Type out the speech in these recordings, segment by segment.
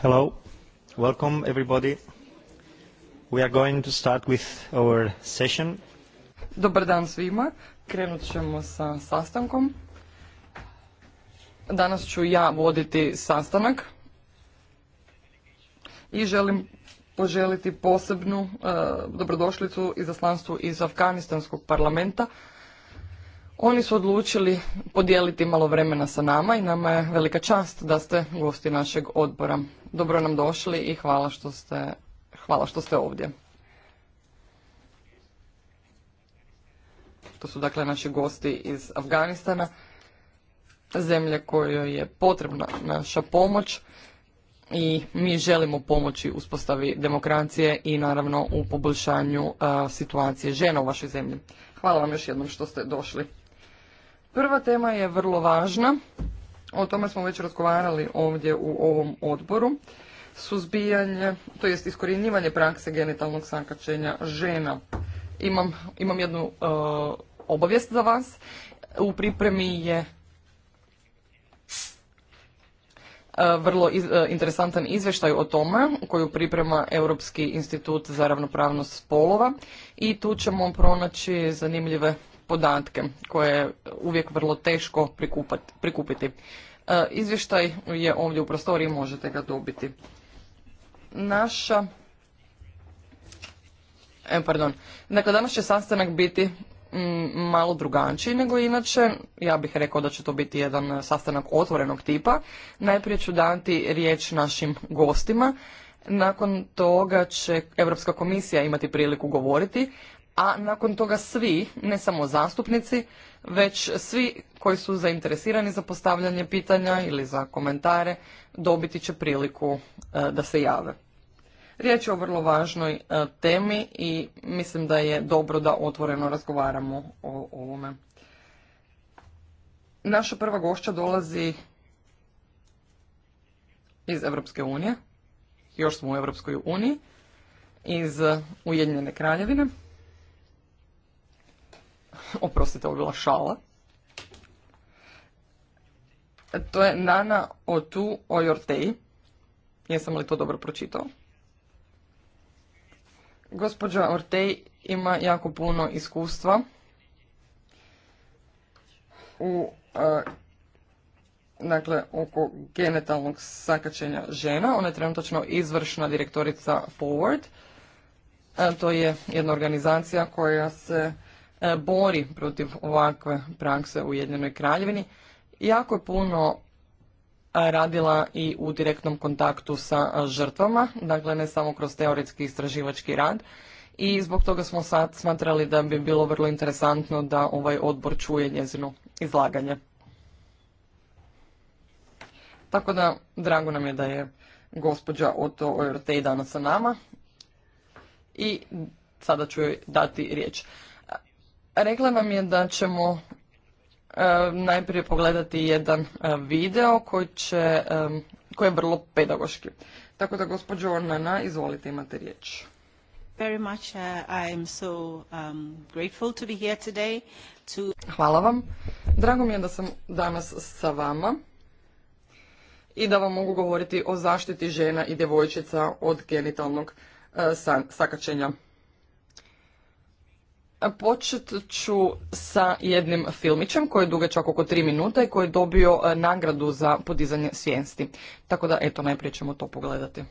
Hello. Welcome everybody. We are going to start with our session. Dobar dan svima. Krenut ćemo sa sastankom. Danas ću ja voditi sastanak i želim poželiti posebnu eh, dobrodošlicu i zaslanstvu iz Afganistanskog parlamenta oni su odlučili podijeliti malo vremena sa nama i nama je velika čast da ste gosti našeg odbora. Dobro nam došli i hvala što ste, hvala što ste ovdje. To su dakle naši gosti iz Afganistana, zemlje kojoj je potrebna naša pomoć i mi želimo pomoći uspostavi demokracije i naravno u poboljšanju situacije žena u vašoj zemlji. Hvala vam još jednom što ste došli. Prva tema je vrlo važna, o tome smo već razgovarali ovdje u ovom odboru, suzbijanje, to jest iskorjenjivanje prakse genitalnog sakačenja žena. Imam, imam jednu e, obavijest za vas. U pripremi je e, vrlo e, interesantan izvještaj o tome koju priprema Europski institut za ravnopravnost spolova i tu ćemo pronaći zanimljive podatke koje je uvijek vrlo teško prikupiti. E, izvještaj je ovdje u prostoriji, možete ga dobiti. Naša... E, pardon. Dakle, danas će sastanak biti malo drugačiji nego inače. Ja bih rekao da će to biti jedan sastanak otvorenog tipa. Najprije ću dati riječ našim gostima. Nakon toga će Europska komisija imati priliku govoriti, a nakon toga svi, ne samo zastupnici, već svi koji su zainteresirani za postavljanje pitanja ili za komentare dobiti će priliku e, da se jave. Riječ je o vrlo važnoj e, temi i mislim da je dobro da otvoreno razgovaramo o ovome. Naša prva gošća dolazi iz Europske unije, još smo u Europskoj uniji, iz Ujedinjene kraljevine. oprostite, ovo bila šala. E, to je Nana Otu Oyortei. Jesam li to dobro pročitao? Gospođa Ortej ima jako puno iskustva u e, dakle, oko genetalnog sakačenja žena. Ona je trenutačno izvršna direktorica Forward. a e, to je jedna organizacija koja se E, bori protiv ovakve prakse u Ujedinjenoj kraljevini. Jako je puno e, radila i u direktnom kontaktu sa e, žrtvama, dakle ne samo kroz teoretski istraživački rad. I zbog toga smo sad smatrali da bi bilo vrlo interesantno da ovaj odbor čuje njezino izlaganje. Tako da, drago nam je da je gospođa Oto Ortej danas sa nama i sada ću joj dati riječ. Rekla vam je da ćemo e, najprije pogledati jedan e, video koji, će, e, koji je vrlo pedagoški. Tako da, gospođo Ornana, izvolite, imate riječ. Hvala vam. Drago mi je da sam danas sa vama i da vam mogu govoriti o zaštiti žena i djevojčica od genitalnog sakačenja. Počet ću sa jednim filmićem koji je dugačak oko tri minuta i koji je dobio e, nagradu za podizanje svijesti. Tako da, eto, najprije ćemo to pogledati.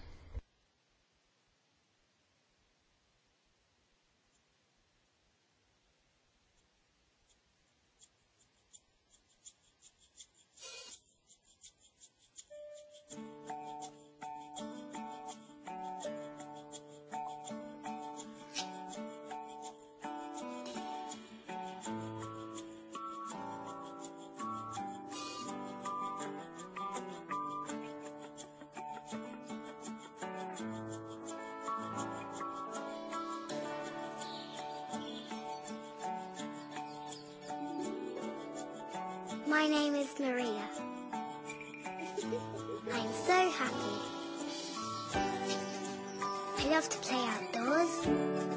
My name is Maria. I'm so happy. I love to play outdoors.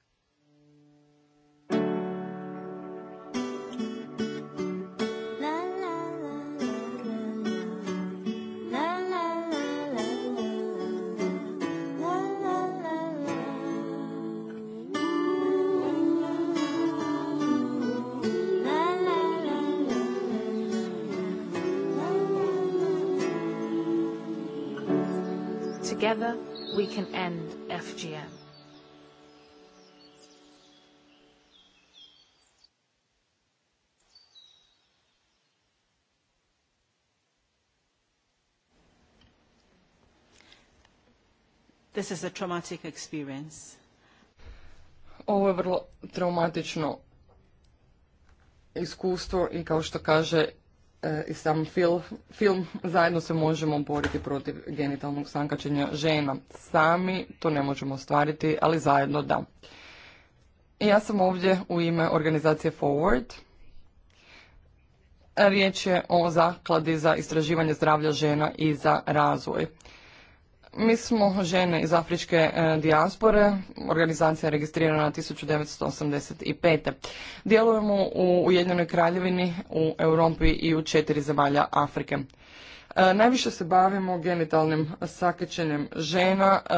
can end FGM. This is a traumatic experience. Ovo je vrlo traumatično iskustvo i kao što kaže i sam film, film zajedno se možemo boriti protiv genitalnog sankačenja žena. Sami to ne možemo ostvariti, ali zajedno da. I ja sam ovdje u ime organizacije Forward. Riječ je o zakladi za istraživanje zdravlja žena i za razvoj. Mi smo žene iz afričke e, dijaspore, organizacija je registrirana 1985. Djelujemo u Ujedinjenoj kraljevini, u Europi i u četiri zemalja Afrike. E, najviše se bavimo genitalnim sakećenjem žena, e,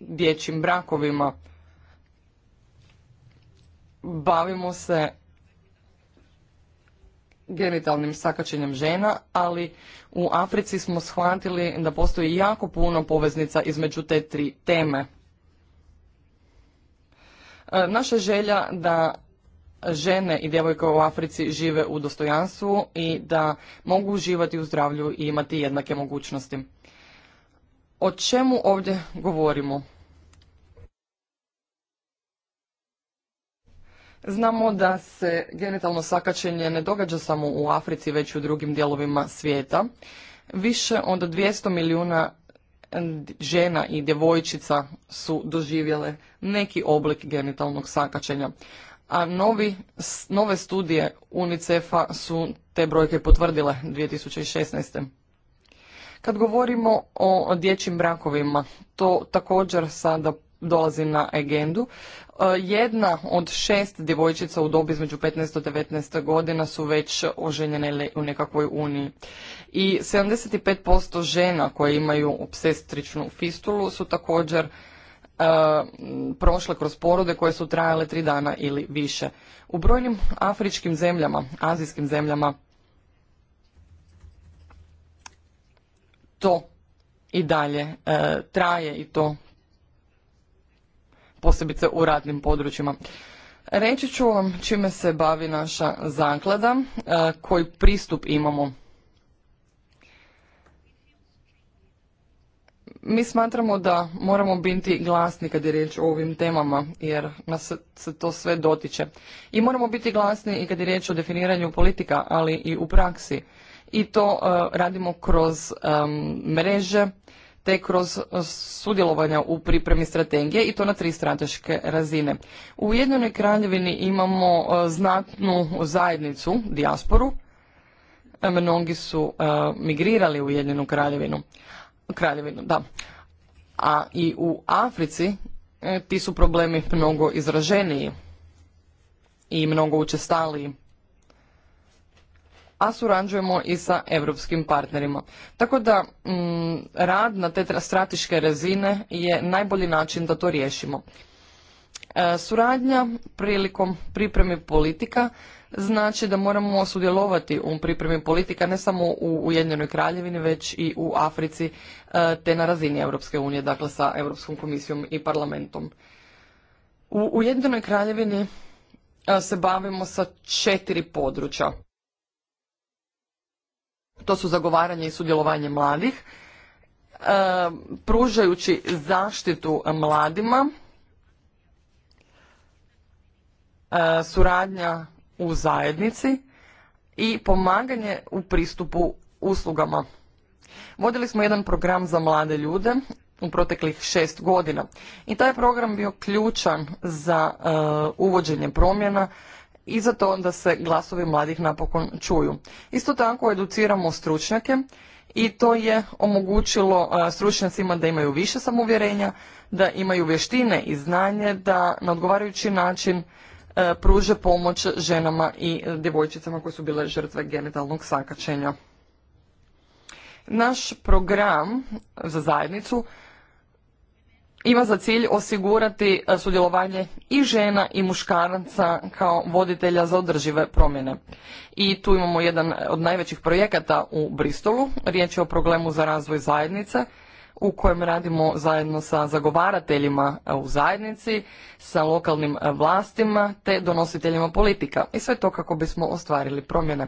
dječjim brakovima. Bavimo se genitalnim sakaćenjem žena, ali u Africi smo shvatili da postoji jako puno poveznica između te tri teme. E, naša želja da žene i djevojke u Africi žive u dostojanstvu i da mogu uživati u zdravlju i imati jednake mogućnosti. O čemu ovdje govorimo? Znamo da se genitalno sakačenje ne događa samo u Africi, već i u drugim dijelovima svijeta. Više od 200 milijuna žena i djevojčica su doživjele neki oblik genitalnog sakačenja. A novi, nove studije UNICEF-a su te brojke potvrdile 2016. Kad govorimo o dječjim brakovima, to također sada dolazi na agendu. E, jedna od šest djevojčica u dobi između 15 19 godina su već oženjene u nekakvoj uniji. I 75% žena koje imaju obsestričnu fistulu su također e, prošle kroz porode koje su trajale tri dana ili više. U brojnim afričkim zemljama, azijskim zemljama, to i dalje e, traje i to posebice u radnim područjima. Reći ću vam čime se bavi naša zaklada, e, koji pristup imamo. Mi smatramo da moramo biti glasni kad je riječ o ovim temama, jer nas se to sve dotiče. I moramo biti glasni i kad je riječ o definiranju politika, ali i u praksi. I to e, radimo kroz mreže, te kroz e, sudjelovanja u pripremi strategije i to na tri strateške razine. U Ujedinjenoj kraljevini imamo e, znatnu zajednicu, dijasporu, e, mnogi su migrirali u Ujedinjenu kraljevinu, kraljevinu da. a i u Africi ti su problemi mnogo izraženiji i mnogo učestaliji a surađujemo i sa europskim partnerima. Tako da mm, rad na te strateške razine je najbolji način da to riješimo. E, suradnja prilikom pripremi politika znači da moramo sudjelovati u pripremi politika ne samo u Ujedinjenoj kraljevini već i u Africi e, te na razini Europske unije, dakle sa Europskom komisijom i parlamentom. U Ujedinjenoj kraljevini e, se bavimo sa četiri područja to su zagovaranje i sudjelovanje mladih, e, pružajući zaštitu mladima, e, suradnja u zajednici i pomaganje u pristupu uslugama. Vodili smo jedan program za mlade ljude u proteklih šest godina i taj program bio ključan za e, uvođenje promjena i za to da se glasovi mladih napokon čuju. Isto tako educiramo stručnjake i to je omogućilo e, stručnjacima da imaju više samouvjerenja, da imaju vještine i znanje, da na odgovarajući način e, pruže pomoć ženama i djevojčicama koje su bile žrtve genitalnog sakačenja. Naš program za zajednicu ima za cilj osigurati e, sudjelovanje i žena i muškaraca kao voditelja za održive promjene. I tu imamo jedan od najvećih projekata u Bristolu, riječ je o problemu za razvoj zajednice u kojem radimo zajedno sa zagovarateljima e, u zajednici, sa lokalnim e, vlastima te donositeljima politika i sve to kako bismo ostvarili promjene.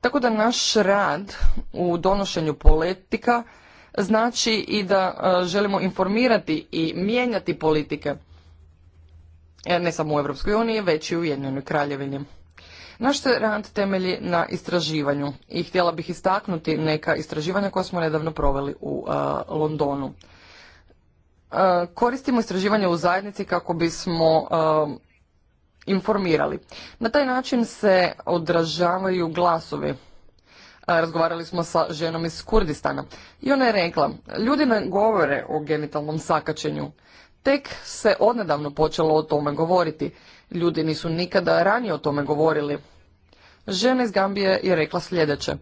Tako da naš rad u donošenju politika znači i da e, želimo informirati i mijenjati politike, e, ne samo u Europskoj uniji, već i u Ujedinjenoj kraljevini. Naš se rad temelji na istraživanju i htjela bih istaknuti neka istraživanja koja smo nedavno proveli u e, Londonu. koristimo istraživanje u zajednici kako bismo informirali. Na taj način se odražavaju glasovi razgovarali smo sa ženom iz Kurdistana i ona je rekla, ljudi ne govore o genitalnom sakačenju. Tek se odnedavno počelo o tome govoriti. Ljudi nisu nikada ranije o tome govorili. Žena iz Gambije je rekla sljedeće.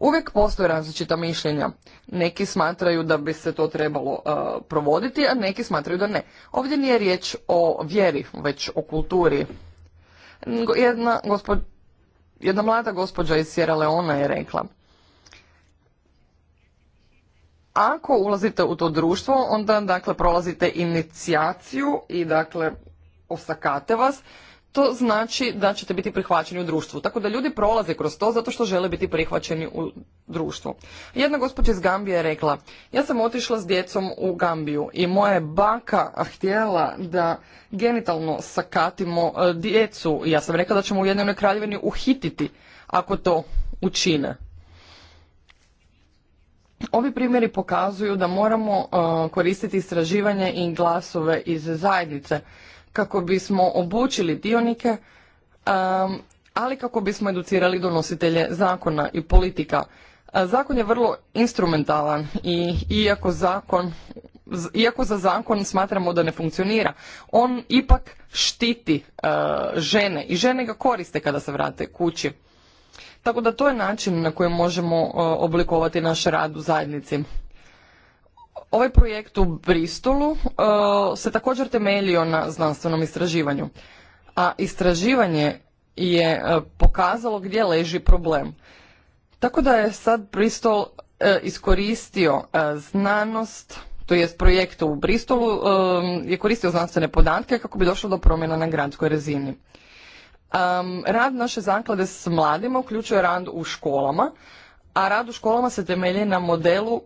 Uvijek postoje različita mišljenja. Neki smatraju da bi se to trebalo provoditi, a neki smatraju da ne. Ovdje nije riječ o vjeri, već o kulturi. Jedna gospođa... Jedna mlada gospođa iz Sierra Leona je rekla, ako ulazite u to društvo, onda dakle prolazite inicijaciju i dakle osakate vas to znači da ćete biti prihvaćeni u društvu. Tako da ljudi prolaze kroz to zato što žele biti prihvaćeni u društvu. Jedna gospođa iz Gambije je rekla, ja sam otišla s djecom u Gambiju i moja je baka htjela da genitalno sakatimo e, djecu. Ja sam rekla da ćemo u jednoj kraljevini uhititi ako to učine. Ovi primjeri pokazuju da moramo e, koristiti istraživanje i glasove iz zajednice kako bismo obučili dionike, ali kako bismo educirali donositelje zakona i politika. Zakon je vrlo instrumentalan i iako zakon iako za zakon smatramo da ne funkcionira, on ipak štiti žene i žene ga koriste kada se vrate kući. Tako da to je način na koji možemo oblikovati naš rad u zajednici. Ovaj projekt u Bristolu e, se također temeljio na znanstvenom istraživanju, a istraživanje je e, pokazalo gdje leži problem. Tako da je sad Bristol e, iskoristio znanost, to jest projekt u Bristolu je koristio znanstvene podatke kako bi došlo do promjena na gradskoj razini. Rad naše zaklade s mladima uključuje rad u školama, a rad u školama se temelji na modelu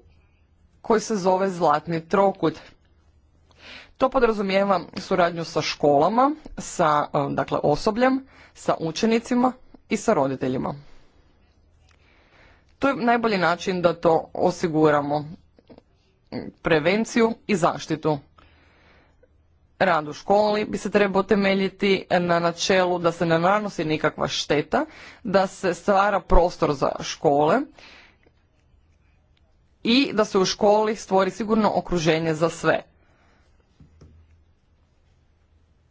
koji se zove Zlatni trokut. To podrazumijeva suradnju sa školama, sa e, dakle, osobljem, sa učenicima i sa roditeljima. To je najbolji način da to osiguramo. Prevenciju i zaštitu. Rad u školi bi se trebao temeljiti na načelu da se ne nanosi nikakva šteta, da se stvara prostor za škole, i da se u školi stvori sigurno okruženje za sve.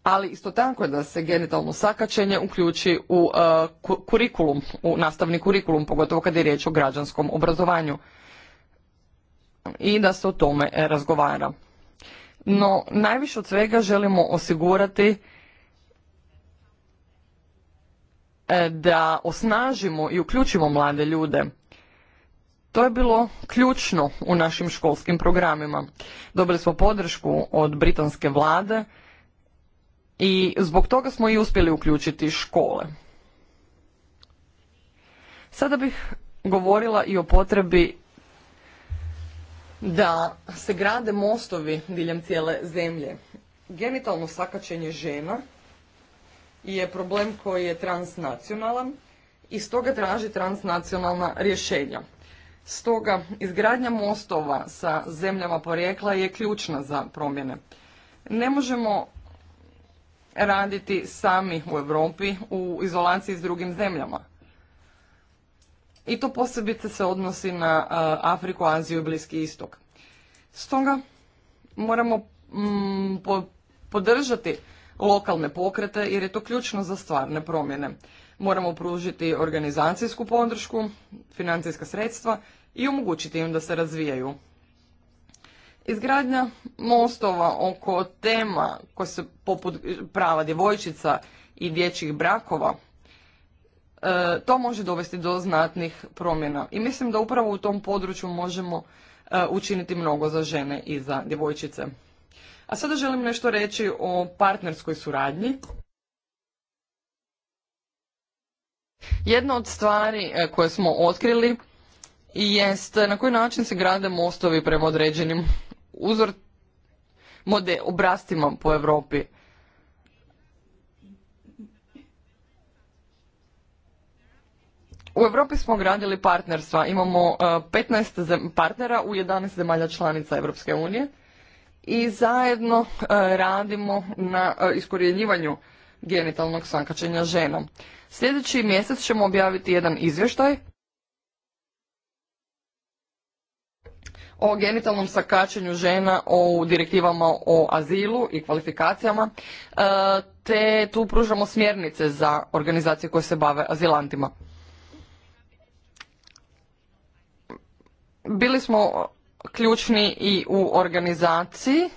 Ali isto tako je da se genitalno sakačenje uključi u e, kurikulum, u nastavni kurikulum, pogotovo kad je riječ o građanskom obrazovanju. I da se o tome e, razgovara. No, najviše od svega želimo osigurati e, da osnažimo i uključimo mlade ljude to je bilo ključno u našim školskim programima. Dobili smo podršku od britanske vlade i zbog toga smo i uspjeli uključiti škole. Sada bih govorila i o potrebi da se grade mostovi diljem cijele zemlje. Genitalno sakačenje žena je problem koji je transnacionalan i stoga traži transnacionalna rješenja. Stoga, izgradnja mostova sa zemljama porijekla je ključna za promjene. Ne možemo raditi sami u Europi u izolaciji s drugim zemljama. I to posebice se odnosi na Afriku, Aziju i Bliski istok. Stoga moramo mm, podržati lokalne pokrete jer je to ključno za stvarne promjene. Moramo pružiti organizacijsku podršku, financijska sredstva i omogućiti im da se razvijaju. Izgradnja mostova oko tema koje se poput prava djevojčica i dječjih brakova, e, to može dovesti do znatnih promjena. I mislim da upravo u tom području možemo e, učiniti mnogo za žene i za djevojčice. A sada želim nešto reći o partnerskoj suradnji. Jedna od stvari e, koje smo otkrili jest na koji način se grade mostovi prema određenim uzor mode obrastima po Europi. U Europi smo gradili partnerstva. Imamo 15 e, partnera u 11 zemalja članica Europske unije i zajedno e, radimo na iskorjenjivanju genitalnog sankačenja žena. Sljedeći mjesec ćemo objaviti jedan izvještaj o genitalnom sakačenju žena, o direktivama o azilu i kvalifikacijama, e, te tu pružamo smjernice za organizacije koje se bave azilantima. Bili smo ključni i u organizaciji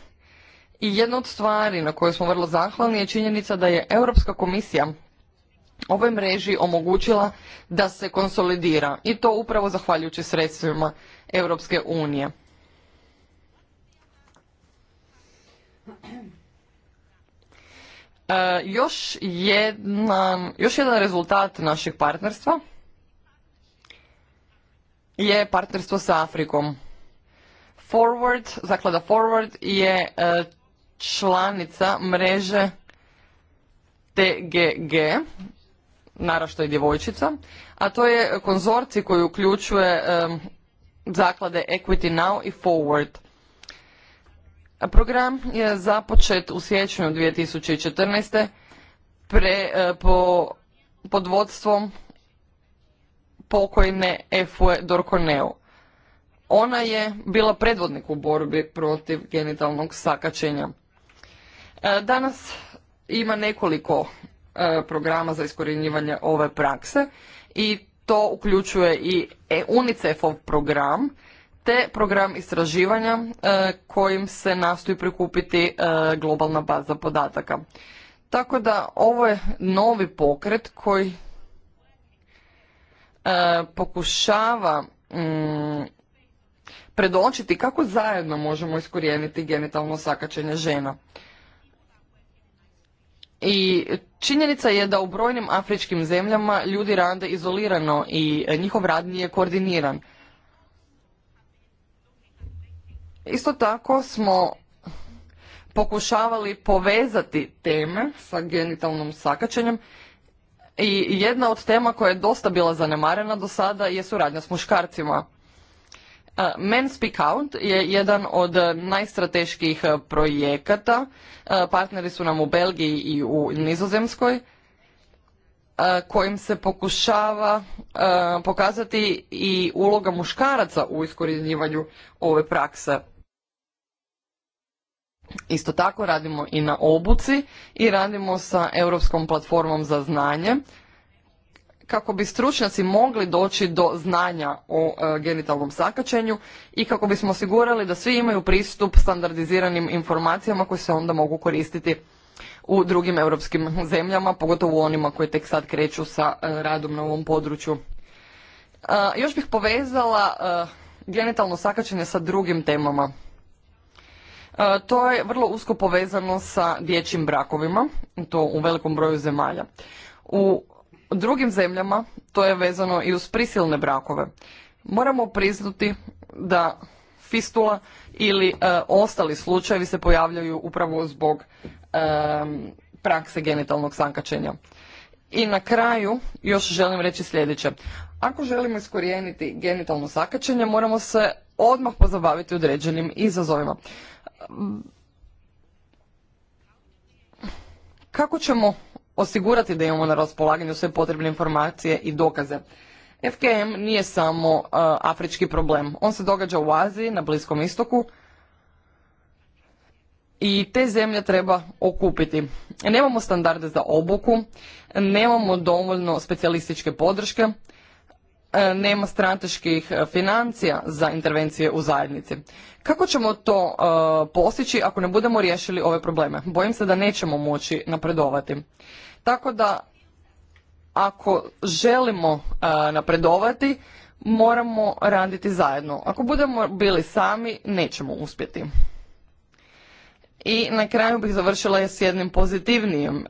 i jedna od stvari na koju smo vrlo zahvalni je činjenica da je Europska komisija ovoj mreži omogućila da se konsolidira i to upravo zahvaljujući sredstvima Europske unije. E, još, još jedan rezultat našeg partnerstva je partnerstvo sa Afrikom. Forward, zaklada Forward je e, članica mreže TGG, narašta i djevojčica, a to je konzorci koji uključuje zaklade Equity Now i Forward. Program je započet u siječnju 2014. Pre, e, po, pod vodstvom pokojne Efue Dorkoneu. Ona je bila predvodnik u borbi protiv genitalnog sakačenja. E, danas ima nekoliko e, programa za iskorjenjivanje ove prakse i to uključuje i UNICEF-ov program te program istraživanja e, kojim se nastoji prikupiti globalna baza podataka. Tako da ovo je novi pokret koji pokušava mm, predočiti kako zajedno možemo iskorijeniti genitalno sakačenje žena. I činjenica je da u brojnim afričkim zemljama ljudi rade izolirano i njihov rad nije koordiniran. Isto tako smo pokušavali povezati teme sa genitalnom sakačenjem i jedna od tema koja je dosta bila zanemarena do sada je suradnja s muškarcima. Men Speak Out je jedan od e, najstrateških e, projekata. E, partneri su nam u Belgiji i u Nizozemskoj kojim se pokušava pokazati i uloga muškaraca u iskorjenjivanju ove prakse. Isto tako radimo i na obuci i radimo sa Europskom platformom za znanje kako bi stručnjaci mogli doći do znanja o e, genitalnom sakačenju i kako bismo osigurali da svi imaju pristup standardiziranim informacijama koje se onda mogu koristiti u drugim europskim zemljama, pogotovo u onima koji tek sad kreću sa e, radom na ovom području. E, još bih povezala genitalno sakaćenje sa drugim temama. To je vrlo usko povezano sa dječjim brakovima, to u velikom broju zemalja. U drugim zemljama to je vezano i uz prisilne brakove. Moramo priznati da fistula ili e, ostali slučajevi se pojavljaju upravo zbog e, prakse genitalnog sankačenja. I na kraju još želim reći sljedeće. Ako želimo iskorijeniti genitalno sakačenje, moramo se odmah pozabaviti određenim izazovima. Kako ćemo osigurati da imamo na raspolaganju sve potrebne informacije i dokaze. FKM nije samo uh, afrički problem. On se događa u Aziji, na Bliskom istoku i te zemlje treba okupiti. Nemamo standarde za obuku, nemamo dovoljno specijalističke podrške, E, nema strateških e, financija za intervencije u zajednici. Kako ćemo to e, postići ako ne budemo riješili ove probleme? Bojim se da nećemo moći napredovati. Tako da ako želimo napredovati, moramo raditi zajedno. Ako budemo bili sami, nećemo uspjeti. I na kraju bih završila s jednim pozitivnijim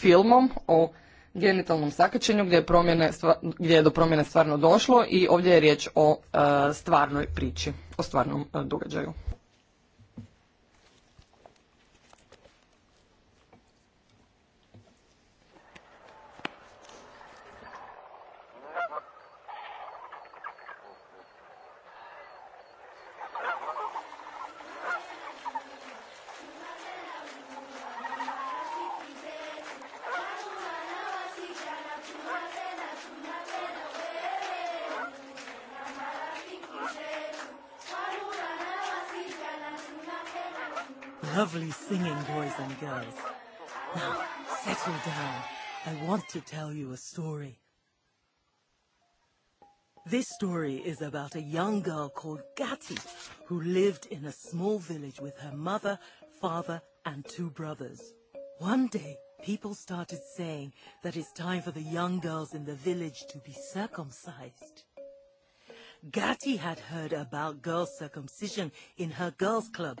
filmom o genitalnom sakaćenju gdje je, promjene, gdje je do promjene stvarno došlo i ovdje je riječ o e, stvarnoj priči, o stvarnom e, događaju. and girls. Now, settle down. I want to tell you a story. This story is about a young girl called Gatti who lived in a small village with her mother, father, and two brothers. One day, people started saying that it's time for the young girls in the village to be circumcised. Gatti had heard about girl circumcision in her girls' club,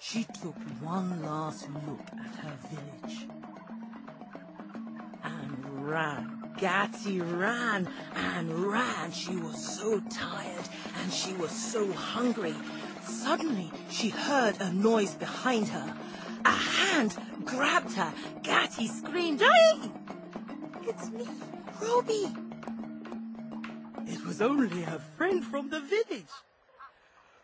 she took one last look at her village and ran. Gatsy ran and ran. She was so tired and she was so hungry. Suddenly, she heard a noise behind her. A hand grabbed her. Gatsy screamed, Hey! It's me, Robbie! It was only her friend from the village.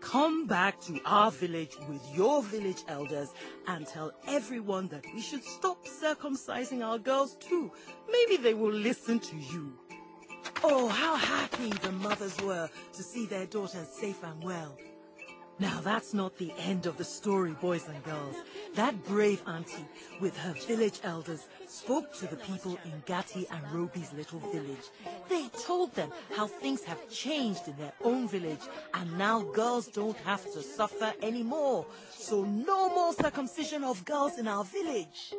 Come back to our village with your village elders and tell everyone that we should stop circumcising our girls too. Maybe they will listen to you. Oh, how happy the mothers were to see their daughters safe and well. Now that's not the end of the story, boys and girls. That brave auntie, with her village elders, spoke to the people in Gatti and Roby's little village. They told them how things have changed in their own village and now girls don't have to suffer anymore. So no more circumcision of girls in our village.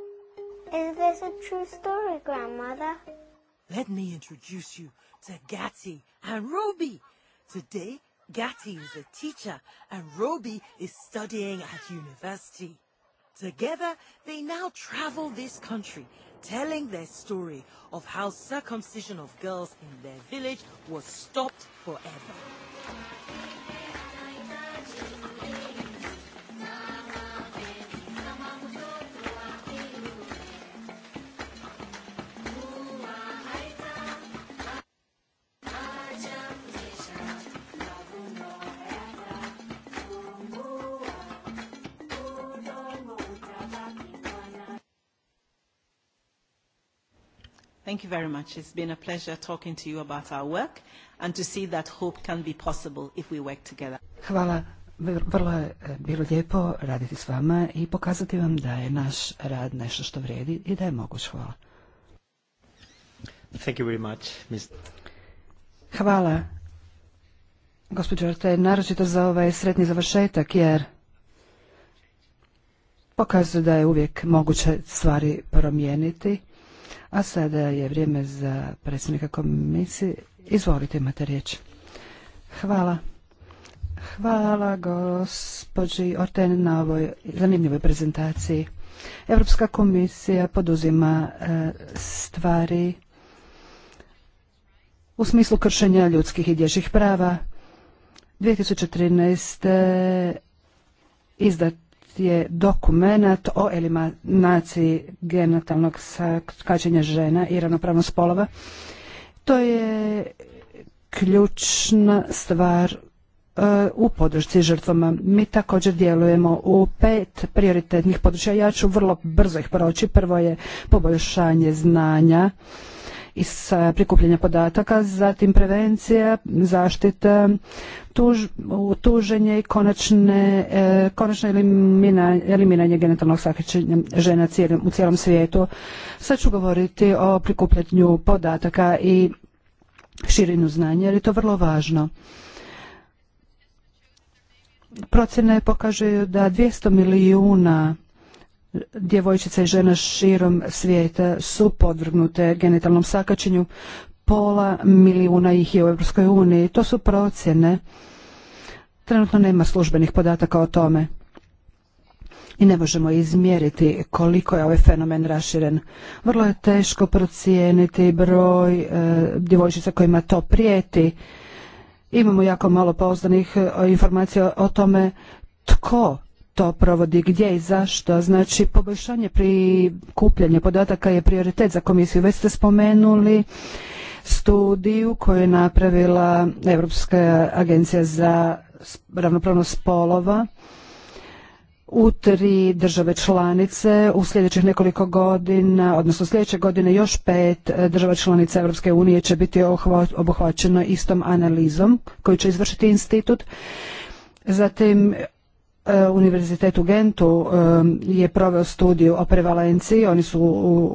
Is this a true story, Grandmother? Let me introduce you to Gatti and Roby. Today, Gatti is a teacher and Roby is studying at university. Together, they now travel this country, telling their story of how circumcision of girls in their village was stopped forever. Thank you very much. It's been a pleasure talking to you about our work and to see that hope can be possible if we work together. Hvala. Vrlo je eh, bilo lijepo raditi s vama i pokazati vam da je naš rad nešto što vrijedi i da je moguć. Hvala. Thank you very much, Ms. Hvala, gospođo Orte, naročito za ovaj sretni završetak, jer pokazuje da je uvijek moguće stvari promijeniti a sada je vrijeme za predsjednika komisije. Izvolite, imate riječ. Hvala. Hvala gospođi Orten na ovoj zanimljivoj prezentaciji. Europska komisija poduzima e, stvari u smislu kršenja ljudskih i dječjih prava. 2013. izdat je dokumenat o eliminaciji genitalnog skačenja žena i ravnopravnost spolova. To je ključna stvar uh, u podršci žrtvama. Mi također djelujemo u pet prioritetnih područja. Ja ću vrlo brzo ih proći. Prvo je poboljšanje znanja iz e, prikupljanja podataka, zatim prevencija, zaštita, tuženje i e, konačno eliminanje genitalnog sakričenja žena u cijelom svijetu. Sad ću govoriti o prikupljanju podataka i širinu znanja jer je to vrlo važno. Procjene pokazuju da 200 milijuna djevojčica i žena širom svijeta su podvrgnute genitalnom sakačenju. Pola milijuna ih je u Europskoj uniji. To su procjene. Trenutno nema službenih podataka o tome. I ne možemo izmjeriti koliko je ovaj fenomen raširen. Vrlo je teško procijeniti broj e, djevojčica kojima to prijeti. Imamo jako malo pouzdanih e, informacija o tome tko to provodi, gdje i zašto. Znači, poboljšanje kupljanju podataka je prioritet za komisiju. Već ste spomenuli studiju koju je napravila Europska agencija za ravnopravnost spolova u tri države članice u sljedećih nekoliko godina, odnosno sljedeće godine još pet e, država članica Europske unije će biti obuhvaćeno istom analizom koju će izvršiti institut. Zatim E, univerzitet u Gentu e, je proveo studiju o prevalenciji. Oni su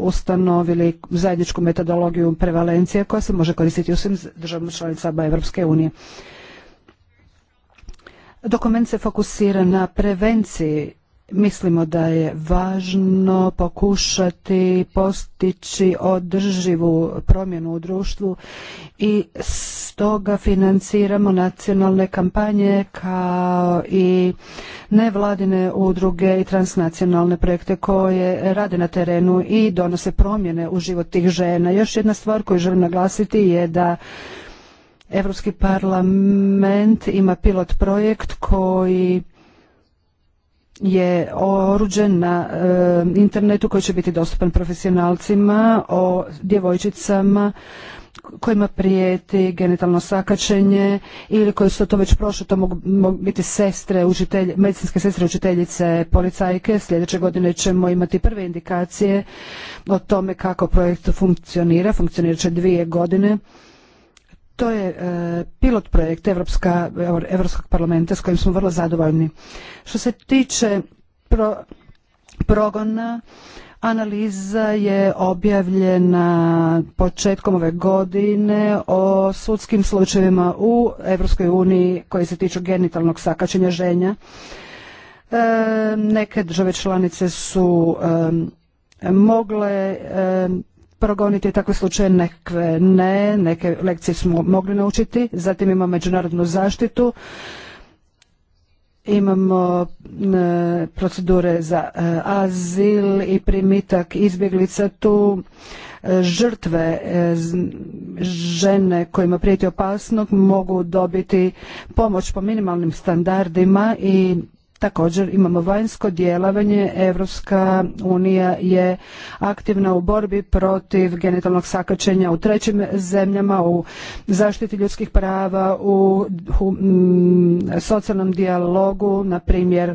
ustanovili zajedničku metodologiju prevalencije koja se može koristiti u svim državama članicama Europske unije. Dokument se fokusira na prevenciji. Mislimo da je važno pokušati postići održivu promjenu u društvu i s toga financiramo nacionalne kampanje kao i nevladine udruge i transnacionalne projekte koje rade na terenu i donose promjene u život tih žena. Još jedna stvar koju želim naglasiti je da Europski parlament ima pilot projekt koji je oruđen na eh, internetu koji će biti dostupan profesionalcima o djevojčicama kojima prijeti genitalno sakačenje ili koji su to već prošli, to mogu, biti sestre, medicinske sestre, učiteljice, policajke. Sljedeće godine ćemo imati prve indikacije o tome kako projekt funkcionira. Funkcionirat će dvije godine to je e, pilot projekt Evropska, Evropskog parlamenta s kojim smo vrlo zadovoljni. Što se tiče progona, analiza je objavljena početkom ove godine o sudskim slučajevima u Europskoj uniji koji se tiču genitalnog sakačenja ženja. E, neke države članice su e, mogle progoniti takve slučaje, nekve ne, neke lekcije smo mogli naučiti. Zatim imamo međunarodnu zaštitu, imamo e, procedure za e, azil i primitak izbjeglica tu e, žrtve žene kojima prijeti opasnog mogu dobiti pomoć po minimalnim standardima i Također imamo vanjsko djelovanje. Evropska unija je aktivna u borbi protiv genitalnog sakačenja u trećim zemljama, u zaštiti ljudskih prava, u, mm, socijalnom dijalogu, na primjer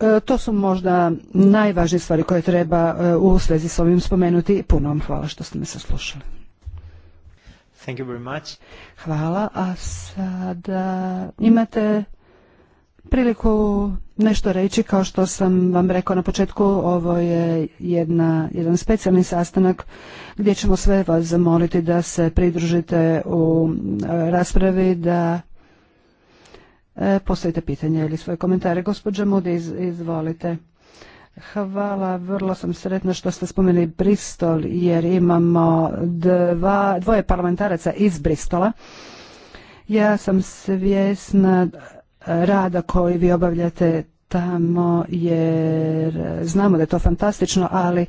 e, to su možda najvažnije stvari koje treba e, u svezi s ovim spomenuti. Puno vam hvala što ste me saslušali. Thank you very much. Hvala. A sada imate priliku nešto reći. Kao što sam vam rekao na početku, ovo je jedna, jedan specijalni sastanak gdje ćemo sve vas zamoliti da se pridružite u e, raspravi, da e, postavite pitanje ili svoje komentare. Gospođa Mudi, izvolite. Hvala, vrlo sam sretna što ste spomenuli Bristol jer imamo dva, dvoje parlamentaraca iz Bristola. Ja sam svjesna rada koji vi obavljate tamo jer znamo da je to fantastično, ali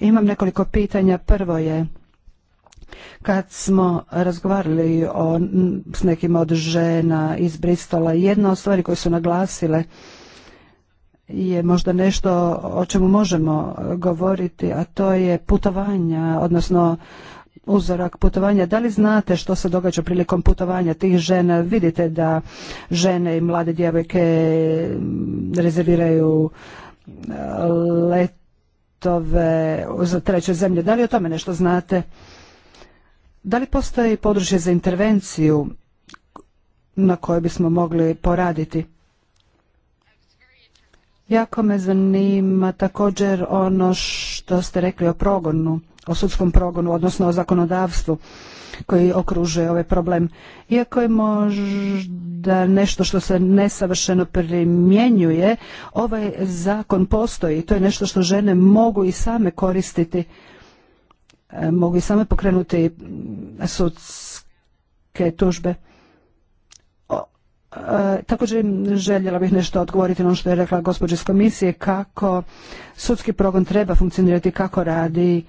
imam nekoliko pitanja. Prvo je kad smo razgovarali o, s nekim od žena iz Bristola, jedna od stvari koje su naglasile je možda nešto o čemu možemo govoriti, a to je putovanja, odnosno uzorak putovanja. Da li znate što se događa prilikom putovanja tih žena? Vidite da žene i mlade djevojke rezerviraju eh, letove za treće zemlje. Da li o tome nešto znate? Da li postoji područje za intervenciju na kojoj bismo mogli poraditi? Jako me zanima također ono što ste rekli o progonu, o sudskom progonu, odnosno o zakonodavstvu koji okružuje ovaj problem. Iako je možda nešto što se nesavršeno primjenjuje, ovaj zakon postoji i to je nešto što žene mogu i same koristiti, e, mogu i same pokrenuti sudske tužbe. E, također željela bih nešto odgovoriti na ono što je rekla gospođa iz komisije kako sudski progon treba funkcionirati, kako radi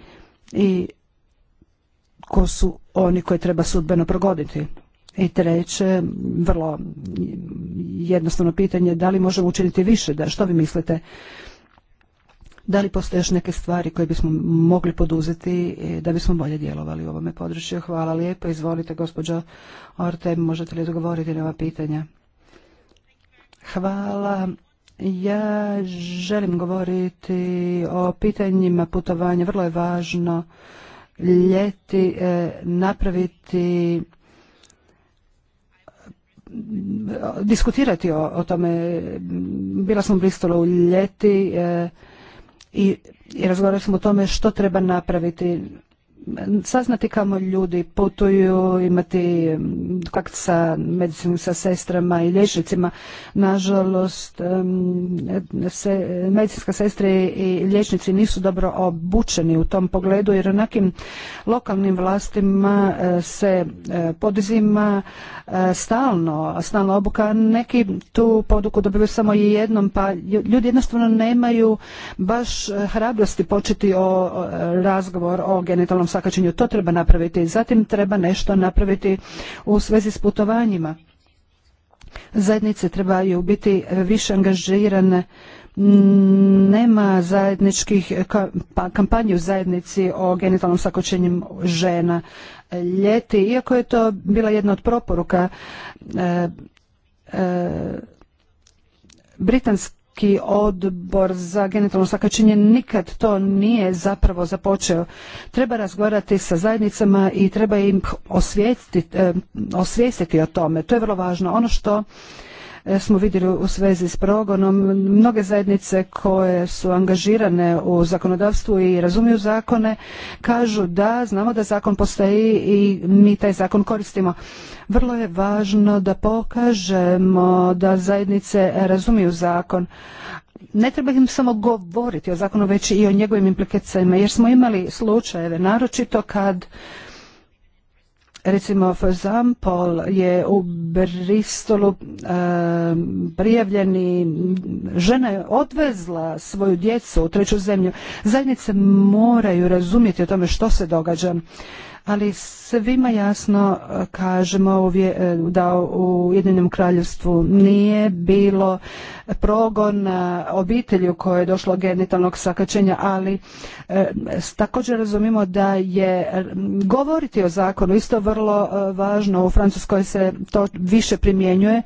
i ko su oni koje treba sudbeno progoditi. I treće, vrlo jednostavno pitanje, da li možemo učiniti više, da što vi mislite? Da li postoje još neke stvari koje bismo mogli poduzeti e, da bismo bolje djelovali u ovome području? Hvala lijepo. Izvolite, gospođo Orte, možete li odgovoriti na ova pitanja? Hvala. Ja želim govoriti o pitanjima putovanja. Vrlo je važno ljeti e, napraviti diskutirati o, tome. Bila sam u Bristolu ljeti, e, i, i razgovarali smo o tome što treba napraviti saznati kamo ljudi putuju, imati mm, kakt sa medicinom, sa sestrama i liječnicima. Nažalost, mm, se, medicinska sestre i liječnici nisu dobro obučeni u tom pogledu jer onakim lokalnim vlastima e, se e, podizima e, stalno, stalno obuka. Neki tu poduku dobivaju samo i jednom, pa ljudi jednostavno nemaju baš hrabrosti početi o razgovor o genitalnom sakačenju. To treba napraviti. Zatim treba nešto napraviti u svezi s putovanjima. Zajednice trebaju biti više angažirane nema zajedničkih pa, u zajednici o genitalnom sakočenju žena ljeti, iako je to bila jedna od proporuka e, e, odbor za genitalno sakačenje nikad to nije zapravo započeo. Treba razgovarati sa zajednicama i treba im osvijestiti, eh, osvijestiti o tome. To je vrlo važno. Ono što E, smo vidjeli u svezi s progonom. Mnoge zajednice koje su angažirane u zakonodavstvu i razumiju zakone kažu da znamo da zakon postoji i mi taj zakon koristimo. Vrlo je važno da pokažemo da zajednice razumiju zakon ne treba im samo govoriti o zakonu, već i o njegovim implikacijama, jer smo imali slučajeve, naročito kad Recimo, Zampol je u Bristolu prijavljeni, žena je odvezla svoju djecu u treću zemlju. Zajednice moraju razumjeti o tome što se događa ali svima jasno e, kažemo e, da u Jedinom kraljevstvu nije bilo progon e, obitelji u kojoj je došlo genitalnog sakačenja, ali također razumimo da je govoriti o zakonu isto vrlo važno. U Francuskoj se to više primjenjuje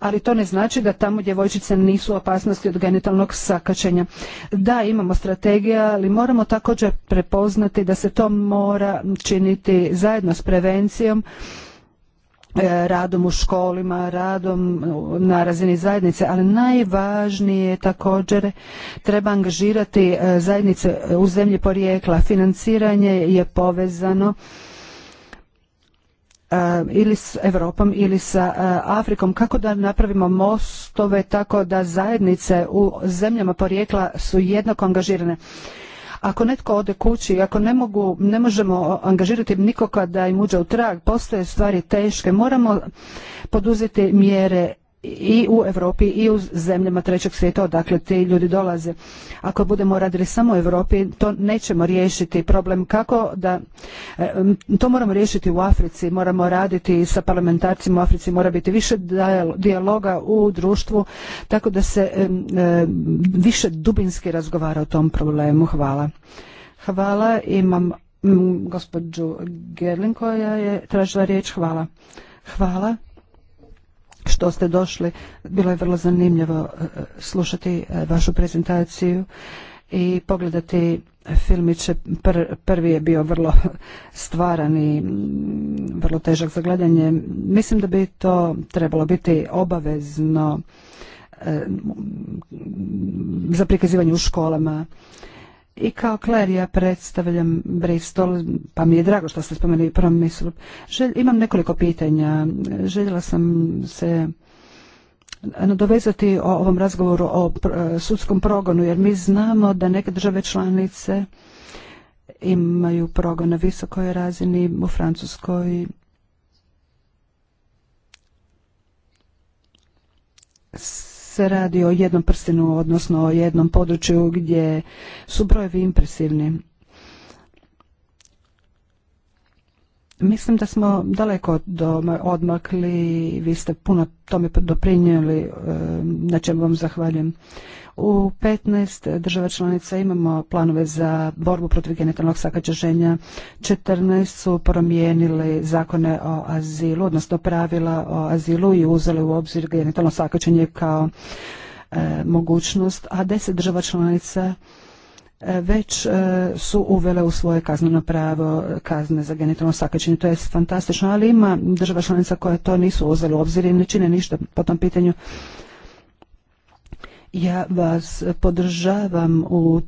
ali to ne znači da tamo djevojčice nisu opasnosti od genitalnog sakačenja. Da, imamo strategija, ali moramo također prepoznati da se to mora činiti zajedno s prevencijom e, radom u školima, radom na razini zajednice, ali najvažnije također treba angažirati e, zajednice u zemlji porijekla. Financiranje je povezano ili s Europom ili sa Afrikom, kako da napravimo mostove tako da zajednice u zemljama porijekla su jednako angažirane. Ako netko ode kući, ako ne, mogu, ne možemo angažirati nikoga da im uđe u trag, postoje stvari teške, moramo poduzeti mjere i u Europi i u zemljama trećeg svijeta odakle ti ljudi dolaze. Ako budemo radili samo u Europi, to nećemo riješiti. Problem kako da e, to moramo riješiti u Africi, moramo raditi sa parlamentarcima u Africi, mora biti više dijaloga u društvu, tako da se e, više dubinski razgovara o tom problemu. Hvala. Hvala. Imam mm, gospođu Gerlin koja je tražila riječ. Hvala. Hvala što ste došli. Bilo je vrlo zanimljivo e, slušati e, vašu prezentaciju i pogledati filmiće. Prvi je bio vrlo stvaran i vrlo težak za gledanje. Mislim da bi to trebalo biti obavezno e, za prikazivanje u školama i kao Kler ja predstavljam Bristol, pa mi je drago što ste spomenuli prvom mislu. imam nekoliko pitanja. Željela sam se dovezati o ovom razgovoru o e, sudskom progonu, jer mi znamo da neke države članice imaju progon na visokoj razini u Francuskoj. S se radi o jednom prstenu, odnosno o jednom području gdje su brojevi impresivni. Mislim da smo daleko odmakli, vi ste puno tome doprinijeli, e, na čemu vam zahvaljujem. U 15 država članica imamo planove za borbu protiv genitalnog sakađenja. 14 su promijenili zakone o azilu, odnosno pravila o azilu i uzeli u obzir genitalno sakađenje kao e, mogućnost, a 10 država članica E, već e, su uvele u svoje kazneno pravo kazne za genitalno sakačenje. To je fantastično, ali ima država članica koja to nisu uzeli u obzir i ne čine ništa po tom pitanju. Ja vas podržavam u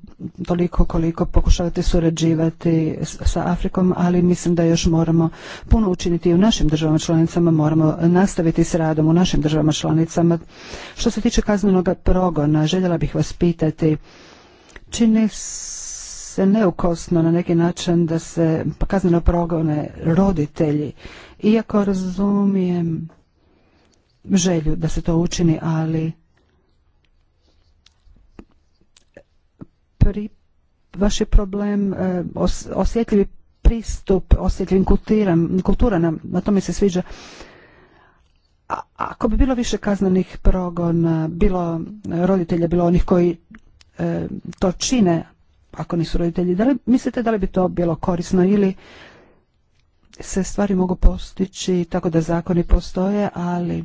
toliko koliko pokušavate surađivati sa Afrikom, ali mislim da još moramo puno učiniti i u našim državama članicama, moramo nastaviti s radom u našim državama članicama. Što se tiče kaznenog progona, željela bih vas pitati čini se neukosno na neki način da se kazneno progone roditelji. Iako razumijem želju da se to učini, ali pri vaš je problem e, osjetljivi pristup osjetljivim nam, na to mi se sviđa. ako bi bilo više kaznenih progona, bilo roditelja, bilo onih koji E, to čine ako nisu roditelji. Da li mislite da li bi to bilo korisno ili se stvari mogu postići tako da zakoni postoje, ali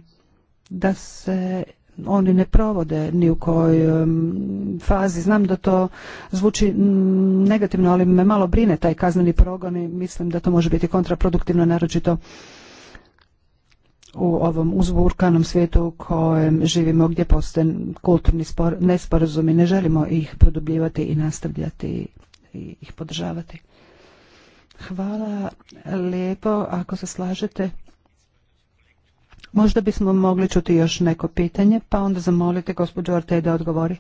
da se oni ne provode ni u kojoj fazi. Znam da to zvuči negativno, ali me malo brine taj kazneni progon i mislim da to može biti kontraproduktivno, naročito u ovom uzburkanom svijetu u kojem živimo gdje postoje kulturni spor, nesporazumi. Ne želimo ih produbljivati i nastavljati i ih podržavati. Hvala lijepo. Ako se slažete, možda bismo mogli čuti još neko pitanje, pa onda zamolite gospođu Ortej da odgovori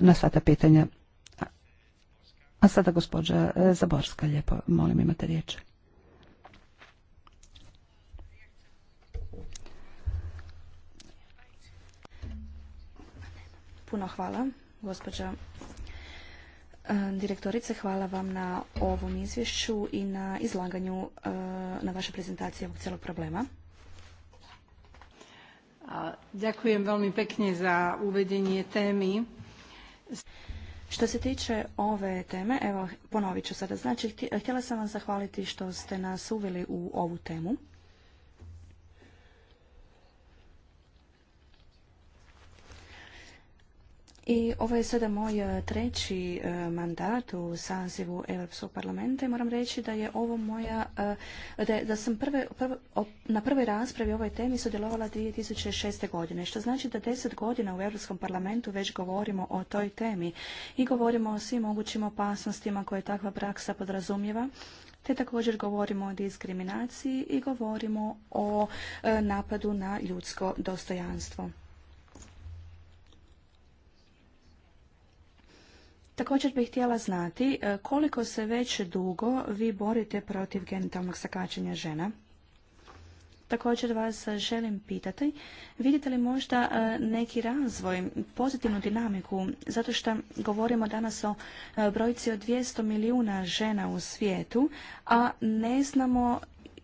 na sva ta pitanja. A sada gospođa e, Zaborska, lijepo, molim imate riječ. Puno hvala, gospođa e, direktorice. Hvala vam na ovom izvješću i na izlaganju e, na vašoj prezentaciji ovog celog problema. Dakujem veľmi pekne za uvedenje temi. Što se tiče ove teme, evo ponovit ću sada. Znači, htjela sam vam zahvaliti što ste nas uveli u ovu temu. I ovo je sada moj e, treći e, mandat u sazivu Europskog parlamenta i moram reći da je ovo moja, e, da, sam prve, na prvoj raspravi o ovoj temi sudjelovala 2006. godine, što znači da deset godina u Europskom parlamentu već govorimo o toj temi i govorimo o svim mogućim opasnostima koje takva praksa podrazumijeva te također govorimo o diskriminaciji i govorimo o napadu na ljudsko dostojanstvo. Također bih htjela znati e, koliko se već dugo vi borite protiv genitalnog sakačenja žena. Također vas želim pitati, vidite li možda e, neki razvoj, pozitivnu dinamiku, zato što govorimo danas o e, brojci od 200 milijuna žena u svijetu, a ne znamo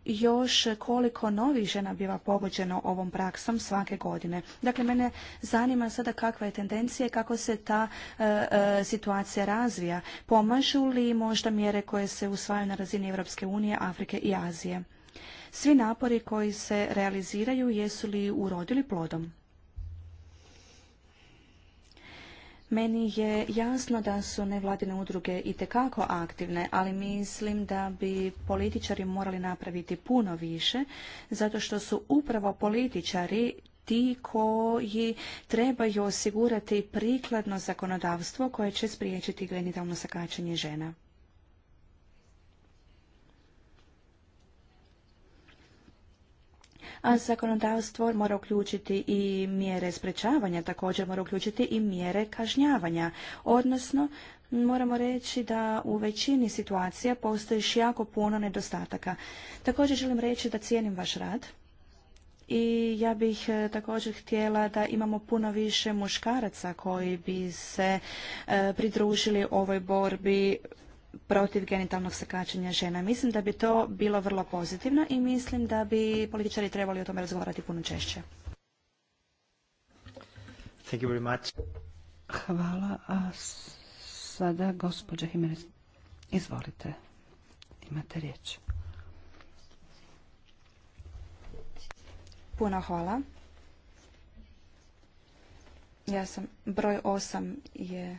još koliko novih žena biva pogođeno ovom praksom svake godine. Dakle, mene zanima sada kakva je tendencija i kako se ta e, e, situacija razvija. Pomažu li možda mjere koje se usvajaju na razini Europske unije, Afrike i Azije? Svi napori koji se realiziraju jesu li urodili plodom? Meni je jasno da su nevladine udruge i tekako aktivne, ali mislim da bi političari morali napraviti puno više, zato što su upravo političari ti koji trebaju osigurati prikladno zakonodavstvo koje će spriječiti genitalno sakačenje žena. a zakonodavstvo mora uključiti i mjere sprečavanja, također mora uključiti i mjere kažnjavanja, odnosno Moramo reći da u većini situacija postoji jako puno nedostataka. Također želim reći da cijenim vaš rad i ja bih e, također htjela da imamo puno više muškaraca koji bi se e, pridružili ovoj borbi protiv genitalnog sakačenja žena. Mislim da bi to bilo vrlo pozitivno i mislim da bi političari trebali o tome razgovarati puno češće. Thank you very much. Hvala. A sada gospođa Jimenez. Izvolite. Imate riječ. Puno hvala. Ja sam, broj 8 je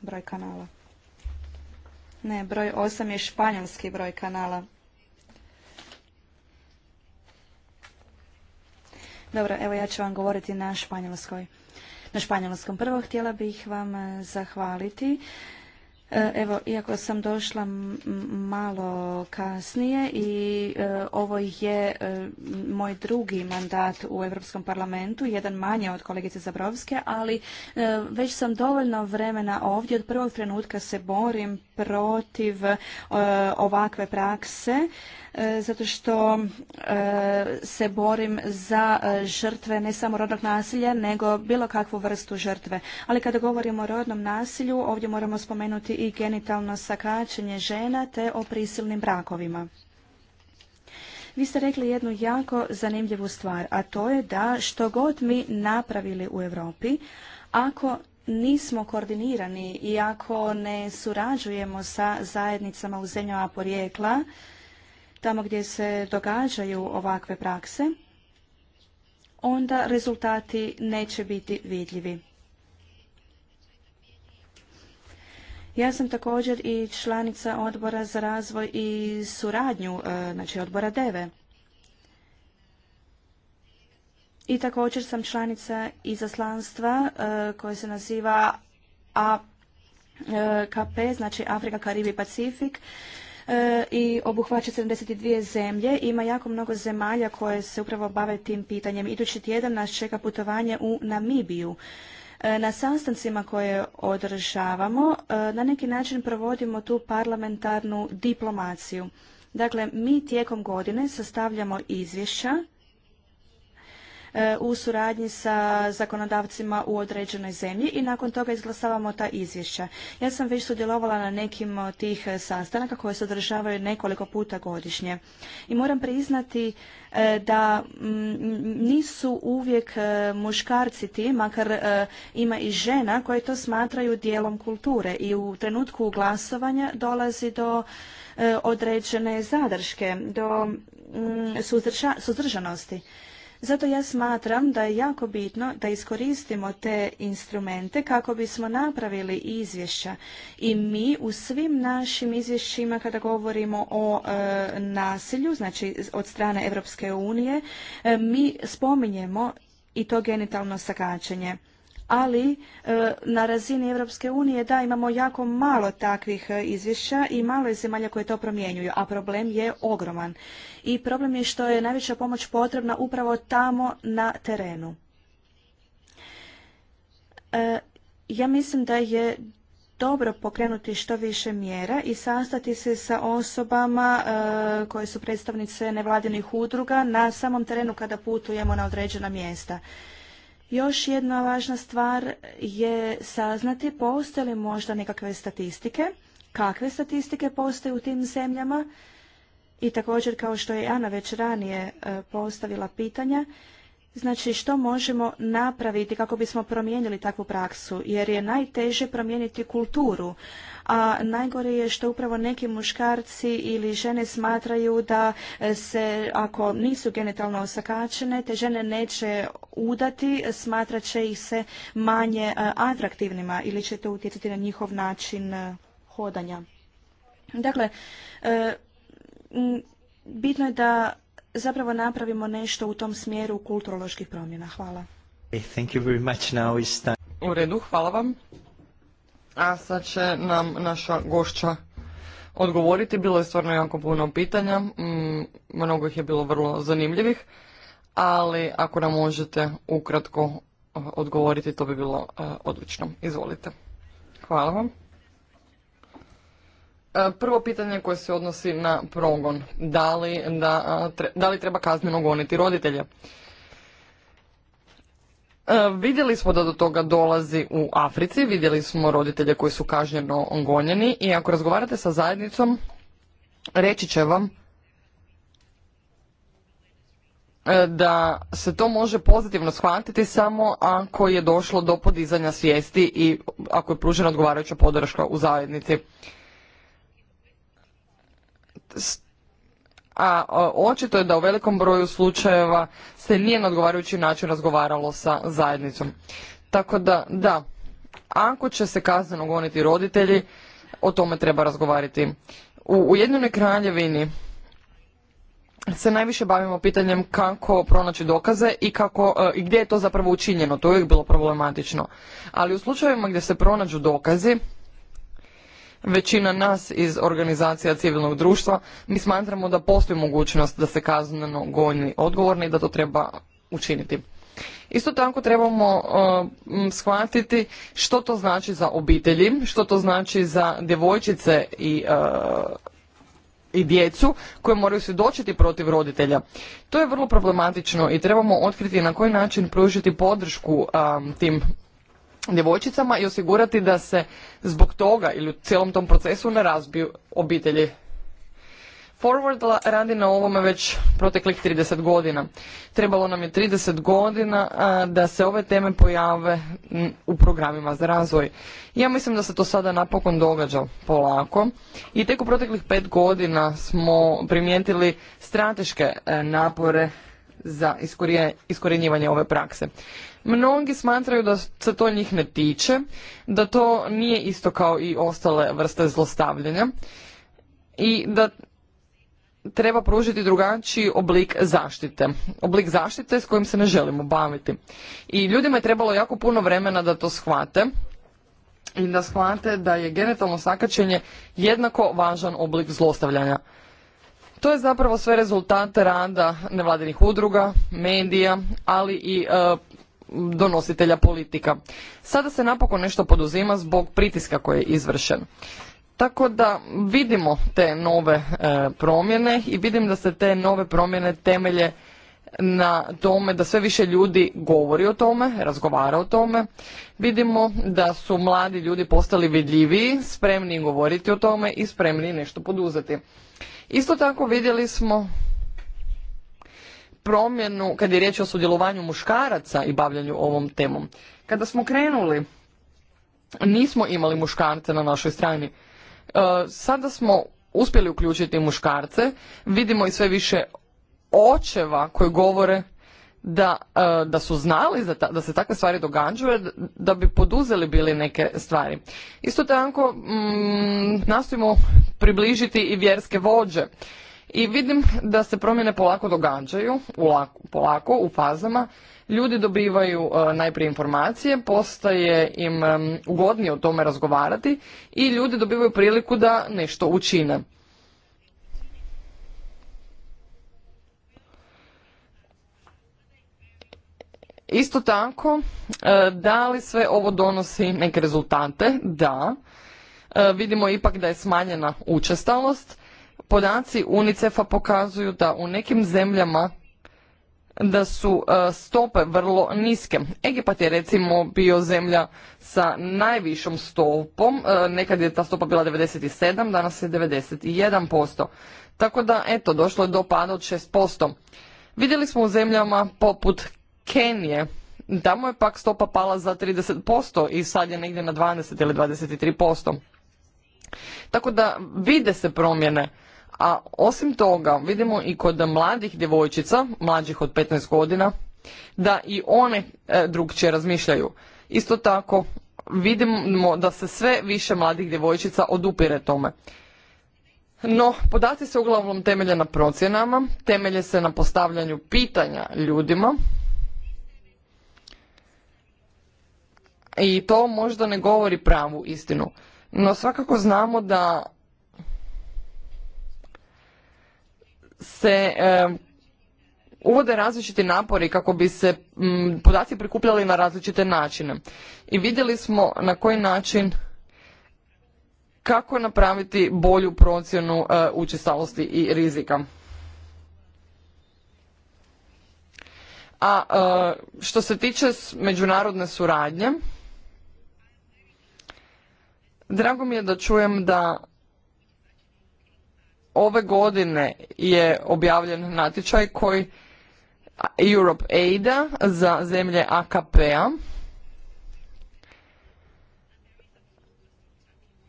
broj kanala. Ne, broj 8 je španjolski broj kanala. Dobro, evo ja ću vam govoriti na Na španjolskom prvo htjela bih vam eh, zahvaliti E, evo, iako sam došla malo kasnije i e, ovo je e, moj drugi mandat u Europskom parlamentu, jedan manje od kolegice Zabrovske, ali već sam dovoljno vremena ovdje. Od prvog trenutka se borim protiv ovakve prakse E, zato što e, se borim za e, žrtve ne samo rodnog nasilja, nego bilo kakvu vrstu žrtve. Ali kada govorimo o rodnom nasilju, ovdje moramo spomenuti i genitalno sakačenje žena te o prisilnim brakovima. Vi ste rekli jednu jako zanimljivu stvar, a to je da što god mi napravili u Europi, ako nismo koordinirani i ako ne surađujemo sa zajednicama u zemljama porijekla, tamo gdje se događaju ovakve prakse, onda rezultati neće biti vidljivi. Ja sam također i članica odbora za razvoj i suradnju, e, znači odbora DEVE. I također sam članica izaslanstva e, koje se naziva AKP, e, znači Afrika, Karibi, Pacifik, E, i obuhvaća 72 zemlje. Ima jako mnogo zemalja koje se upravo bave tim pitanjem. Idući tjedan nas čeka putovanje u Namibiju. E, na sastancima koje održavamo e, na neki način provodimo tu parlamentarnu diplomaciju. Dakle, mi tijekom godine sastavljamo izvješća E, u suradnji sa zakonodavcima u određenoj zemlji i nakon toga izglasavamo ta izvješća. Ja sam već sudjelovala na nekim od tih e, sastanaka koje se održavaju nekoliko puta godišnje. I moram priznati e, da mm, nisu uvijek muškarci ti, makar ima i žena koje to smatraju dijelom kulture i u trenutku glasovanja dolazi do određene zadrške, do mm, suzdržanosti. Zato ja smatram da je jako bitno da iskoristimo te instrumente kako bismo napravili izvješća i mi u svim našim izvješćima kada govorimo o e, nasilju, znači od strane Europske unije, e, mi spominjemo i to genitalno sakačenje ali e, na razini Europske unije da imamo jako malo takvih e, izvješća i malo je zemalja koje to promjenjuju, a problem je ogroman. I problem je što je najveća pomoć potrebna upravo tamo na terenu. E, ja mislim da je dobro pokrenuti što više mjera i sastati se sa osobama koje su predstavnice nevladinih udruga na samom terenu kada putujemo na određena mjesta. Još jedna važna stvar je saznati postoje li možda nekakve statistike, kakve statistike postoje u tim zemljama i također kao što je Ana već ranije e, postavila pitanja, Znači što možemo napraviti kako bismo promijenili takvu praksu jer je najteže promijeniti kulturu, a najgore je što upravo neki muškarci ili žene smatraju da e, se ako nisu genitalno osakačene te žene neće udati, smatrat će ih se manje e, atraktivnima ili će to utjecati na njihov način e, hodanja. Dakle, bitno je da zapravo napravimo nešto u tom smjeru kulturoloških promjena. Hvala. U redu, hvala vam. A sad će nam naša gošća odgovoriti. Bilo je stvarno jako puno pitanja, mm, mnogo ih je bilo vrlo zanimljivih, ali ako nam možete ukratko eh, odgovoriti, to bi bilo eh, odlično. Izvolite. Hvala vam. E, prvo pitanje koje se odnosi na progon. Da li, da, da li treba kazneno goniti roditelje? E, vidjeli smo da do toga dolazi u Africi, vidjeli smo roditelje koji su kažnjeno gonjeni i ako razgovarate sa zajednicom, reći će vam e, da se to može pozitivno shvatiti samo ako je došlo do podizanja svijesti i ako je pružena odgovarajuća podrška u zajednici a očito je da u velikom broju slučajeva se nije na odgovarajući način razgovaralo sa zajednicom. Tako da, da, ako će se kazneno goniti roditelji, o tome treba razgovarati. U Ujedinjenoj kraljevini se najviše bavimo pitanjem kako pronaći dokaze i kako e, i gdje je to zapravo učinjeno. To je uvijek bilo problematično. Ali u slučajevima gdje se pronađu dokazi, većina nas iz organizacija civilnog društva, mi smatramo da postoji mogućnost da se kazneno goni odgovorni i da to treba učiniti. Isto tako trebamo e, shvatiti što to znači za obitelji, što to znači za djevojčice i e, i djecu koje moraju svjedočiti protiv roditelja. To je vrlo problematično i trebamo otkriti na koji način pružiti podršku tim djevojčicama i osigurati da se zbog toga ili u cijelom tom procesu ne razbiju obitelji. Forward radi na ovome već proteklih 30 godina. Trebalo nam je 30 godina da se ove teme pojave u programima za razvoj. Ja mislim da se to sada napokon događa polako i tek u proteklih pet godina smo primijetili strateške e, napore za iskorjenjivanje ove prakse. Mnogi smatraju da se to njih ne tiče, da to nije isto kao i ostale vrste zlostavljanja i da treba pružiti drugačiji oblik zaštite. Oblik zaštite s kojim se ne želimo baviti. I ljudima je trebalo jako puno vremena da to shvate i da shvate da je genitalno sakačenje jednako važan oblik zlostavljanja. To je zapravo sve rezultate rada nevladinih udruga, medija, ali i e, donositelja politika. Sada se napokon nešto poduzima zbog pritiska koji je izvršen. Tako da vidimo te nove e, promjene i vidim da se te nove promjene temelje na tome da sve više ljudi govori o tome, razgovara o tome. Vidimo da su mladi ljudi postali vidljiviji, spremni govoriti o tome i spremni nešto poduzeti. Isto tako vidjeli smo promjenu kad je riječ o sudjelovanju muškaraca i bavljanju ovom temom. Kada smo krenuli, nismo imali muškarce na našoj strani. E, sada smo uspjeli uključiti muškarce, vidimo i sve više očeva koji govore da, e, da su znali da se takve stvari događaju da bi poduzeli bili neke stvari. Isto tako mm, nastojimo približiti i vjerske vođe i vidim da se promjene polako događaju, polako u fazama. Ljudi dobivaju e, najprije informacije, postaje im ugodnije o tome razgovarati i ljudi dobivaju priliku da nešto učine. Isto tako, e, da li sve ovo donosi neke rezultate? Da. E, vidimo ipak da je smanjena učestalost. Podaci UNICEF-a pokazuju da u nekim zemljama da su e, stope vrlo niske. Egipat je recimo bio zemlja sa najvišom stopom, nekad je ta stopa bila 97, danas je 91%. Tako da, eto, došlo je do pada od 6%. Vidjeli smo u zemljama poput Kenije. Tamo je pak stopa pala za 30% i sad je negdje na 20 ili 23%. Tako da vide se promjene. A osim toga vidimo i kod mladih djevojčica, mlađih od 15 godina, da i one e, drugčije razmišljaju. Isto tako vidimo da se sve više mladih djevojčica odupire tome. No, podaci se uglavnom temelje na procjenama, temelje se na postavljanju pitanja ljudima, I to možda ne govori pravu istinu. No svakako znamo da se uvode različiti napori kako bi se mm, podaci prikupljali na različite načine. I vidjeli smo na koji način kako napraviti bolju procjenu e, učestalosti i rizika. A e, što se tiče međunarodne suradnje, Drago mi je da čujem da ove godine je objavljen natječaj koji Europe Aida za zemlje AKP-a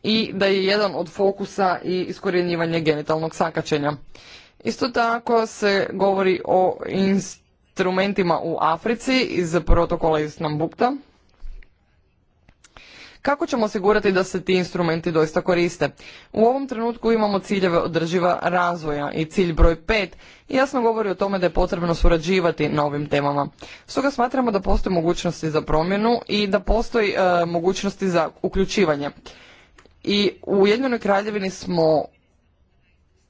i da je jedan od fokusa i iskorjenjivanje genitalnog sakaćenja. Isto tako se govori o instrumentima u Africi iz protokola iz Nambukta. Kako ćemo osigurati da se ti instrumenti doista koriste? U ovom trenutku imamo ciljeve održiva razvoja i cilj broj 5 jasno govori o tome da je potrebno surađivati na ovim temama. Stoga smatramo da postoje mogućnosti za promjenu i da postoji e, mogućnosti za uključivanje. I u Ujedinjenoj kraljevini smo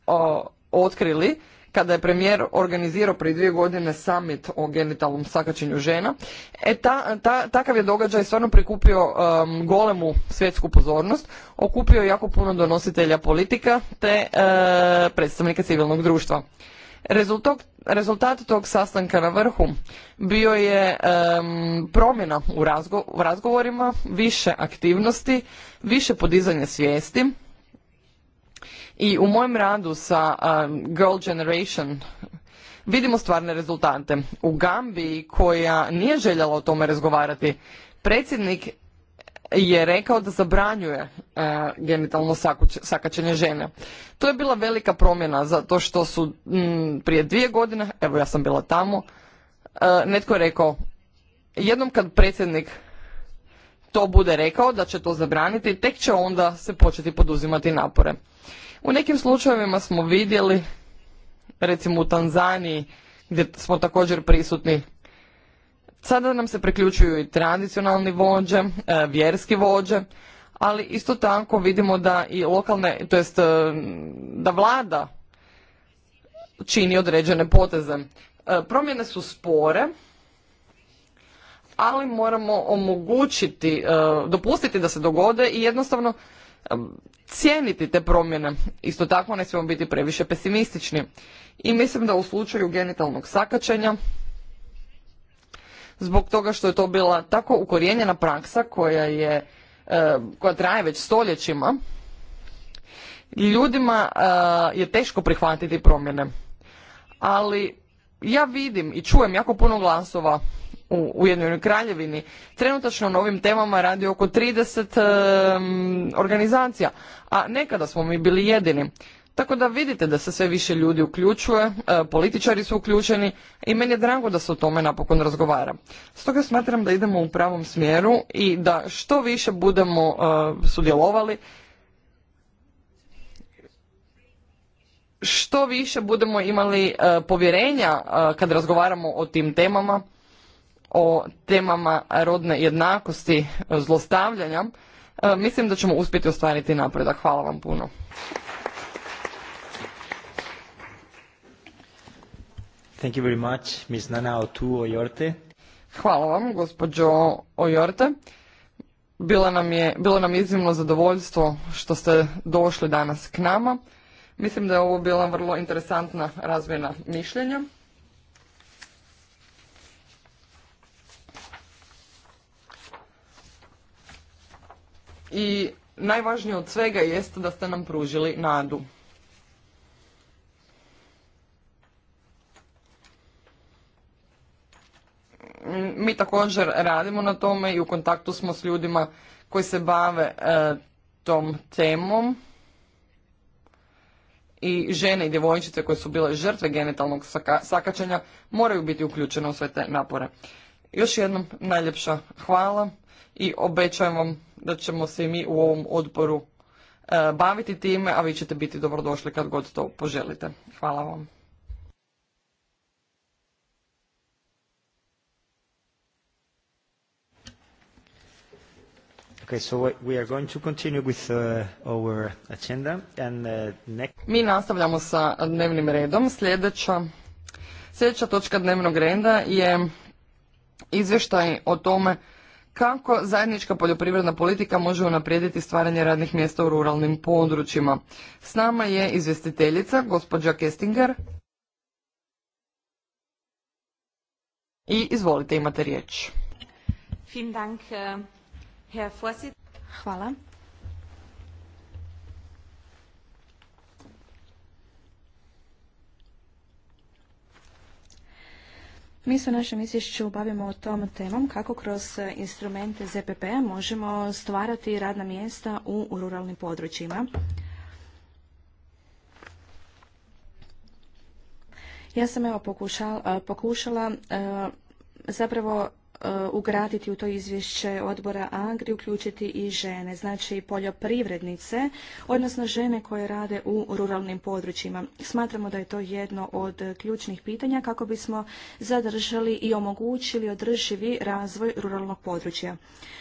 o, otkrili kada je premijer organizirao prije dvije godine summit o genitalnom sakačenju žena, e takav je događaj stvarno prikupio um, golemu svjetsku pozornost, okupio jako puno donositelja politika te e, predstavnika civilnog društva. Rezultat, tog sastanka na vrhu bio je promjena u razgovorima, više aktivnosti, više podizanje svijesti, i u mojem radu sa um, Girl Generation vidimo stvarne rezultate. U Gambiji koja nije željela o tome razgovarati, predsjednik je rekao da zabranjuje uh, genitalno sakačenje žene. To je bila velika promjena zato što su mm, prije dvije godine, evo ja sam bila tamo, uh, netko je rekao, jednom kad predsjednik to bude rekao da će to zabraniti, tek će onda se početi poduzimati napore. U nekim slučajevima smo vidjeli, recimo u Tanzaniji gdje smo također prisutni, sada nam se priključuju i tradicionalni vođe, e, vjerski vođe, ali isto tako vidimo da i lokalne, to jest e, da vlada čini određene poteze. E, promjene su spore, ali moramo omogućiti, dopustiti da se dogode i jednostavno cijeniti te promjene. Isto tako ne smijemo biti previše pesimistični. I mislim da u slučaju genitalnog sakačenja, zbog toga što je to bila tako ukorijenjena praksa koja je e, koja traje već stoljećima, ljudima e, je teško prihvatiti promjene. Ali ja vidim i čujem jako puno glasova u Ujedinjenoj kraljevini. Trenutačno na ovim temama radi oko 30 organizacija, a nekada smo mi bili jedini. Tako da vidite da se sve više ljudi uključuje, e, političari su uključeni i meni je drago da se o tome napokon razgovara. Stoga smatram da idemo u pravom smjeru i da što više budemo e, sudjelovali, što više budemo imali e, povjerenja kad razgovaramo o tim temama, o temama rodne jednakosti e, zlostavljanja, e, mislim da ćemo uspjeti ostvariti napredak. Hvala vam puno. Thank you very much, Ms. Hvala vam, gospođo Ojorte. Bilo nam je, bilo nam je iznimno zadovoljstvo što ste došli danas k nama. Mislim da je ovo bila vrlo interesantna razmjena mišljenja. i najvažnije od svega jeste da ste nam pružili nadu. Mi također radimo na tome i u kontaktu smo s ljudima koji se bave e, tom temom i žene i djevojčice koje su bile žrtve genitalnog sakačenja moraju biti uključene u sve te napore. Još jednom najljepša hvala i obećajem vam da ćemo se i mi u ovom odboru e, baviti time, a vi ćete biti dobrodošli kad god to poželite. Hvala vam. Mi nastavljamo sa dnevnim redom. sljedeća točka dnevnog reda je izvještaj o tome kako zajednička poljoprivredna politika može unaprijediti stvaranje radnih mjesta u ruralnim područjima. S nama je izvjestiteljica gospođa Kestinger. I izvolite, imate riječ. Eh, Hvala. Mi se u našem izvješću bavimo tom temom kako kroz e, instrumente ZPP p-a možemo stvarati radna mjesta u ruralnim područjima. Ja sam evo e, pokušala, pokušala e, zapravo Eh, ugraditi u to izvješće odbora Agri, uključiti i žene, znači poljoprivrednice, odnosno žene koje rade u ruralnim područjima. Smatramo da je to jedno od ključnih pitanja kako bismo zadržali i omogućili održivi razvoj ruralnog područja.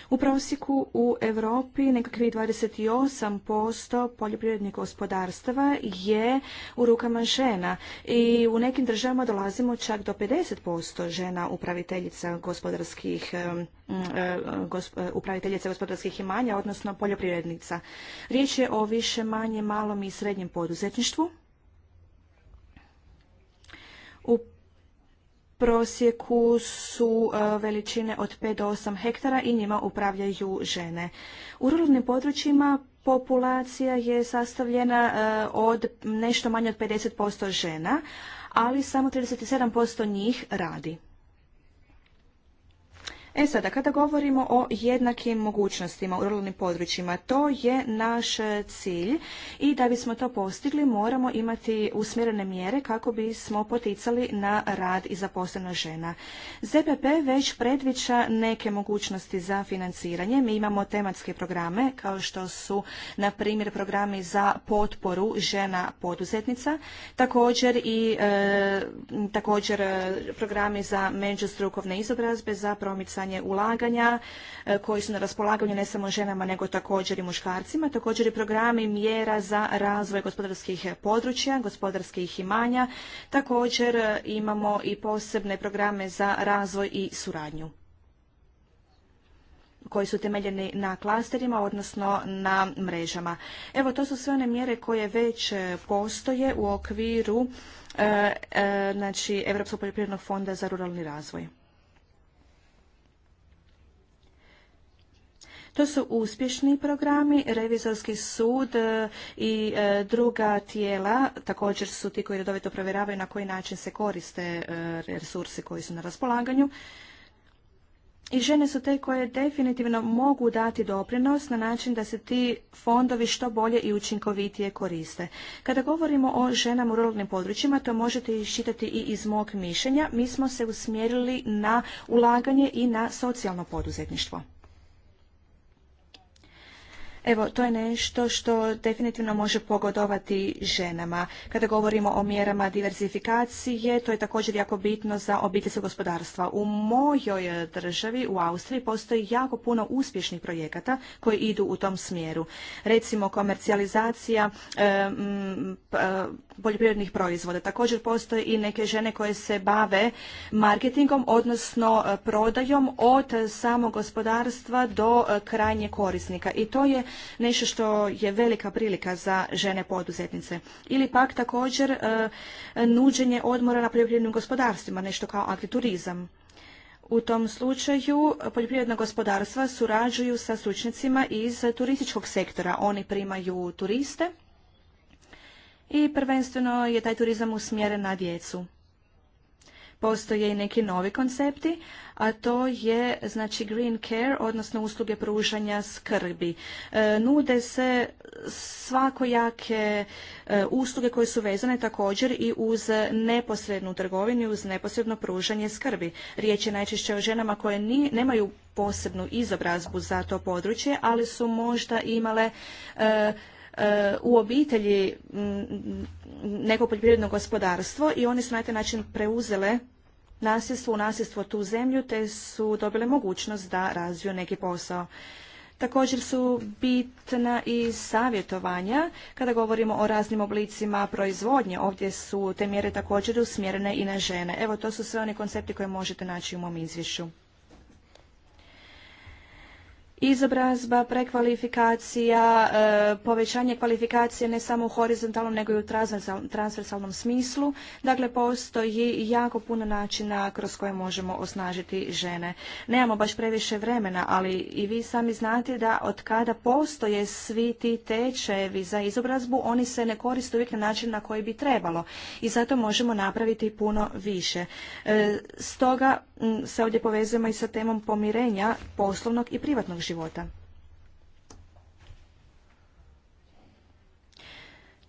U prosjeku u Europi nekakvih 28% poljoprivrednih gospodarstava je u rukama žena i u nekim državama dolazimo čak do 50% žena upraviteljica gospodarstva gospodarskih e, upraviteljica gospodarskih imanja, odnosno poljoprivrednica. Riječ je o više manje malom i srednjem poduzetništvu. U prosjeku su e, veličine od 5 do 8 hektara i njima upravljaju žene. U ruralnim područjima populacija je sastavljena e, od nešto manje od 50% žena, ali samo 37% njih radi. E sada, kada govorimo o jednakim mogućnostima u ruralnim područjima, to je naš e, cilj i da bismo to postigli moramo imati usmjerene mjere kako bismo poticali na rad i zaposlenost žena. ZPP već predviđa neke mogućnosti za financiranje. Mi imamo tematske programe kao što su, na primjer, programi za potporu žena poduzetnica, također i e, također e, programi za međustrukovne izobrazbe za promicanje poticanje ulaganja e, koji su na raspolaganju ne samo ženama nego također i muškarcima, također i programi mjera za razvoj gospodarskih područja, gospodarskih imanja, također e, imamo i posebne programe za razvoj i suradnju koji su temeljeni na klasterima, odnosno na mrežama. Evo, to su sve one mjere koje već e, postoje u okviru znači, Europskog poljoprivrednog fonda za ruralni razvoj. To su uspješni programi, revizorski sud e, i e, druga tijela također su ti koji redovito provjeravaju na koji način se koriste e, resursi koji su na raspolaganju. I žene su te koje definitivno mogu dati doprinos na način da se ti fondovi što bolje i učinkovitije koriste. Kada govorimo o ženama u ruralnim područjima, to možete iščitati i iz mog mišljenja. Mi smo se usmjerili na ulaganje i na socijalno poduzetništvo. Evo, to je nešto što definitivno može pogodovati ženama. Kada govorimo o mjerama diversifikacije, to je također jako bitno za obiteljstvo gospodarstva. U mojoj državi, u Austriji, postoji jako puno uspješnih projekata koji idu u tom smjeru. Recimo, komercijalizacija e, e, poljoprivrednih proizvoda. Također postoje i neke žene koje se bave marketingom, odnosno e, prodajom od samog gospodarstva do krajnje korisnika. I to je nešto što je velika prilika za žene poduzetnice. Ili pak također e, nuđenje odmora na poljoprivrednim gospodarstvima, nešto kao agriturizam. U tom slučaju poljoprivredna gospodarstva surađuju sa stručnjacima iz turističkog sektora. Oni primaju turiste i prvenstveno je taj turizam usmjeren na djecu postoje i neki novi koncepti, a to je znači green care, odnosno usluge pružanja skrbi. E, nude se svakojake e, usluge koje su vezane također i uz neposrednu trgovinu uz neposredno pružanje skrbi. Riječ je najčešće o ženama koje nemaju posebnu izobrazbu za to područje, ali su možda imale e, E, u obitelji mm, neko poljoprivredno gospodarstvo i one su na taj način preuzele nasljedstvo u nasljedstvo tu zemlju te su dobile mogućnost da razviju neki posao. Također su bitna i savjetovanja kada govorimo o raznim oblicima proizvodnje. Ovdje su te mjere također usmjerene i na žene. Evo, to su sve oni koncepti koje možete naći u mom izvješću izobrazba, prekvalifikacija, e, povećanje kvalifikacije ne samo u horizontalnom nego i u transversalnom smislu. Dakle, postoji jako puno načina kroz koje možemo osnažiti žene. Nemamo baš previše vremena, ali i vi sami znate da od kada postoje svi ti tečajevi za izobrazbu, oni se ne koriste uvijek na način na koji bi trebalo. I zato možemo napraviti puno više. E, stoga se ovdje povezujemo i sa temom pomirenja poslovnog i privatnog života.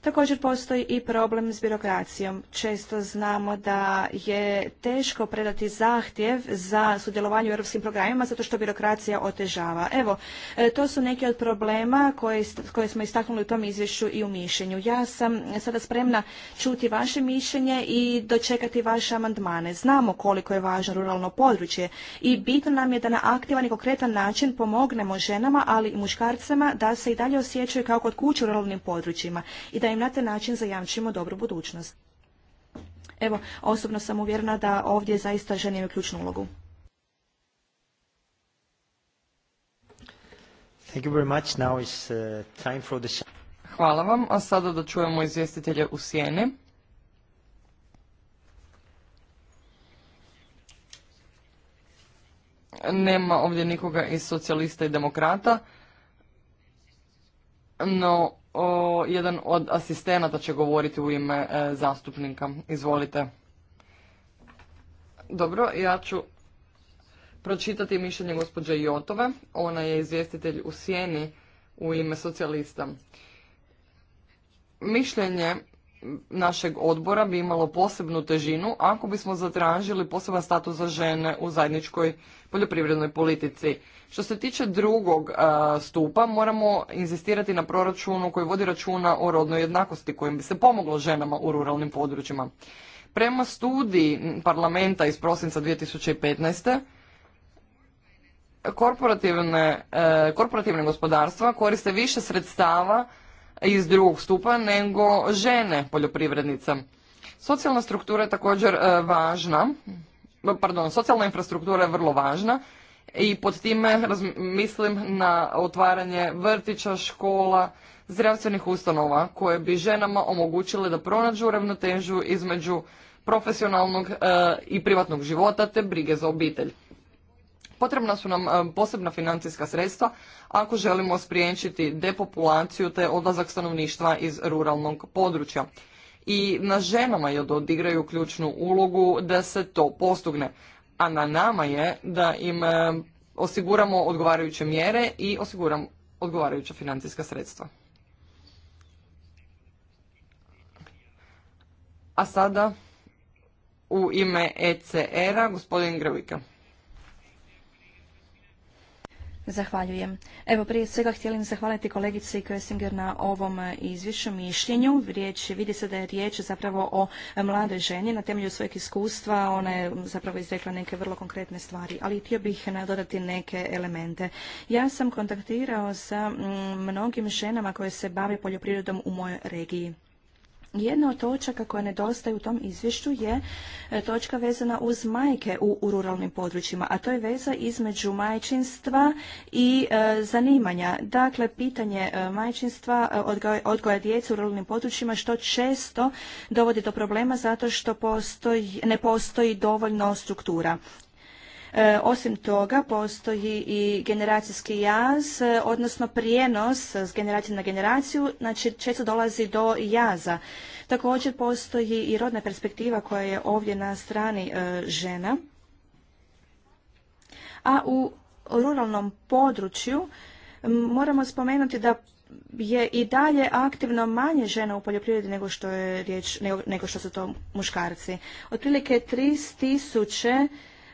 Također postoji i problem s birokracijom. Često znamo da je teško predati zahtjev za sudjelovanje u europskim programima zato što birokracija otežava. Evo, e, to su neki od problema koje, smo istaknuli u tom izvješću i u mišljenju. Ja sam sada spremna čuti vaše mišljenje i dočekati vaše amandmane. Znamo koliko je važno ruralno područje i bitno nam je da na aktivan i konkretan način pomognemo ženama, ali i muškarcama da se i dalje osjećaju kao kod kuće u ruralnim područjima i da im na taj način zajamčimo dobru budućnost. Evo, osobno sam uvjerena da ovdje zaista žene imaju ključnu ulogu. Thank you uh, Hvala vam, a sada da čujemo izvjestitelje u sjeni. Nema ovdje nikoga iz socijalista i demokrata. No, o, jedan od asistenata će govoriti u ime e, zastupnika. Izvolite. Dobro, ja ću pročitati mišljenje gospođe Jotove. Ona je izvjestitelj u Sjeni u ime socijalista. Mišljenje našeg odbora bi imalo posebnu težinu ako bismo zatražili poseban status za žene u zajedničkoj poljoprivrednoj politici. Što se tiče drugog stupa, moramo inzistirati na proračunu koji vodi računa o rodnoj jednakosti kojim bi se pomoglo ženama u ruralnim područjima. Prema studiji parlamenta iz prosinca 2015. Korporativne, e, korporativne gospodarstva koriste više sredstava iz drugog stupa nego žene poljoprivrednice. Socijalna struktura je također e, važna, pardon, socijalna infrastruktura je vrlo važna i pod time mislim na otvaranje vrtića, škola, zdravstvenih ustanova koje bi ženama omogućile da pronađu ravnotežu između profesionalnog e, i privatnog života te brige za obitelj. Potrebna su nam e, posebna financijska sredstva ako želimo spriječiti depopulaciju te odlazak stanovništva iz ruralnog područja. I na ženama je da odigraju ključnu ulogu da se to postugne, a na nama je da im e, osiguramo odgovarajuće mjere i osiguramo odgovarajuća financijska sredstva. A sada u ime ECR-a gospodin Grvika. Zahvaljujem. Evo prije svega htjelim zahvaliti kolegici Kösinger na ovom e, izvješću, mišljenju. Riječ, vidi se da je riječ zapravo o mladoj ženi. Na temelju svojeg iskustva ona je zapravo izrekla neke vrlo konkretne stvari, ali htio bih nadodati neke elemente. Ja sam kontaktirao sa mnogim ženama koje se bave poljoprivredom u mojoj regiji jedna od točaka koja nedostaje u tom izvješću je e, točka vezana uz majke u, ruralnim područjima, a to je veza između majčinstva i e, zanimanja. Dakle, pitanje e, majčinstva, odgoja, djece u ruralnim područjima, što često dovodi do problema zato što ne postoji dovoljno struktura E, osim toga, postoji i generacijski jaz, e, odnosno prijenos s generacije na generaciju, znači često dolazi do jaza. Također postoji i rodna perspektiva koja je ovdje na strani e, žena. A u ruralnom području moramo spomenuti da je i dalje aktivno manje žena u poljoprivredi nego što je riječ, nego, što su to muškarci. Otprilike 3000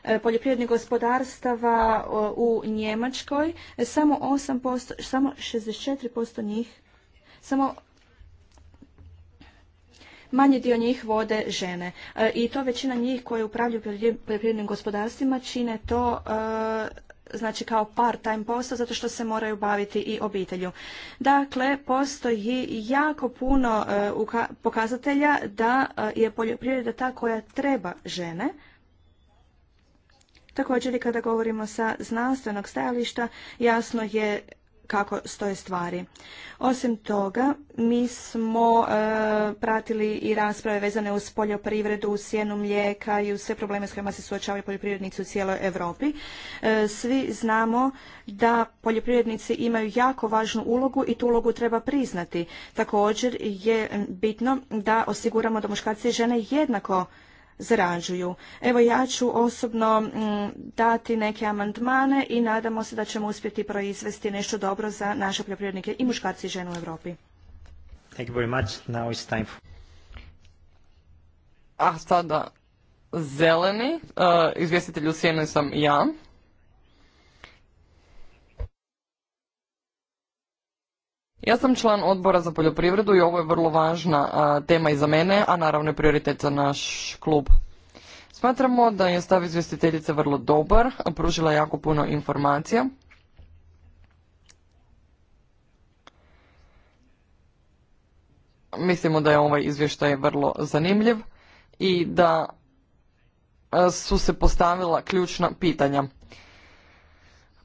E, poljoprivrednih gospodarstava u Njemačkoj, samo 8%, samo 64% njih, samo manji dio njih vode žene. E, I to većina njih koje upravljaju poljoprivrednim gospodarstvima čine to e, znači kao part-time posao zato što se moraju baviti i obitelju. Dakle, postoji jako puno pokazatelja da je poljoprivreda ta koja treba žene Također i kada govorimo sa znanstvenog stajališta, jasno je kako stoje stvari. Osim toga, mi smo e, pratili i rasprave vezane uz poljoprivredu, uz sjenu mlijeka i uz sve probleme s kojima se suočavaju poljoprivrednici u cijeloj Europi. E, svi znamo da poljoprivrednici imaju jako važnu ulogu i tu ulogu treba priznati. Također je bitno da osiguramo da muškarci i žene jednako zarađuju. Evo ja ću osobno mm, dati neke amandmane i nadamo se da ćemo uspjeti proizvesti nešto dobro za naše poljoprivrednike i muškarci i žene u Europi. Thank you very much. Now it's time for... A sada zeleni, eh, izvjestitelj u sam ja. Ja sam član odbora za poljoprivredu i ovo je vrlo važna tema i za mene, a naravno je prioritet za naš klub. Smatramo da je stav izvjestiteljice vrlo dobar, pružila jako puno informacija. Mislimo da je ovaj izvještaj vrlo zanimljiv i da su se postavila ključna pitanja.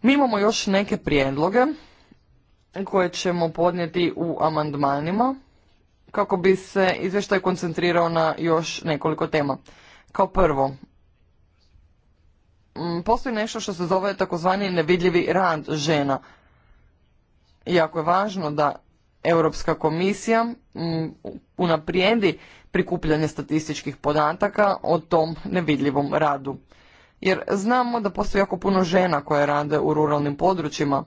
Mi imamo još neke prijedloge koje ćemo podnijeti u amandmanima kako bi se izvještaj koncentrirao na još nekoliko tema. Kao prvo, mm, postoji nešto što se zove takozvani nevidljivi rad žena. Jako je važno da Europska komisija mm, unaprijedi prikupljanje statističkih podataka o tom nevidljivom radu. Jer znamo da postoji jako puno žena koje rade u ruralnim područjima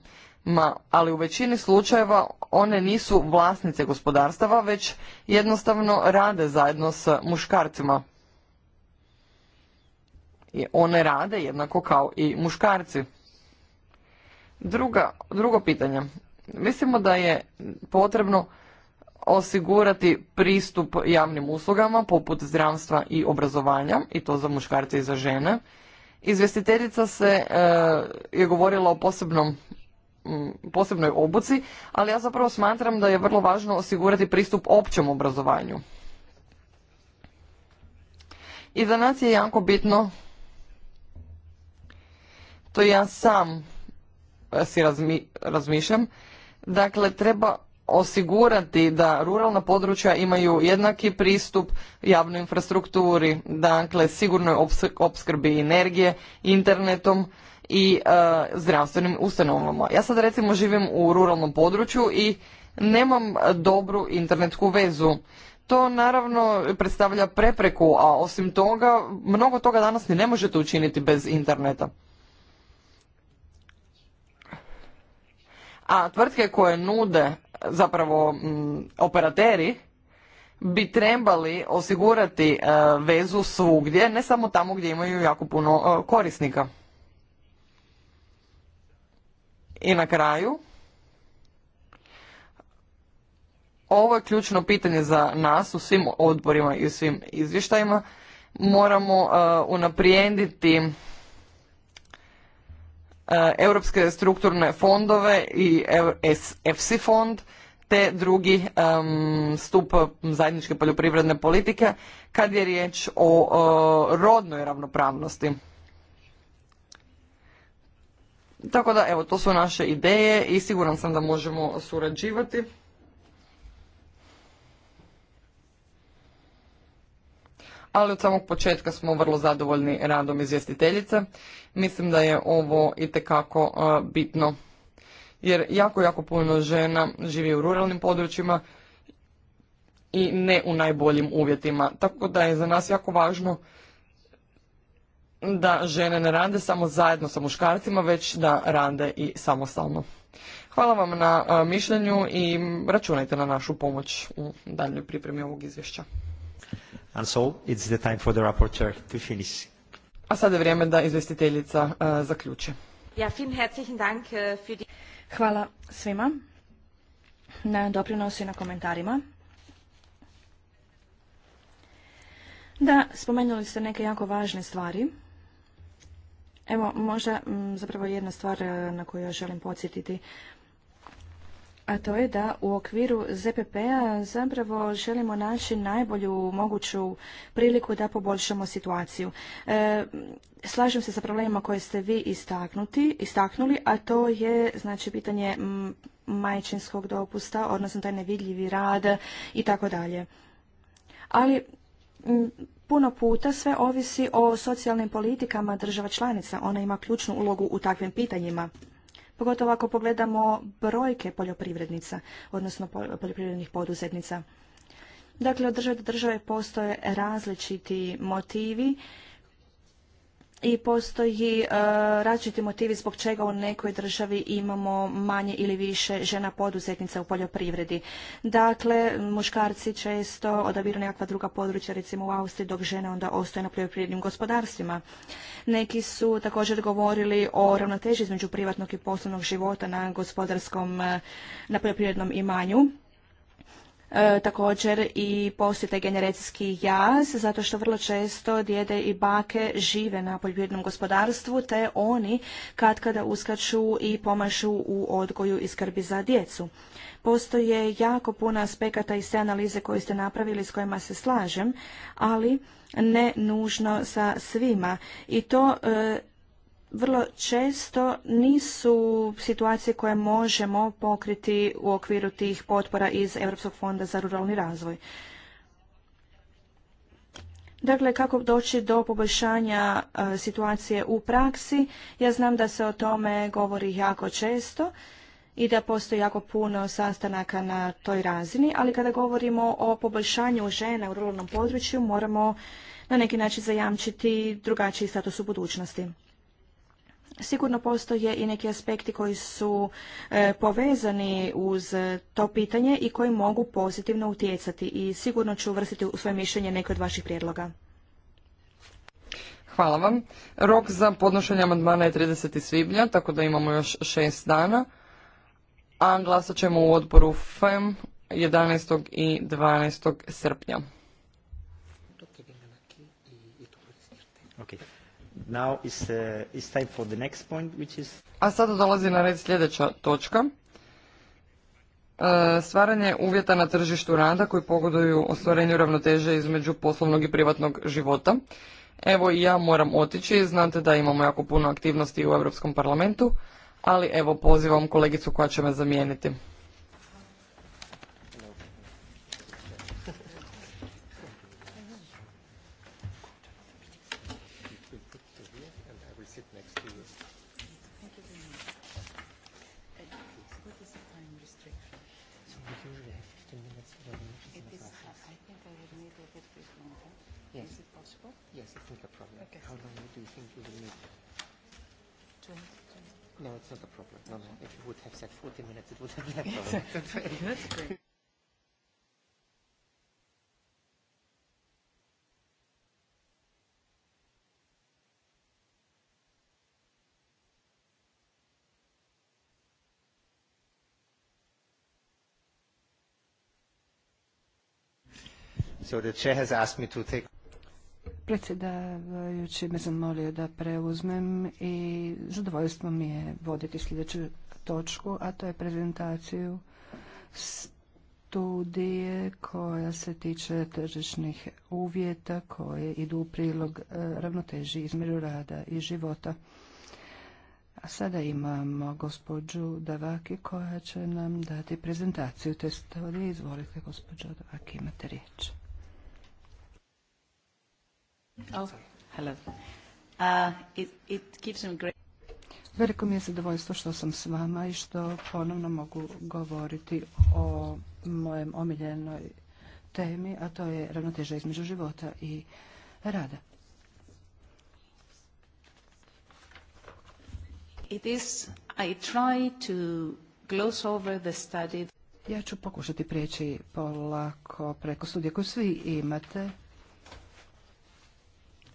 Ma, ali u većini slučajeva one nisu vlasnice gospodarstava, već jednostavno rade zajedno s muškarcima. I one rade jednako kao i muškarci. Druga, drugo pitanje. Mislimo da je potrebno osigurati pristup javnim uslugama poput zdravstva i obrazovanja, i to za muškarce i za žene. Izvjestiteljica se e, je govorila o posebnom posebnoj obuci, ali ja zapravo smatram da je vrlo važno osigurati pristup općem obrazovanju. I za nas je jako bitno, to ja sam e, si razmišljam, dakle treba osigurati da ruralna područja imaju jednaki pristup javnoj infrastrukturi, dakle sigurnoj opskrbi energije, internetom, i e, zdravstvenim ustanovama. Ja sad recimo živim u ruralnom području i nemam dobru internetsku vezu. To naravno predstavlja prepreku, a osim toga mnogo toga danas ni ne možete učiniti bez interneta. A tvrtke koje nude zapravo mm, operateri bi trebali osigurati e, vezu svugdje, ne samo tamo gdje imaju jako puno e, korisnika. I na kraju, ovo je ključno pitanje za nas u svim odborima i u svim izvještajima. Moramo uh, unaprijediti uh, europske strukturne fondove i EFSI fond te drugi um, stup zajedničke poljoprivredne politike kad je riječ o uh, rodnoj ravnopravnosti. Tako da, evo, to su naše ideje i siguran sam da možemo surađivati. ali od samog početka smo vrlo zadovoljni radom izvjestiteljice. Mislim da je ovo itekako bitno jer jako, jako puno žena živi u ruralnim područjima i ne u najboljim uvjetima. Tako da je za nas jako važno da žene ne rade samo zajedno sa muškarcima, već da rade i samostalno. Hvala vam na e, mišljenju i računajte na našu pomoć u daljnjoj pripremi ovog izvješća. And A sada je vrijeme da izvestiteljica uh, e, zaključi. Ja, herzlichen e, Hvala svima na doprinosu i na komentarima. Da, spomenuli ste neke jako važne stvari. Evo, možda mm, zapravo jedna stvar e, na koju ja želim podsjetiti, a to je da u okviru ZPP-a zapravo želimo naći najbolju moguću priliku da poboljšamo situaciju. E, slažem se sa problemima koje ste vi istaknuti, istaknuli, a to je znači pitanje majčinskog dopusta, odnosno taj nevidljivi rad i tako dalje. Ali puno puta sve ovisi o socijalnim politikama država članica. Ona ima ključnu ulogu u takvim pitanjima. Pogotovo ako pogledamo brojke poljoprivrednica, odnosno poljoprivrednih poduzetnica. Dakle, od države do države postoje različiti motivi i postoji e, različiti motivi zbog čega u nekoj državi imamo manje ili više žena poduzetnica u poljoprivredi. Dakle, muškarci često odabiru nekakva druga područja, recimo u Austriji, dok žene onda ostaje na poljoprivrednim gospodarstvima. Neki su također govorili o ravnoteži između privatnog i poslovnog života na gospodarskom, e, na poljoprivrednom imanju E, također i posjete generacijski jaz, zato što vrlo često djede i bake žive na poljoprivrednom gospodarstvu, te oni kad kada uskaču i pomažu u odgoju i skrbi za djecu. Postoje jako puno aspekata i sve analize koje ste napravili s kojima se slažem, ali ne nužno sa svima. I to e, vrlo često nisu situacije koje možemo pokriti u okviru tih potpora iz Europskog fonda za ruralni razvoj. Dakle, kako doći do poboljšanja e, situacije u praksi? Ja znam da se o tome govori jako često i da postoji jako puno sastanaka na toj razini, ali kada govorimo o poboljšanju žena u ruralnom području, moramo na neki način zajamčiti drugačiji status u budućnosti. Sigurno postoje i neki aspekti koji su e, povezani uz to pitanje i koji mogu pozitivno utjecati i sigurno ću uvrstiti u svoje mišljenje neke od vaših prijedloga. Hvala vam. Rok za podnošenje amandmana je 30. svibnja, tako da imamo još šest dana. A glasat ćemo u odboru FEM 11. i 12. srpnja. Now is, uh, point, A sada dolazi na red sljedeća točka. E, stvaranje uvjeta na tržištu rada koji pogoduju ostvarenju ravnoteže između poslovnog i privatnog života. Evo i ja moram otići, znate da imamo jako puno aktivnosti u Europskom parlamentu, ali evo pozivam kolegicu koja će me zamijeniti. Predsjedavajući me Predsjedavajući me zamolio da preuzmem i zadovoljstvo mi je voditi sljedeću točku, a to je prezentaciju studije koja se tiče tržišnih uvjeta koje idu u prilog e, ravnoteži između rada i života. A sada imamo gospođu Davaki koja će nam dati prezentaciju te studije. Izvolite gospođo Davaki, imate riječ. Oh, uh, Veliko mi je zadovoljstvo što sam s vama i što ponovno mogu govoriti o mojem omiljenoj temi, a to je ravnoteža između života i rada. I try to Ja ću pokušati prijeći polako preko studija koju svi imate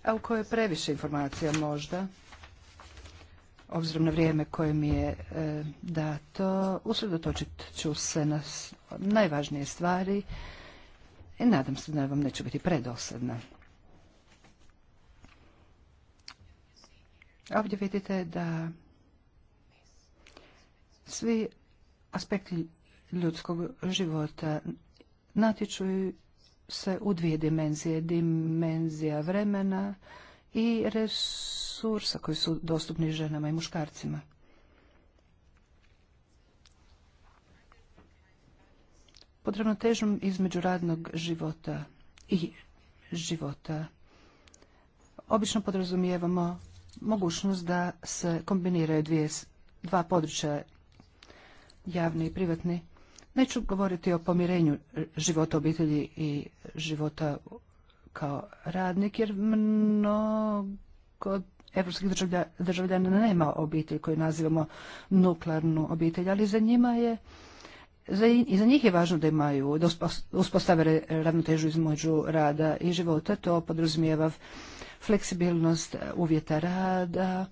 a u kojoj je previše informacija možda, obzirom na vrijeme koje mi je e, dato, usredotočit ću se na najvažnije stvari i nadam se da vam neću biti predosadna. Ovdje vidite da svi aspekti ljudskog života natječuju se u dvije dimenzije. Dimenzija vremena i resursa koji su dostupni ženama i muškarcima. Pod ravnotežom između radnog života i života obično podrazumijevamo mogućnost da se kombiniraju dva područja javni i privatni Neću govoriti o pomirenju života obitelji i života kao radnik, jer mnogo evropskih državljana nema obitelj koju nazivamo nuklearnu obitelj, ali za njima je i za njih je važno da imaju, da uspostave ravnotežu između rada i života. To podrazumijeva fleksibilnost uvjeta rada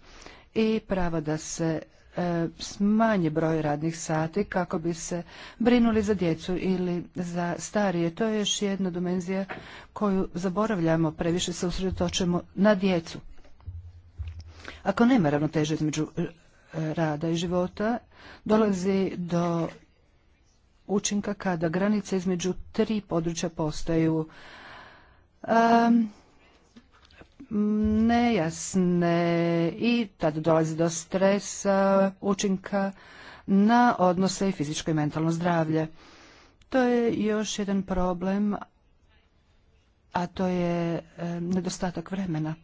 i prava da se E, smanje broj radnih sati kako bi se brinuli za djecu ili za starije. To je još jedna dimenzija koju zaboravljamo, previše se usredotočujemo na djecu. Ako nema ravnoteže između e, rada i života, dolazi do učinka kada granice između tri područja postaju e, nejasne i tad dolazi do stresa, učinka na odnose i fizičko i mentalno zdravlje. To je još jedan problem, a to je e, nedostatak vremena.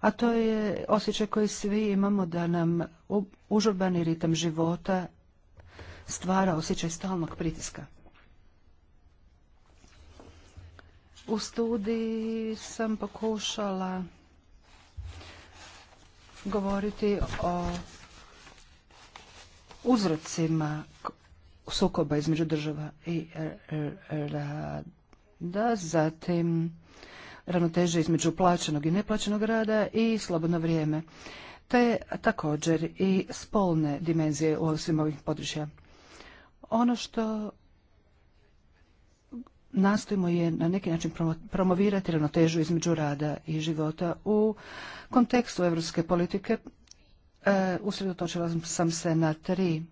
A to je osjećaj koji svi imamo da nam užurbani ritam života stvara osjećaj stalnog pritiska. U studiji sam pokušala govoriti o uzrocima sukoba između država i rada, zatim ravnoteže između plaćenog i neplaćenog rada i slobodno vrijeme, te također i spolne dimenzije u svim ovih područja. Ono što nastojimo je na neki način promovirati ravnotežu između rada i života u kontekstu evropske politike. E, usredotočila sam se na tri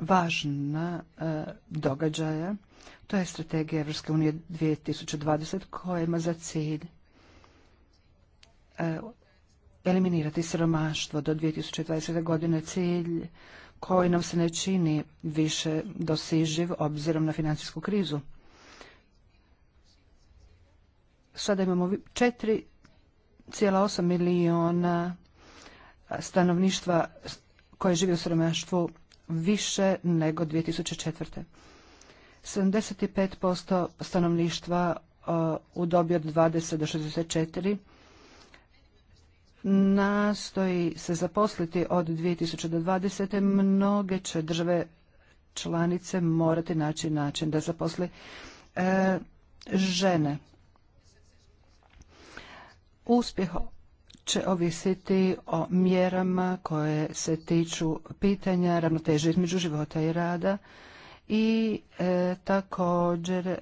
važna e, događaja. To je strategija Evropske unije 2020 koja ima za cilj e, eliminirati siromaštvo do 2020. godine cilj koji nam se ne čini više dosiživ obzirom na financijsku krizu. Sada imamo 4,8 milijuna stanovništva koje žive u siromaštvu više nego 2004. 75% stanovništva u dobi od 20 do 64 nastoji se zaposliti od 2020. Mnoge će države članice morati naći način da zaposli e, žene. Uspjeh će ovisiti o mjerama koje se tiču pitanja ravnoteže između života i rada i e, također e,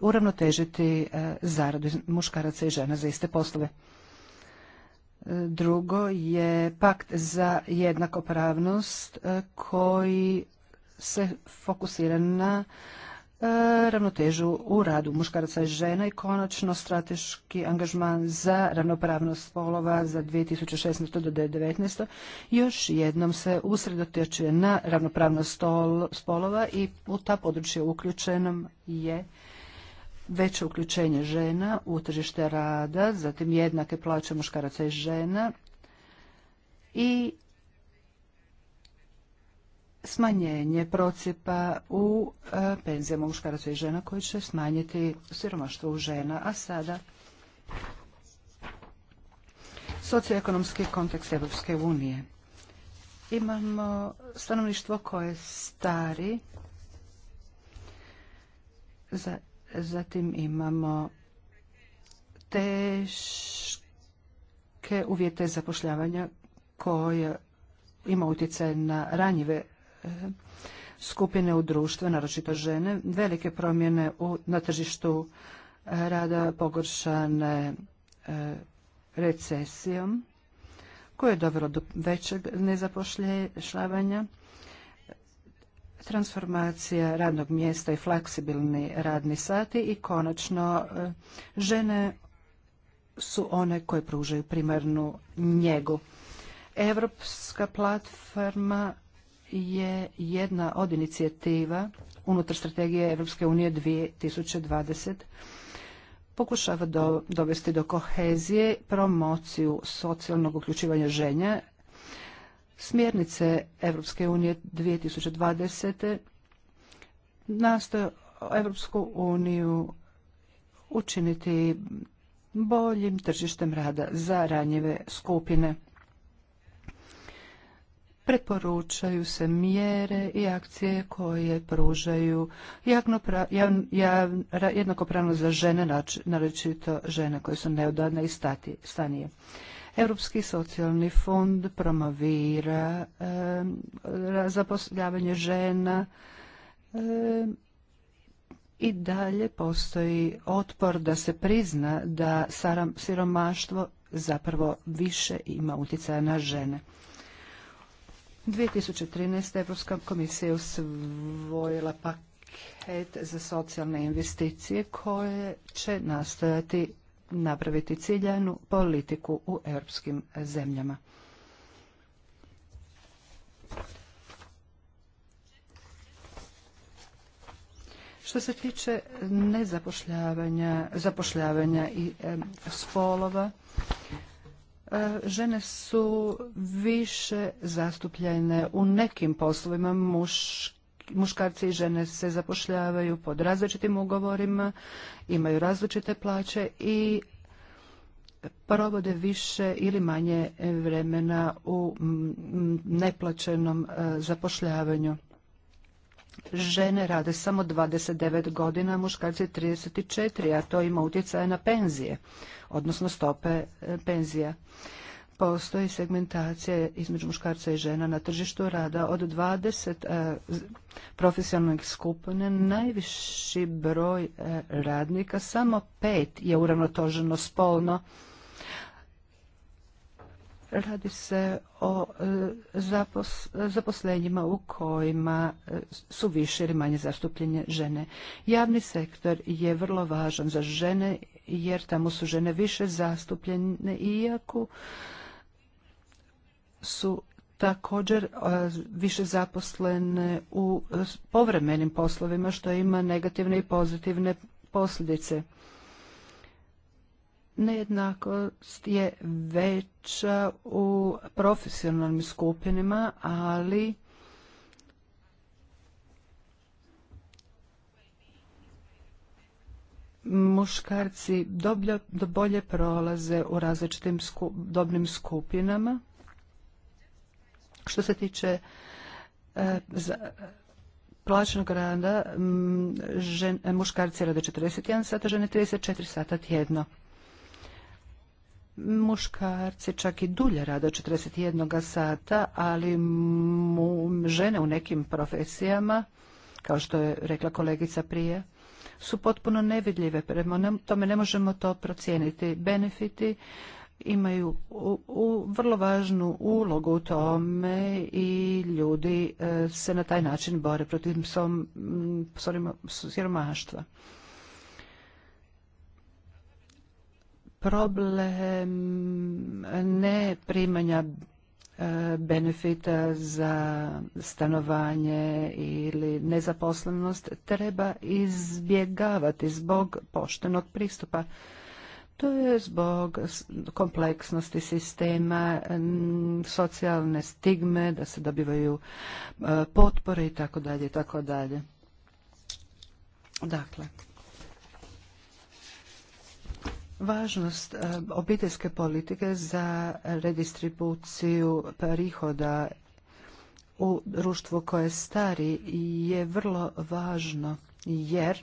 uravnotežiti e, zaradu muškaraca i žena za iste poslove. Drugo je pakt za jednakopravnost e, koji se fokusira na e, ravnotežu u radu muškaraca i žena i konačno strateški angažman za ravnopravnost spolova za 2016. do 2019. Još jednom se usredotečuje na ravnopravnost spolova i u ta područja uključenom je veće uključenje žena u tržište rada, zatim jednake plaće muškaraca i žena i smanjenje procipa u e, penzijama muškaraca i žena koji će smanjiti siromaštvo u žena. A sada socioekonomski kontekst Evropske unije. Imamo stanovništvo koje stari za Zatim imamo teške uvjete zapošljavanja koje ima utjecaj na ranjive e, skupine u društvu, naročito žene, velike promjene na tržištu e, rada pogoršane e, recesijom, koje je dovelo do većeg nezapošljavanja, transformacija radnog mjesta i fleksibilni radni sati i konačno e, žene su one koje pružaju primarnu njegu. Europska platforma je jedna od inicijativa unutar strategije Europske unije 2020 pokušava dovesti do kohezije, promociju socijalnog uključivanja ženja smjernice Europske unije 2020. nastoje Europsku uniju učiniti boljim tržištem rada za ranjive skupine. Preporučaju se mjere i akcije koje pružaju jednakopravno za žene, naročito žene koje su neodadne i stanije. Europski socijalni fond promovira eh, zapošljavanje žena eh, i dalje postoji otpor da se prizna da siromaštvo zapravo više ima utjecaja na žene. 2013. Evropska komisija usvojila paket za socijalne investicije koje će nastojati napraviti ciljanu politiku u europskim zemljama. Što se tiče nezapošljavanja zapošljavanja i spolova, e, žene su više zastupljene u nekim poslovima, muš muškarci i žene se zapošljavaju pod različitim ugovorima, imaju različite plaće i provode više ili manje vremena u neplaćenom e, zapošljavanju. Žene rade samo 29 godina, muškarci 34, a to ima utjecaja na penzije, odnosno stope e, penzija postoji segmentacija između muškarca i žena na tržištu rada. Od 20 e, profesionalnih skupina najviši broj e, radnika, samo pet je uravnotoženo spolno. Radi se o e, zaposlenjima u kojima su više ili manje zastupljene žene. Javni sektor je vrlo važan za žene jer tamo su žene više zastupljene iako su također e, više zaposlene u povremenim poslovima što ima negativne i pozitivne posljedice. Nejednakost je veća u profesionalnim skupinama, ali muškarci dobolje bolje prolaze u različitim dobnim skupinama što se tiče e, plaćenog rada, žen, muškarci rade 41 sata, žene 34 sata tjedno. Muškarci čak i dulje rade 41 sata, ali žene u nekim profesijama, kao što je rekla kolegica prije, su potpuno nevidljive. Prema tome ne možemo to procijeniti. Benefiti imaju u, vrlo važnu ulogu u tome i ljudi e, se na taj način bore protiv mm, siromaštva. Problem ne primanja e, benefita za stanovanje ili nezaposlenost treba izbjegavati zbog poštenog pristupa to je zbog kompleksnosti sistema, socijalne stigme, da se dobivaju e, potpore i tako dalje tako dalje. Dakle, Važnost e, obiteljske politike za redistribuciju prihoda u društvu koje je stari je vrlo važno jer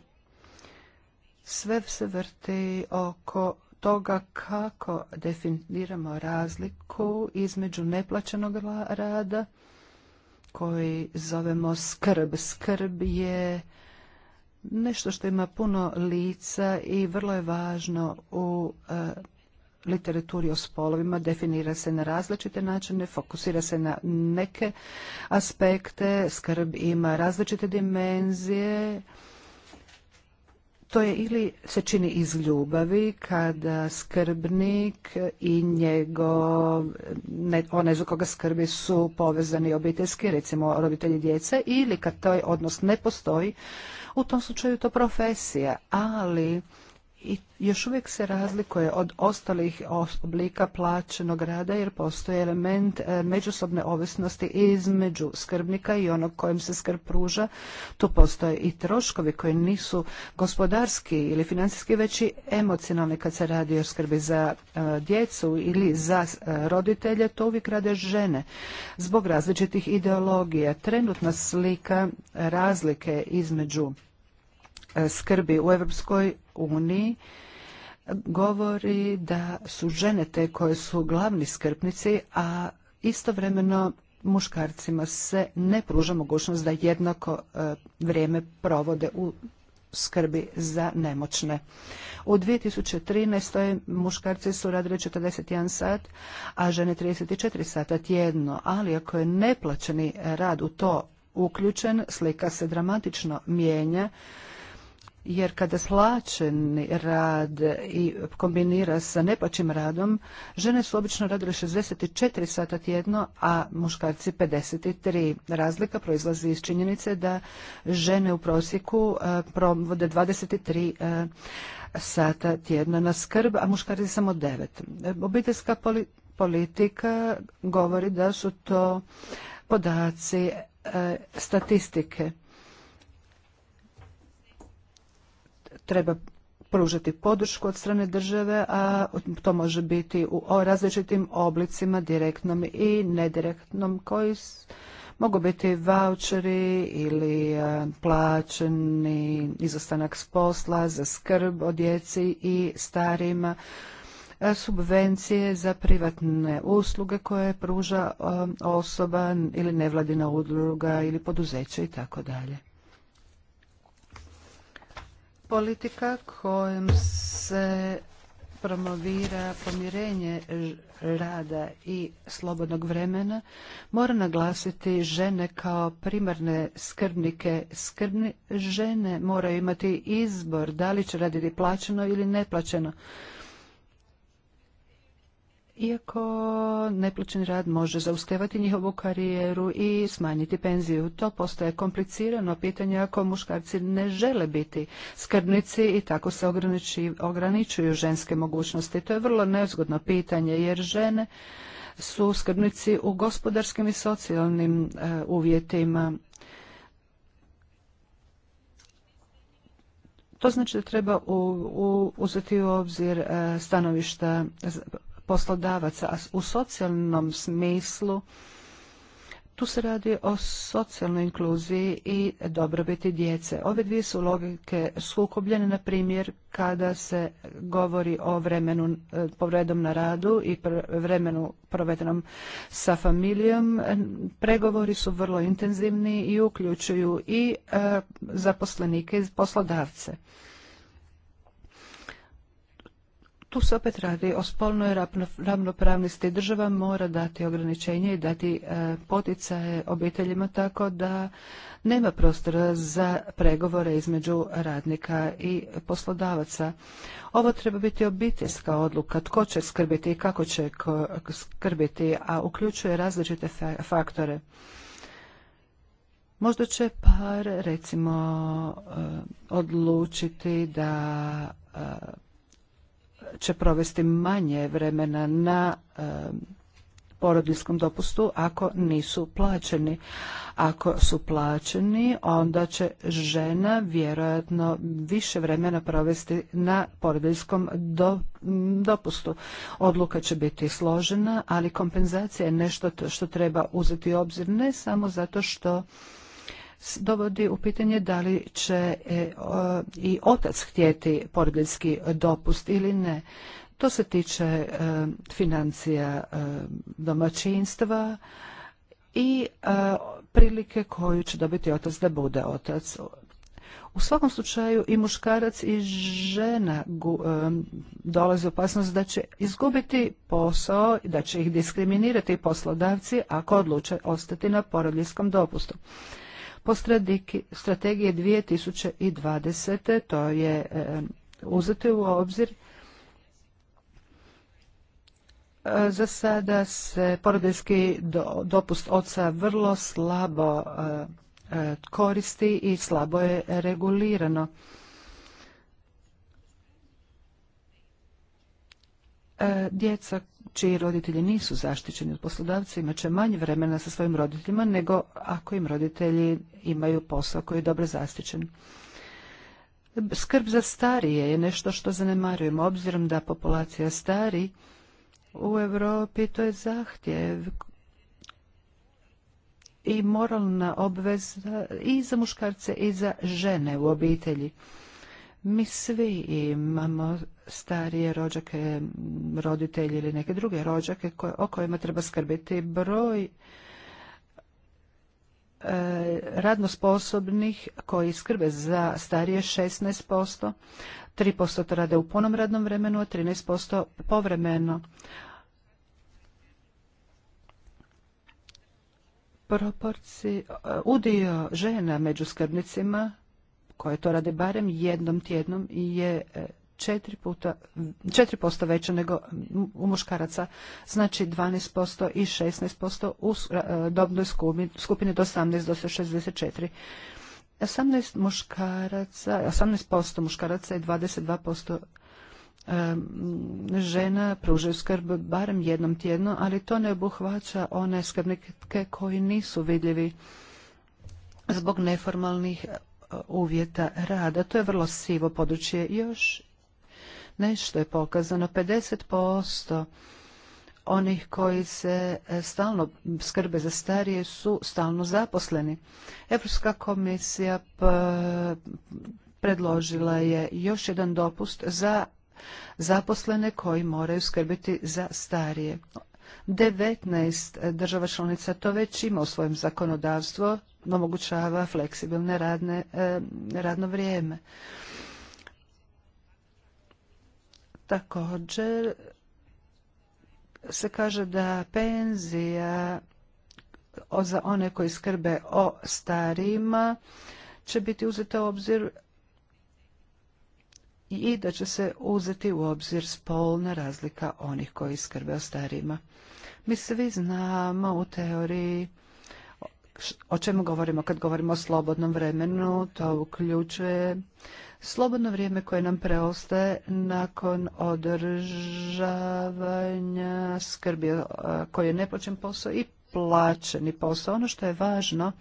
sve se vrti oko toga kako definiramo razliku između neplaćenog rada koji zovemo skrb. Skrb je nešto što ima puno lica i vrlo je važno u e, literaturi o spolovima definira se na različite načine, fokusira se na neke aspekte, skrb ima različite dimenzije, to je ili se čini iz ljubavi kada skrbnik i njegov, ne, onaj za koga skrbi su povezani obiteljski, recimo roditelji djece, ili kad taj odnos ne postoji, u tom slučaju to profesija, ali i još uvijek se razlikuje od ostalih oblika plaćenog rada jer postoji element e, međusobne ovisnosti između skrbnika i onog kojem se skrb pruža. Tu postoje i troškovi koji nisu gospodarski ili financijski već i emocionalni kad se radi o skrbi za e, djecu ili za e, roditelje. To uvijek rade žene zbog različitih ideologija. Trenutna slika razlike između E, skrbi u Europskoj uniji govori da su žene te koje su glavni skrbnici, a istovremeno muškarcima se ne pruža mogućnost da jednako e, vrijeme provode u skrbi za nemoćne. U 2013. muškarci su radili 41 sat, a žene 34 sata tjedno, ali ako je neplaćeni rad u to uključen, slika se dramatično mijenja jer kada slačeni rad i kombinira sa nepačim radom, žene su obično radile 64 sata tjedno, a muškarci 53. Razlika proizlazi iz činjenice da žene u prosjeku e, provode 23 e, sata tjedno na skrb, a muškarci samo devet e, Obiteljska politika govori da su to podaci statistike treba pružati podršku od strane države, a to može biti u različitim oblicima, direktnom i nedirektnom, koji mogu biti voucheri ili e, plaćeni izostanak s posla za skrb o djeci i starima, e, subvencije za privatne usluge koje pruža e, osoba ili nevladina udruga ili poduzeće i tako dalje politika kojom se promovira pomirenje rada i slobodnog vremena mora naglasiti žene kao primarne skrbnike. Skrbni žene moraju imati izbor da li će raditi plaćeno ili neplaćeno iako neplaćen rad može zaustevati njihovu karijeru i smanjiti penziju. To postaje komplicirano pitanje ako muškarci ne žele biti skrbnici i tako se ograničuju ženske mogućnosti. To je vrlo nezgodno pitanje jer žene su skrbnici u gospodarskim i socijalnim e, uvjetima. To znači da treba uzeti u obzir e, stanovišta poslodavaca, a u socijalnom smislu tu se radi o socijalnoj inkluziji i dobrobiti djece. Ove dvije su logike sukobljene, na primjer, kada se govori o vremenu eh, povredom na radu i vremenu provedenom sa familijom. Pregovori su vrlo intenzivni i uključuju i eh, zaposlenike i poslodavce tu se opet radi o spolnoj ravnopravnosti. Država mora dati ograničenje i dati e, poticaje obiteljima tako da nema prostora za pregovore između radnika i poslodavaca. Ovo treba biti obiteljska odluka, tko će skrbiti i kako će skrbiti, a uključuje različite faktore. Možda će par recimo e, odlučiti da e, će provesti manje vremena na porodiljskom dopustu ako nisu plaćeni. Ako su plaćeni, onda će žena vjerojatno više vremena provesti na porodiljskom dopustu. Odluka će biti složena, ali kompenzacija je nešto što treba uzeti u obzir ne samo zato što dovodi u pitanje da li će e, i otac htjeti porodiljski dopust ili ne. To se tiče e, financija e, domaćinstva i prilike koju će dobiti otac da bude otac. U svakom slučaju i muškarac i žena dolaze u opasnost da će izgubiti posao i da će ih diskriminirati poslodavci ako odluče ostati na porodiljskom dopustu po strategije 2020. To je e, uzeti u obzir. E, za sada se porodinski dopust oca vrlo slabo e, koristi i slabo je regulirano. E, djeca čiji roditelji nisu zaštićeni od poslodavca imat će manje vremena sa svojim roditeljima nego ako im roditelji imaju posao koji je dobro zaštićen. Skrb za starije je nešto što zanemarujemo, obzirom da populacija stari u Europi to je zahtjev i moralna obveza i za muškarce i za žene u obitelji. Mi svi imamo starije rođake, roditelje ili neke druge rođake o kojima treba skrbiti broj e, radno sposobnih koji skrbe za starije 16%, 3% posto rade u punom radnom vremenu, a 13% povremeno. Proporci, e, udio žena među skrbnicima koje to rade barem jednom tjednom je e, četiri puta, 4% veća nego u muškaraca, znači 12% i 16% u e, dobnoj skupini do 18 do 64. 18 muškaraca, 18% muškaraca i 22% e, žena pružaju skrb barem jednom tjedno, ali to ne obuhvaća one skrbnike koji nisu vidljivi zbog neformalnih uvjeta rada. To je vrlo sivo područje. Još nešto je pokazano. 50% onih koji se e, stalno skrbe za starije su stalno zaposleni. Europska komisija predložila je još jedan dopust za zaposlene koji moraju skrbiti za starije. 19 država članica to već ima u svojem zakonodavstvu, omogućava fleksibilne radne, e, radno vrijeme. Također se kaže da penzija za one koji skrbe o starijima će biti uzeta u obzir i da će se uzeti u obzir spolna razlika onih koji skrbe o starijima. Mi svi znamo u teoriji o čemu govorimo kad govorimo o slobodnom vremenu, to uključuje slobodno vrijeme koje nam preostaje nakon održavanja skrbi koji je nepočen posao i plaćeni posao. Ono što je važno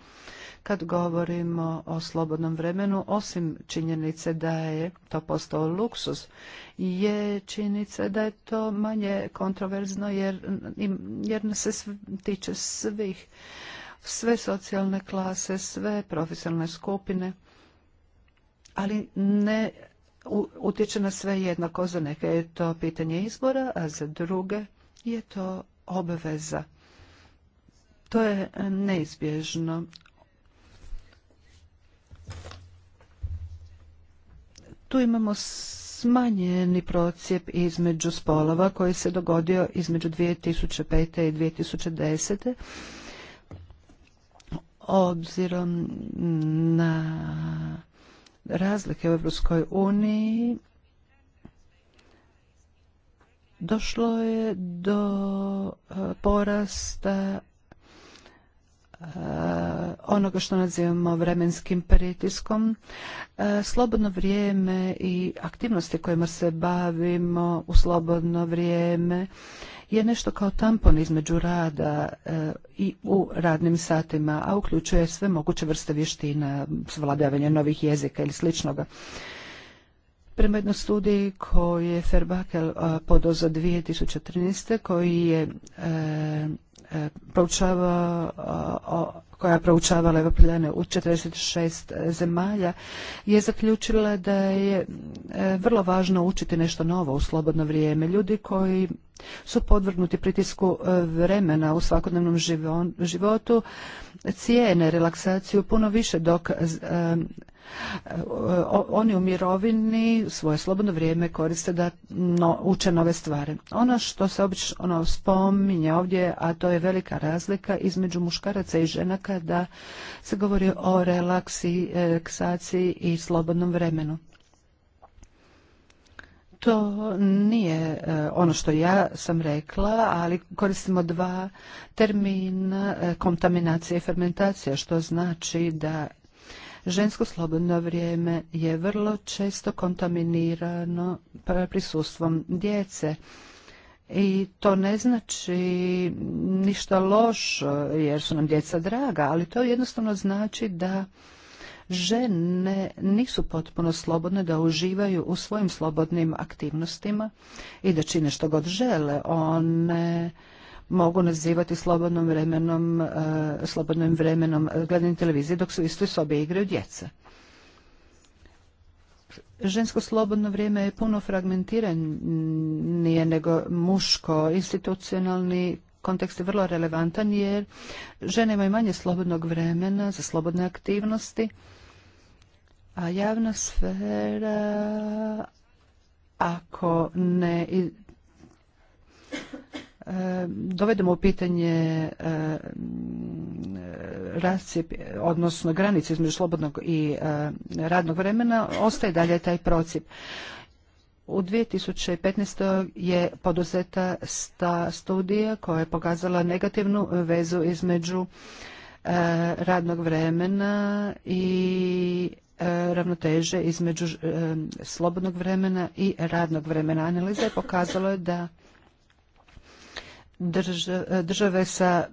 kad govorimo o slobodnom vremenu, osim činjenice da je to postao luksus, je činjenica da je to manje kontroverzno jer, jer se tiče svih sve socijalne klase, sve profesionalne skupine, ali ne utječe na sve jednako. Za neke je to pitanje izbora, a za druge je to obveza. To je neizbježno. Tu imamo smanjeni procijep između spolova koji se dogodio između 2005. i 2010 obzirom na razlike u Evropskoj uniji došlo je do e, porasta e, onoga što nazivamo vremenskim pritiskom. E, slobodno vrijeme i aktivnosti kojima se bavimo u slobodno vrijeme je nešto kao tampon između rada e, i u radnim satima, a uključuje sve moguće vrste vještina, svladavanje novih jezika ili sličnoga. Prema jednoj studiji koju je Ferbakel e, podozo 2013. koji je e, koja je proučavala Evropljane u 46 zemalja, je zaključila da je e, vrlo važno učiti nešto novo u slobodno vrijeme. Ljudi koji su podvrgnuti pritisku e, vremena u svakodnevnom životu cijene relaksaciju puno više dok e, oni u mirovini svoje slobodno vrijeme koriste da uče nove stvari. Ono što se obično spominje ovdje, a to je velika razlika između muškaraca i žena kada se govori o relaksaciji i slobodnom vremenu. To nije e, ono što ja sam rekla, ali koristimo dva termina e, kontaminacija i fermentacija, što znači da Žensko slobodno vrijeme je vrlo često kontaminirano prisustvom djece. I to ne znači ništa loš jer su nam djeca draga, ali to jednostavno znači da žene nisu potpuno slobodne da uživaju u svojim slobodnim aktivnostima i da čine što god žele. One mogu nazivati slobodnom vremenom, e, slobodnim vremenom e, gledanje televizije dok su u istoj sobi igraju djeca. Žensko slobodno vrijeme je puno fragmentiranije nego muško. Institucionalni kontekst je vrlo relevantan jer žene imaju manje slobodnog vremena za slobodne aktivnosti, a javna sfera ako ne dovedemo u pitanje e, rascijep, odnosno granice između slobodnog i e, radnog vremena, ostaje dalje taj procip. U 2015. je poduzeta sta studija koja je pokazala negativnu vezu između e, radnog vremena i ravnoteže između slobodnog vremena i radnog vremena. Analiza je pokazala da države sa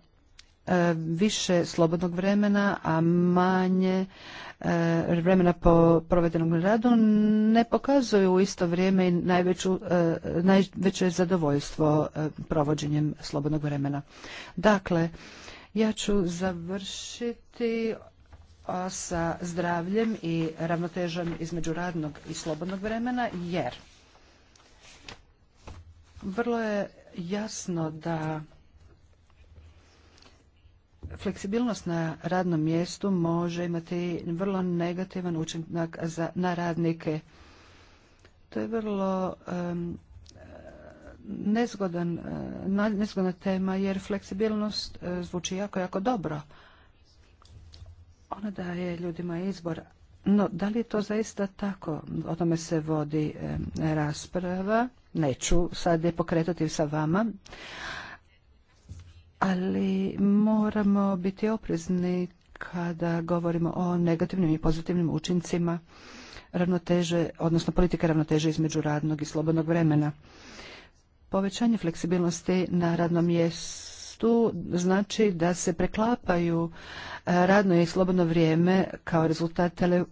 e, više slobodnog vremena, a manje e, vremena po provedenom radu ne pokazuju u isto vrijeme i e, najveće zadovoljstvo provođenjem slobodnog vremena. Dakle, ja ću završiti sa zdravljem i ravnotežom između radnog i slobodnog vremena jer vrlo je jasno da fleksibilnost na radnom mjestu može imati vrlo negativan učinak za, na radnike. To je vrlo nezgodan, nezgodna tema jer fleksibilnost zvuči jako, jako dobro. Ona daje ljudima izbor, no, da li je to zaista tako? O tome se vodi eh, rasprava. Neću sad je pokretati sa vama. Ali moramo biti oprezni kada govorimo o negativnim i pozitivnim učincima ravnoteže, odnosno politike ravnoteže između radnog i slobodnog vremena. Povećanje fleksibilnosti na radnom mjestu tu znači da se preklapaju e, radno i slobodno vrijeme kao rezultat e,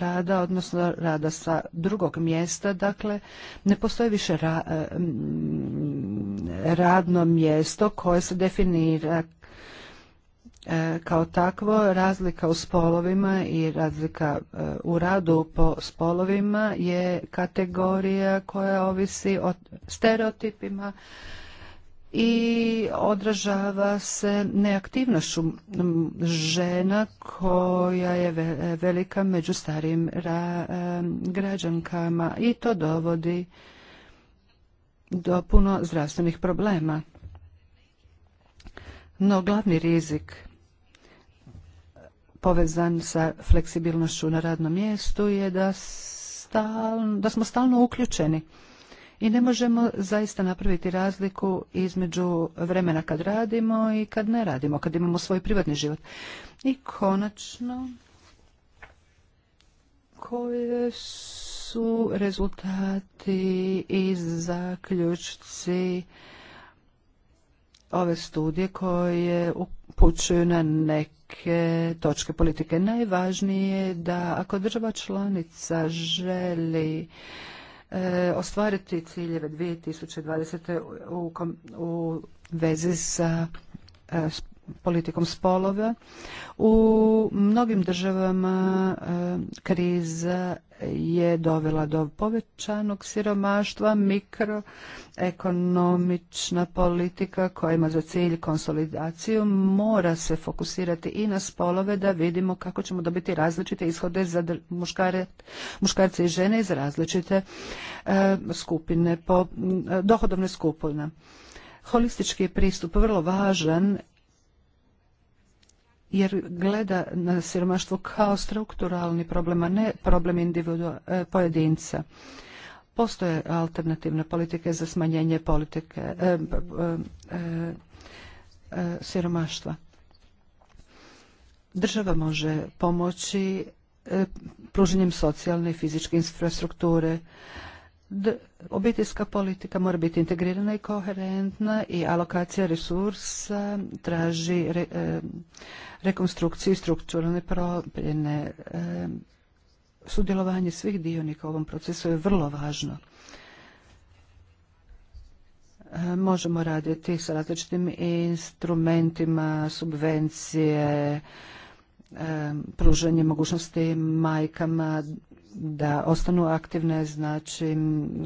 rada, odnosno rada sa drugog mjesta. Dakle, ne postoji više e, radno mjesto koje se definira kao takvo razlika u spolovima i razlika u radu po spolovima je kategorija koja ovisi o stereotipima i odražava se neaktivnošću žena koja je velika među starim građankama i to dovodi do puno zdravstvenih problema. No glavni rizik povezan sa fleksibilnošću na radnom mjestu je da, da smo stalno uključeni i ne možemo zaista napraviti razliku između vremena kad radimo i kad ne radimo, kad imamo svoj privatni život. I konačno, koje su rezultati i zaključci ove studije koje upućuju na neke točke politike. Najvažnije je da ako država članica želi E, ostvariti ciljeve 2020. u, vezi sa e, politikom spolova. U mnogim državama eh, kriza je dovela do povećanog siromaštva, mikroekonomična politika koja ima za cilj konsolidaciju mora se fokusirati i na spolove da vidimo kako ćemo dobiti različite ishode za muškare, muškarce i žene iz različite eh, skupine, dohodovne skupine holistički je pristup vrlo važan jer gleda na siromaštvo kao strukturalni problem, a ne problem individu, e, pojedinca. Postoje alternativne politike za smanjenje politike e, e, siromaštva. Država može pomoći pružanjem socijalne i fizičke infrastrukture, obiteljska politika mora biti integrirana i koherentna i alokacija resursa traži e, rekonstrukciju i strukturalne promjene. E, sudjelovanje svih dionika u ovom procesu je vrlo važno. E, možemo raditi sa različitim instrumentima, subvencije, pružanje mogućnosti majkama da ostanu aktivne, znači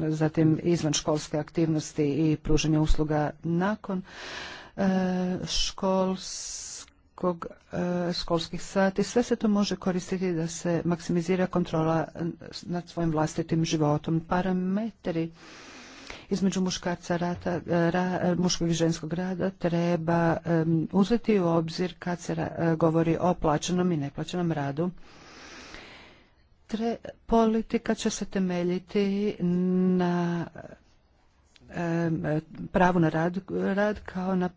zatim školske aktivnosti i pružanje usluga nakon e, školskog, e, školskih sati. Sve se to može koristiti da se maksimizira kontrola nad svojim vlastitim životom. Parametri između muškarca rata, e, ra, muškog i ženskog rada treba uzeti u obzir kad se govori o plaćenom i neplaćenom radu. Tre, politika će se temeljiti na pravu na rad, kao na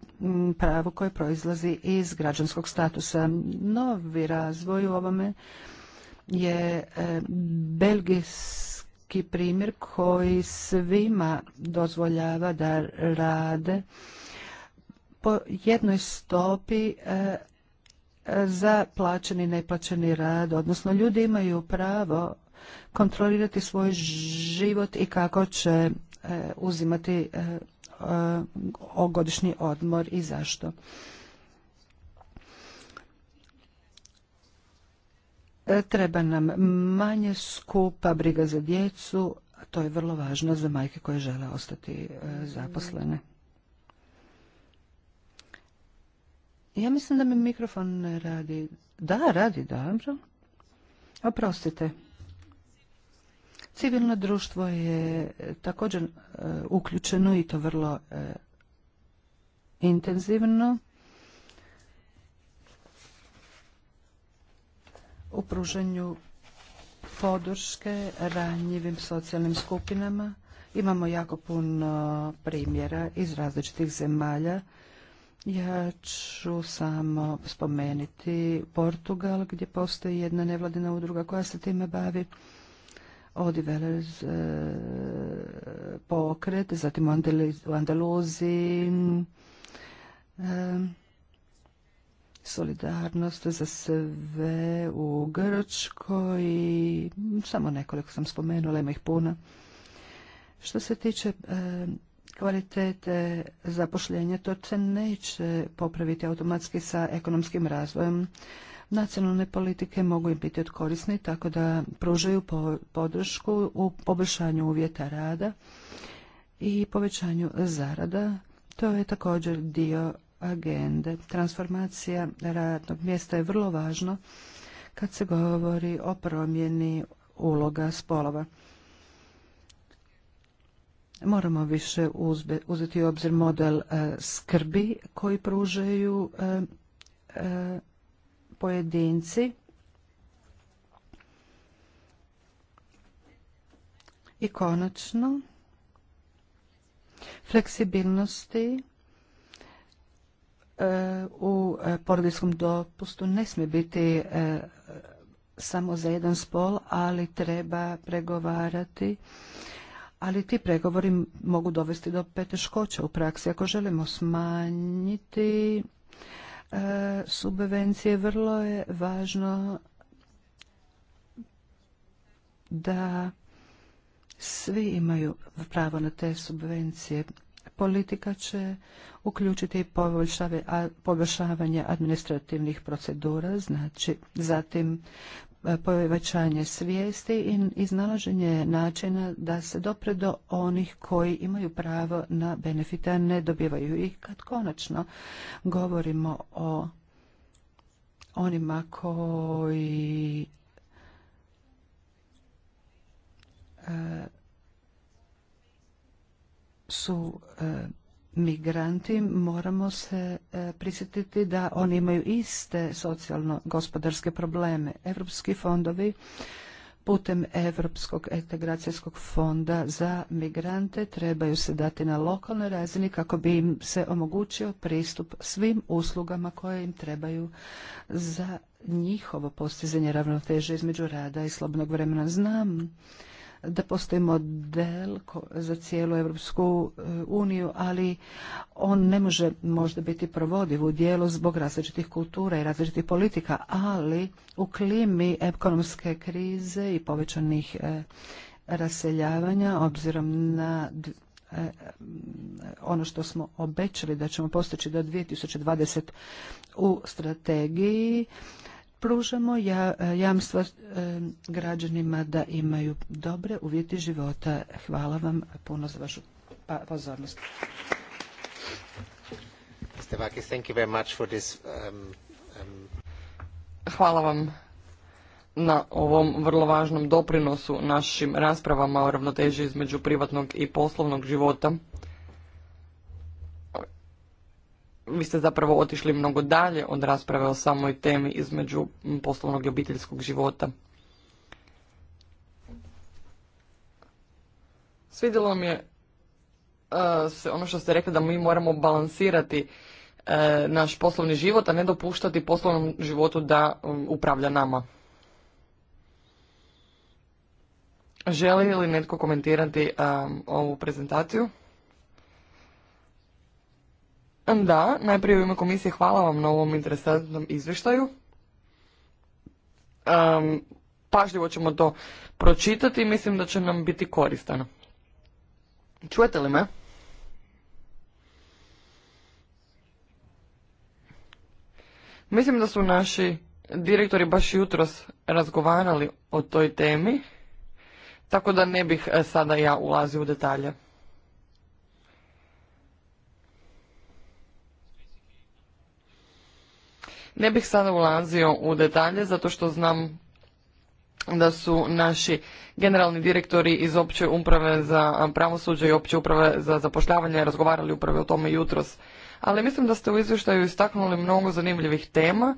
pravu koje proizlazi iz građanskog statusa. Novi razvoj u ovome je belgijski primjer koji svima dozvoljava da rade po jednoj stopi za plaćeni i neplaćeni rad, odnosno ljudi imaju pravo kontrolirati svoj život i kako će e, uzimati e, e, godišnji odmor i zašto. Treba nam manje skupa briga za djecu, to je vrlo važno za majke koje žele ostati zaposlene. Ja mislim da mi mikrofon ne radi. Da, radi, dobro. Oprostite. Civilno društvo je eh, također eh, uključeno i to vrlo eh, intenzivno u pruženju podrške ranjivim socijalnim skupinama. Imamo jako puno primjera iz različitih zemalja ja ću samo spomenuti Portugal gdje postoji jedna nevladina udruga koja se time bavi. Odivelers e, pokret, zatim u Andaluziji e, solidarnost za sve u Grčkoj samo nekoliko sam spomenula, ima ih puno. Što se tiče e, kvalitete zapošljenja, to se neće popraviti automatski sa ekonomskim razvojem. Nacionalne politike mogu im biti odkorisni tako da pružaju podršku u poboljšanju uvjeta rada i povećanju zarada. To je također dio agende. Transformacija radnog mjesta je vrlo važno kad se govori o promjeni uloga spolova moramo više uzbe, uzeti u obzir model e, skrbi koji pružaju e, e, pojedinci i konačno fleksibilnosti u porodiljskom dopustu ne smije biti samo za jedan spol, ali treba pregovarati ali ti pregovori mogu dovesti do peteškoća u praksi. Ako želimo smanjiti e, subvencije, vrlo je važno da svi imaju pravo na te subvencije. Politika će uključiti i poboljšavanje administrativnih procedura, znači zatim povećanje svijesti i iznalaženje načina da se dopre do onih koji imaju pravo na benefite, a ne dobivaju ih. Kad konačno govorimo o onima koji e, su e, migranti moramo se e, prisjetiti da oni imaju iste socijalno-gospodarske probleme. Europski fondovi putem Europskog integracijskog fonda za migrante trebaju se dati na lokalnoj razini kako bi im se omogućio pristup svim uslugama koje im trebaju za njihovo postizanje ravnoteže između rada i slobodnog vremena. Znam da postoji model za cijelu Europsku e, uniju, ali on ne može možda biti provodiv u dijelu zbog različitih kultura i različitih politika, ali u klimi ekonomske krize i povećanih e, raseljavanja, obzirom na e, ono što smo obećali da ćemo postići do 2020 u strategiji pružamo e, jamstva e, građanima da imaju dobre uvjeti života. Hvala vam puno za vašu pa, pozornost. Um, um, Hvala vam na ovom vrlo važnom doprinosu našim raspravama o ravnoteži između privatnog i poslovnog života. vi ste zapravo otišli mnogo dalje od rasprave o samoj temi između poslovnog i obiteljskog života. Svidjelo mi je e, ono što ste rekli da mi moramo balansirati e, naš poslovni život, a ne dopuštati poslovnom životu da um, upravlja nama. Želi li netko komentirati um, ovu prezentaciju? Da, najprije u ime komisije hvala vam na ovom interesantnom izvještaju. pažljivo ćemo to pročitati i mislim da će nam biti koristano. Čujete li me? Mislim da su naši direktori baš jutros razgovarali o toj temi, tako da ne bih e, sada ja ulazio u detalje. Ne bih sada ulazio u detalje zato što znam da su naši generalni direktori iz opće uprave za pravosuđe i opće uprave za zapošljavanje razgovarali upravo o tome jutros. Ali mislim da ste u izvještaju istaknuli mnogo zanimljivih tema,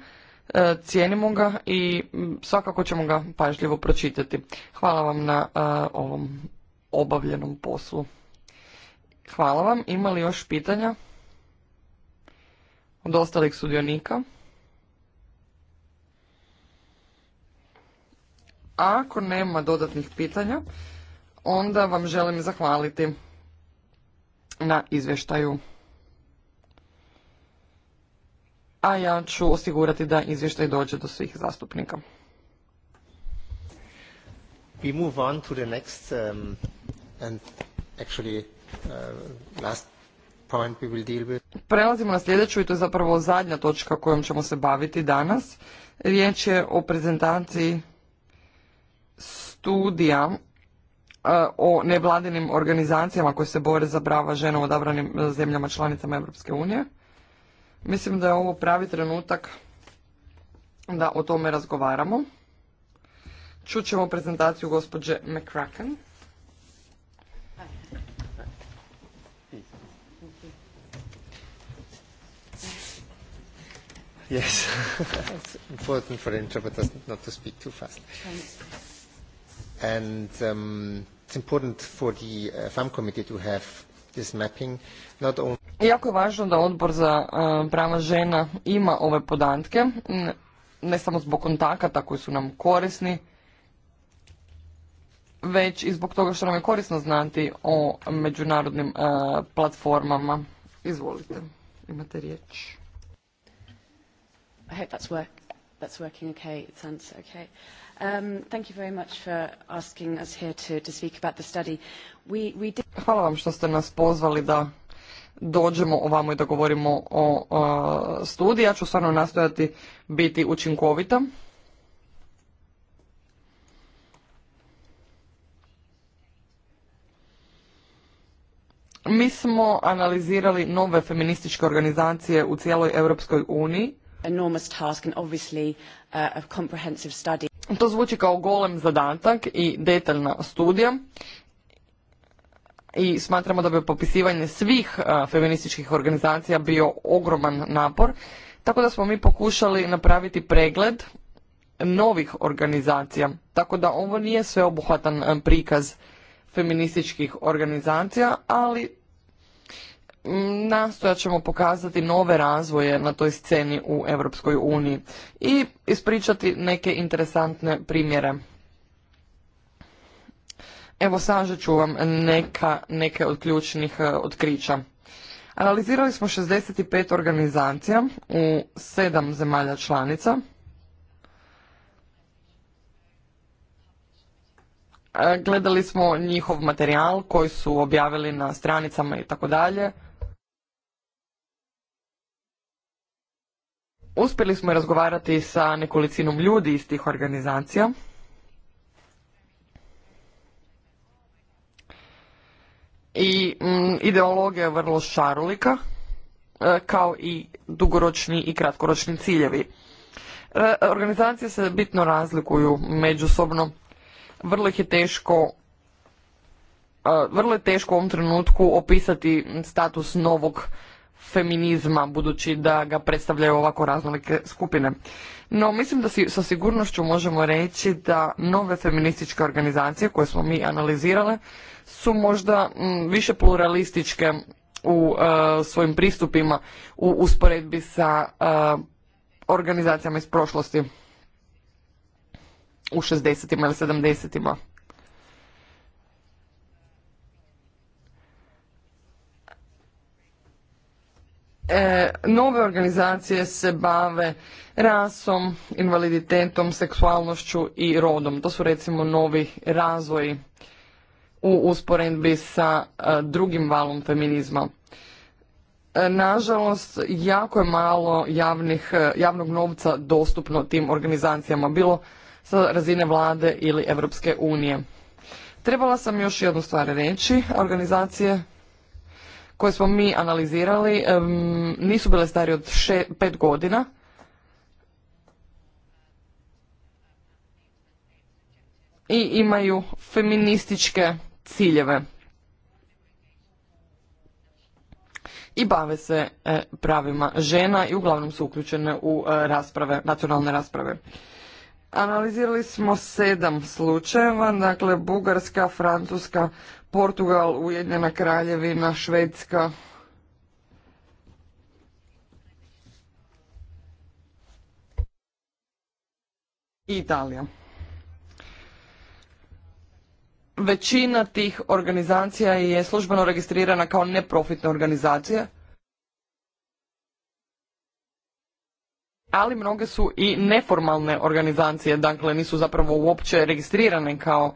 e, cijenimo ga i svakako ćemo ga pažljivo pročitati. Hvala vam na e, ovom obavljenom poslu. Hvala vam. Ima li još pitanja od ostalih sudionika? A ako nema dodatnih pitanja, onda vam želim zahvaliti na izvještaju. A ja ću osigurati da izvještaj dođe do svih zastupnika. We move on to the next um, and actually uh, last point we will deal with. Prelazimo na sljedeću i to je zapravo zadnja točka kojom ćemo se baviti danas. Riječ je o prezentaciji studija e, o nevladinim organizacijama koje se bore za prava žena u odabranim e, zemljama članicama Europske unije. Mislim da je ovo pravi trenutak da o tome razgovaramo. Čućemo prezentaciju gospođe McCracken. Yes, it's important for interpreters not to speak too fast and um, it's important for the uh, FAM committee to have this mapping, not only... Jako je važno da odbor za uh, prava žena ima ove podatke, ne samo zbog kontakata koji su nam korisni, već i zbog toga što nam je korisno znati o međunarodnim uh, platformama. Izvolite, imate riječ. I hope that's, work, that's working okay, it sounds okay. Hvala vam što ste nas pozvali da dođemo ovamo i da govorimo o, studiju. studiji. Ja ću stvarno nastojati biti učinkovita. Mi smo analizirali nove feminističke organizacije u cijeloj Europskoj uniji. Enormous task to zvuči kao golem zadatak i detaljna studija i smatramo da bi popisivanje svih feminističkih organizacija bio ogroman napor, tako da smo mi pokušali napraviti pregled novih organizacija. Tako da ovo nije sveobuhvatan prikaz feminističkih organizacija, ali nastojat ćemo pokazati nove razvoje na toj sceni u Europskoj uniji i ispričati neke interesantne primjere. Evo sažet ću vam neka, neke od ključnih e, otkrića. Analizirali smo 65 organizacija u sedam zemalja članica. E, gledali smo njihov materijal koji su objavili na stranicama i tako dalje. Uspjeli smo razgovarati sa nekolicinom ljudi iz tih organizacija. I m, mm, ideologija je vrlo šarolika, e, kao i dugoročni i kratkoročni ciljevi. E, organizacije se bitno razlikuju međusobno. Vrlo ih je teško e, vrlo je teško u ovom trenutku opisati status novog feminizma, budući da ga predstavljaju ovako raznolike skupine. No, mislim da si, sa sigurnošću možemo reći da nove feminističke organizacije koje smo mi analizirale su možda mm, više pluralističke u e, svojim pristupima u usporedbi sa e, organizacijama iz prošlosti u 60. ili 70. E, nove organizacije se bave rasom, invaliditetom, seksualnošću i rodom. To su recimo novi razvoji u usporedbi sa e, drugim valom feminizma. E, nažalost, jako je malo javnih, javnog novca dostupno tim organizacijama, bilo sa razine vlade ili Europske unije. Trebala sam još jednu stvar reći. Organizacije koje smo mi analizirali nisu bile starije od pet godina. I imaju feminističke ciljeve. i bave se e, pravima žena i uglavnom su uključene u e, rasprave, nacionalne rasprave. Analizirali smo sedam slučajeva, dakle Bugarska, Francuska, Portugal, Ujedinjena kraljevina, Švedska. I Italija. Većina tih organizacija je službeno registrirana kao neprofitne organizacije, ali mnoge su i neformalne organizacije, dakle nisu zapravo uopće registrirane kao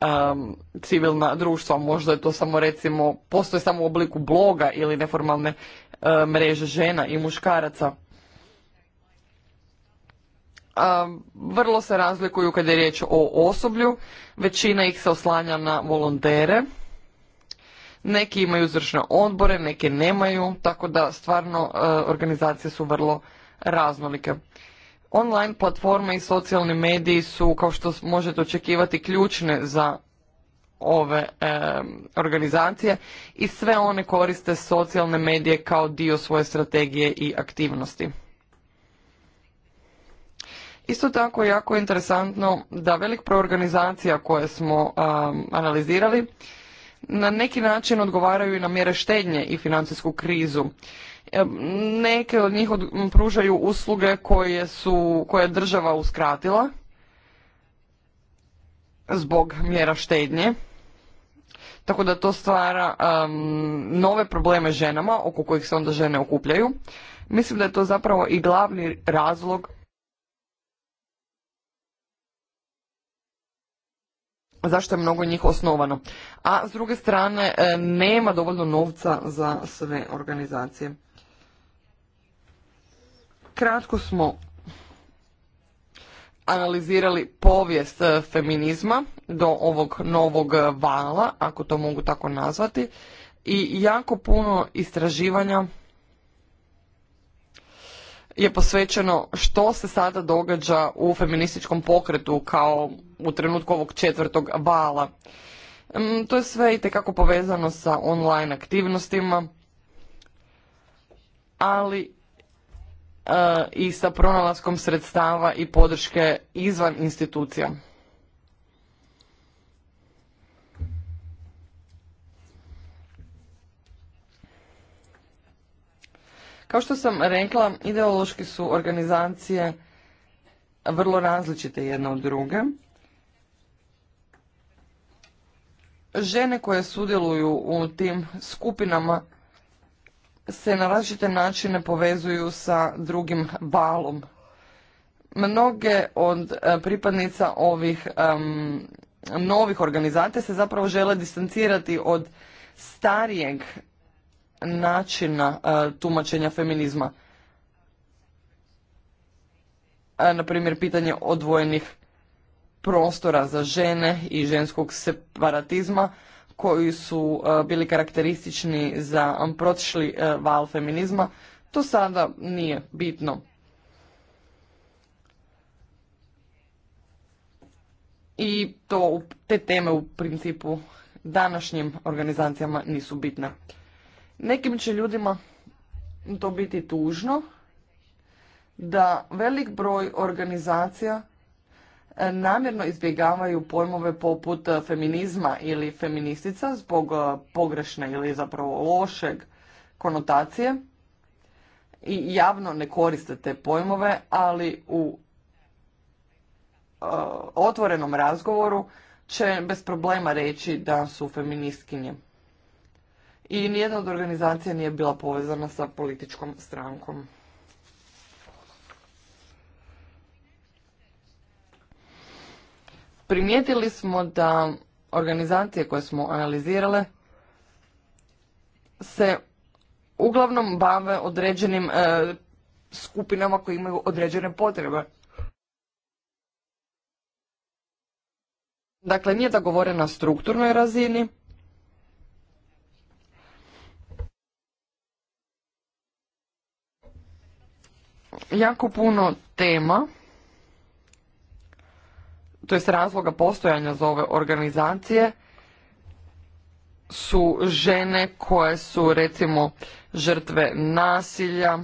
um, civilna društva, možda je to samo recimo, postoje samo u obliku bloga ili neformalne uh, mreže žena i muškaraca. Um, vrlo se razlikuju kad je riječ o osoblju, većina ih se oslanja na volontere, neki imaju izvršne odbore, neki nemaju, tako da stvarno uh, organizacije su vrlo raznolike. Online platforme i socijalni mediji su, kao što možete očekivati, ključne za ove organizacije i sve one koriste socijalne medije kao dio svoje strategije i aktivnosti. Isto tako jako interesantno da velik broj organizacija koje smo analizirali na neki način odgovaraju i na mjere štednje i financijsku krizu. Neke od njih pružaju usluge koje, su, koje je država uskratila zbog mjera štednje. Tako da to stvara nove probleme ženama oko kojih se onda žene okupljaju. Mislim da je to zapravo i glavni razlog zašto je mnogo njih osnovano. A s druge strane nema dovoljno novca za sve organizacije. Kratko smo analizirali povijest e, feminizma do ovog novog e, vala, ako to mogu tako nazvati, i jako puno istraživanja je posvećeno što se sada događa u feminističkom pokretu kao u trenutku ovog četvrtog vala. Mm, to je sve tekako povezano sa online aktivnostima, ali E, i sa pronalaskom sredstava i podrške izvan institucija. Kao što sam rekla, ideološki su organizacije vrlo različite jedna od druge. Žene koje sudjeluju u tim skupinama se na različite načine povezuju sa drugim balom. Mnoge od e, pripadnica ovih novih organizacija se zapravo žele distancirati od starijeg načina e, tumačenja feminizma. E, na primjer, pitanje odvojenih prostora za žene i ženskog separatizma koji su e, bili karakteristični za um, protišli e, val feminizma, to sada nije bitno. I to te teme u principu današnjim organizacijama nisu bitne. Nekim će ljudima to biti tužno da velik broj organizacija namjerno izbjegavaju pojmove poput e, feminizma ili feministica zbog e, pogrešne ili zapravo lošeg konotacije i javno ne koriste te pojmove, ali u e, otvorenom razgovoru će bez problema reći da su feministkinje. I nijedna od organizacija nije bila povezana sa političkom strankom. primijetili smo da organizacije koje smo analizirale se uglavnom bave određenim e, skupinama koje imaju određene potrebe. Dakle, nije da govore na strukturnoj razini. Jako puno tema to jest razloga postojanja za ove organizacije su žene koje su recimo žrtve nasilja,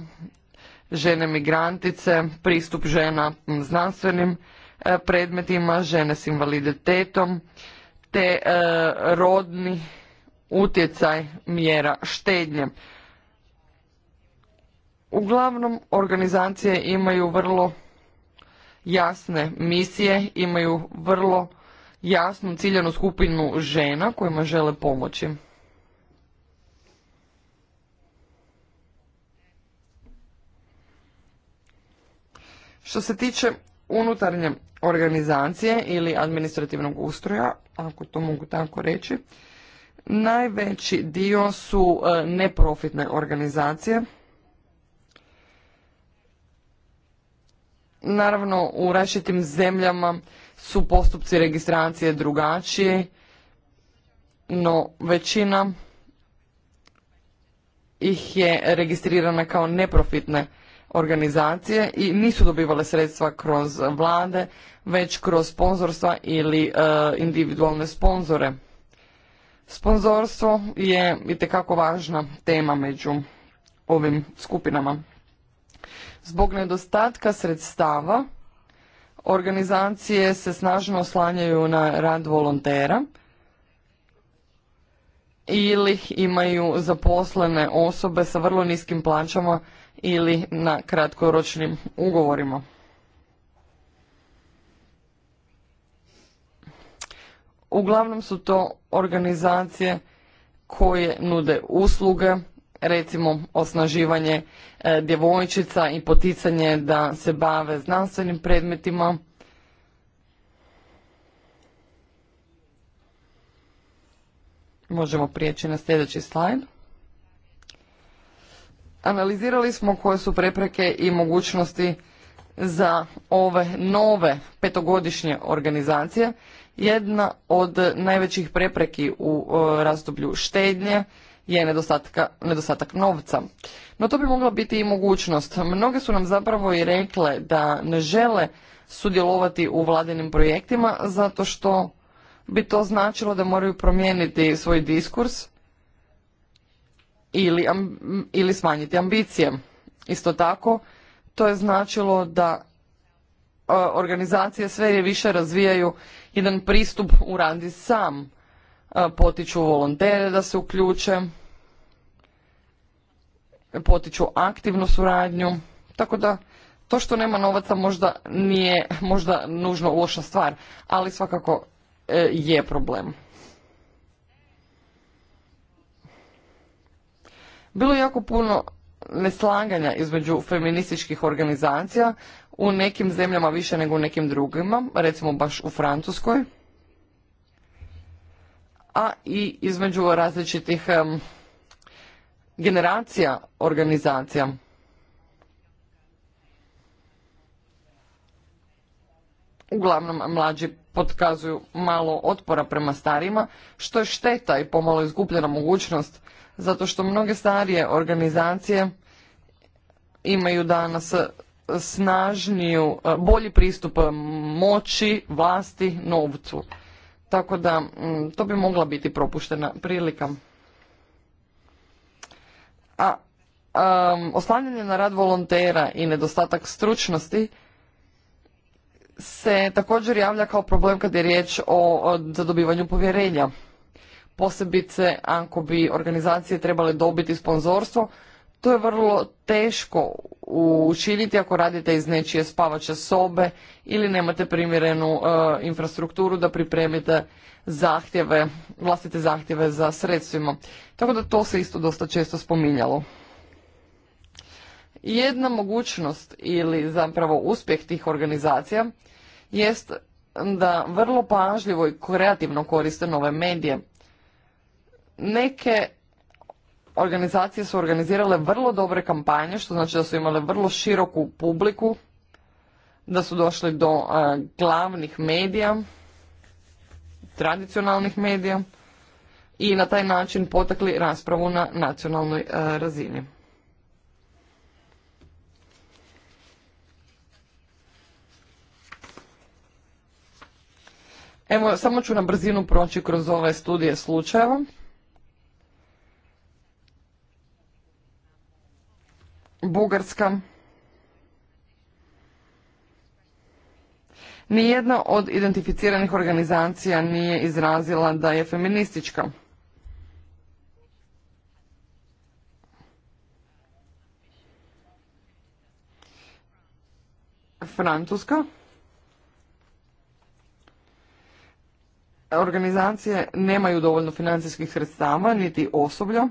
žene migrantice, pristup žena znanstvenim e, predmetima, žene s invaliditetom, te e, rodni utjecaj mjera štednje. Uglavnom, organizacije imaju vrlo jasne misije, imaju vrlo jasnu ciljanu skupinu žena kojima žele pomoći. Što se tiče unutarnje organizacije ili administrativnog ustroja, ako to mogu tako reći, najveći dio su e, neprofitne organizacije Naravno, u različitim zemljama su postupci registracije drugačiji, no većina ih je registrirana kao neprofitne organizacije i nisu dobivale sredstva kroz vlade, već kroz sponzorstva ili e, individualne sponzore. Sponzorstvo je itekako važna tema među ovim skupinama. Zbog nedostatka sredstava organizacije se snažno oslanjaju na rad volontera ili imaju zaposlene osobe sa vrlo niskim plaćama ili na kratkoročnim ugovorima. Uglavnom su to organizacije koje nude usluge recimo osnaživanje e, djevojčica i poticanje da se bave znanstvenim predmetima. Možemo prijeći na sljedeći slajd. Analizirali smo koje su prepreke i mogućnosti za ove nove petogodišnje organizacije. Jedna od najvećih prepreki u e, razdoblju štednje je nedostatak novca. No to bi mogla biti i mogućnost. Mnoge su nam zapravo i rekle da ne žele sudjelovati u vladinim projektima zato što bi to značilo da moraju promijeniti svoj diskurs ili, ili smanjiti ambicije. Isto tako, to je značilo da e, organizacije sve je više razvijaju jedan pristup u radi sam potiču volontere da se uključe, potiču aktivnu suradnju, tako da to što nema novaca možda nije možda nužno loša stvar, ali svakako e, je problem. Bilo je jako puno neslaganja između feminističkih organizacija u nekim zemljama više nego u nekim drugima, recimo baš u Francuskoj a i između različitih generacija organizacija. Uglavnom, mlađi potkazuju malo otpora prema starima, što je šteta i pomalo izgubljena mogućnost, zato što mnoge starije organizacije imaju danas snažniju, bolji pristup moći, vlasti, novcu. Tako da mm, to bi mogla biti propuštena prilika. A um, oslanjanje na rad volontera i nedostatak stručnosti se također javlja kao problem kad je riječ o, o zadobivanju povjerenja. Posebice ako bi organizacije trebale dobiti sponzorstvo, to je vrlo teško učiniti ako radite iz nečije spavače sobe ili nemate primjerenu e, infrastrukturu da pripremite zahtjeve, vlastite zahtjeve za sredstvima. Tako da to se isto dosta često spominjalo. Jedna mogućnost ili zapravo uspjeh tih organizacija jest da vrlo pažljivo i kreativno koriste nove medije. Neke organizacije su organizirale vrlo dobre kampanje, što znači da su imale vrlo široku publiku, da su došli do e, glavnih medija, tradicionalnih medija i na taj način potakli raspravu na nacionalnoj e, razini. Evo, samo ću na brzinu proći kroz ove studije slučajeva. Bugarska. Nijedna od identificiranih organizacija nije izrazila da je feministička. Francuska. Organizacije nemaju dovoljno financijskih sredstava, niti osoblja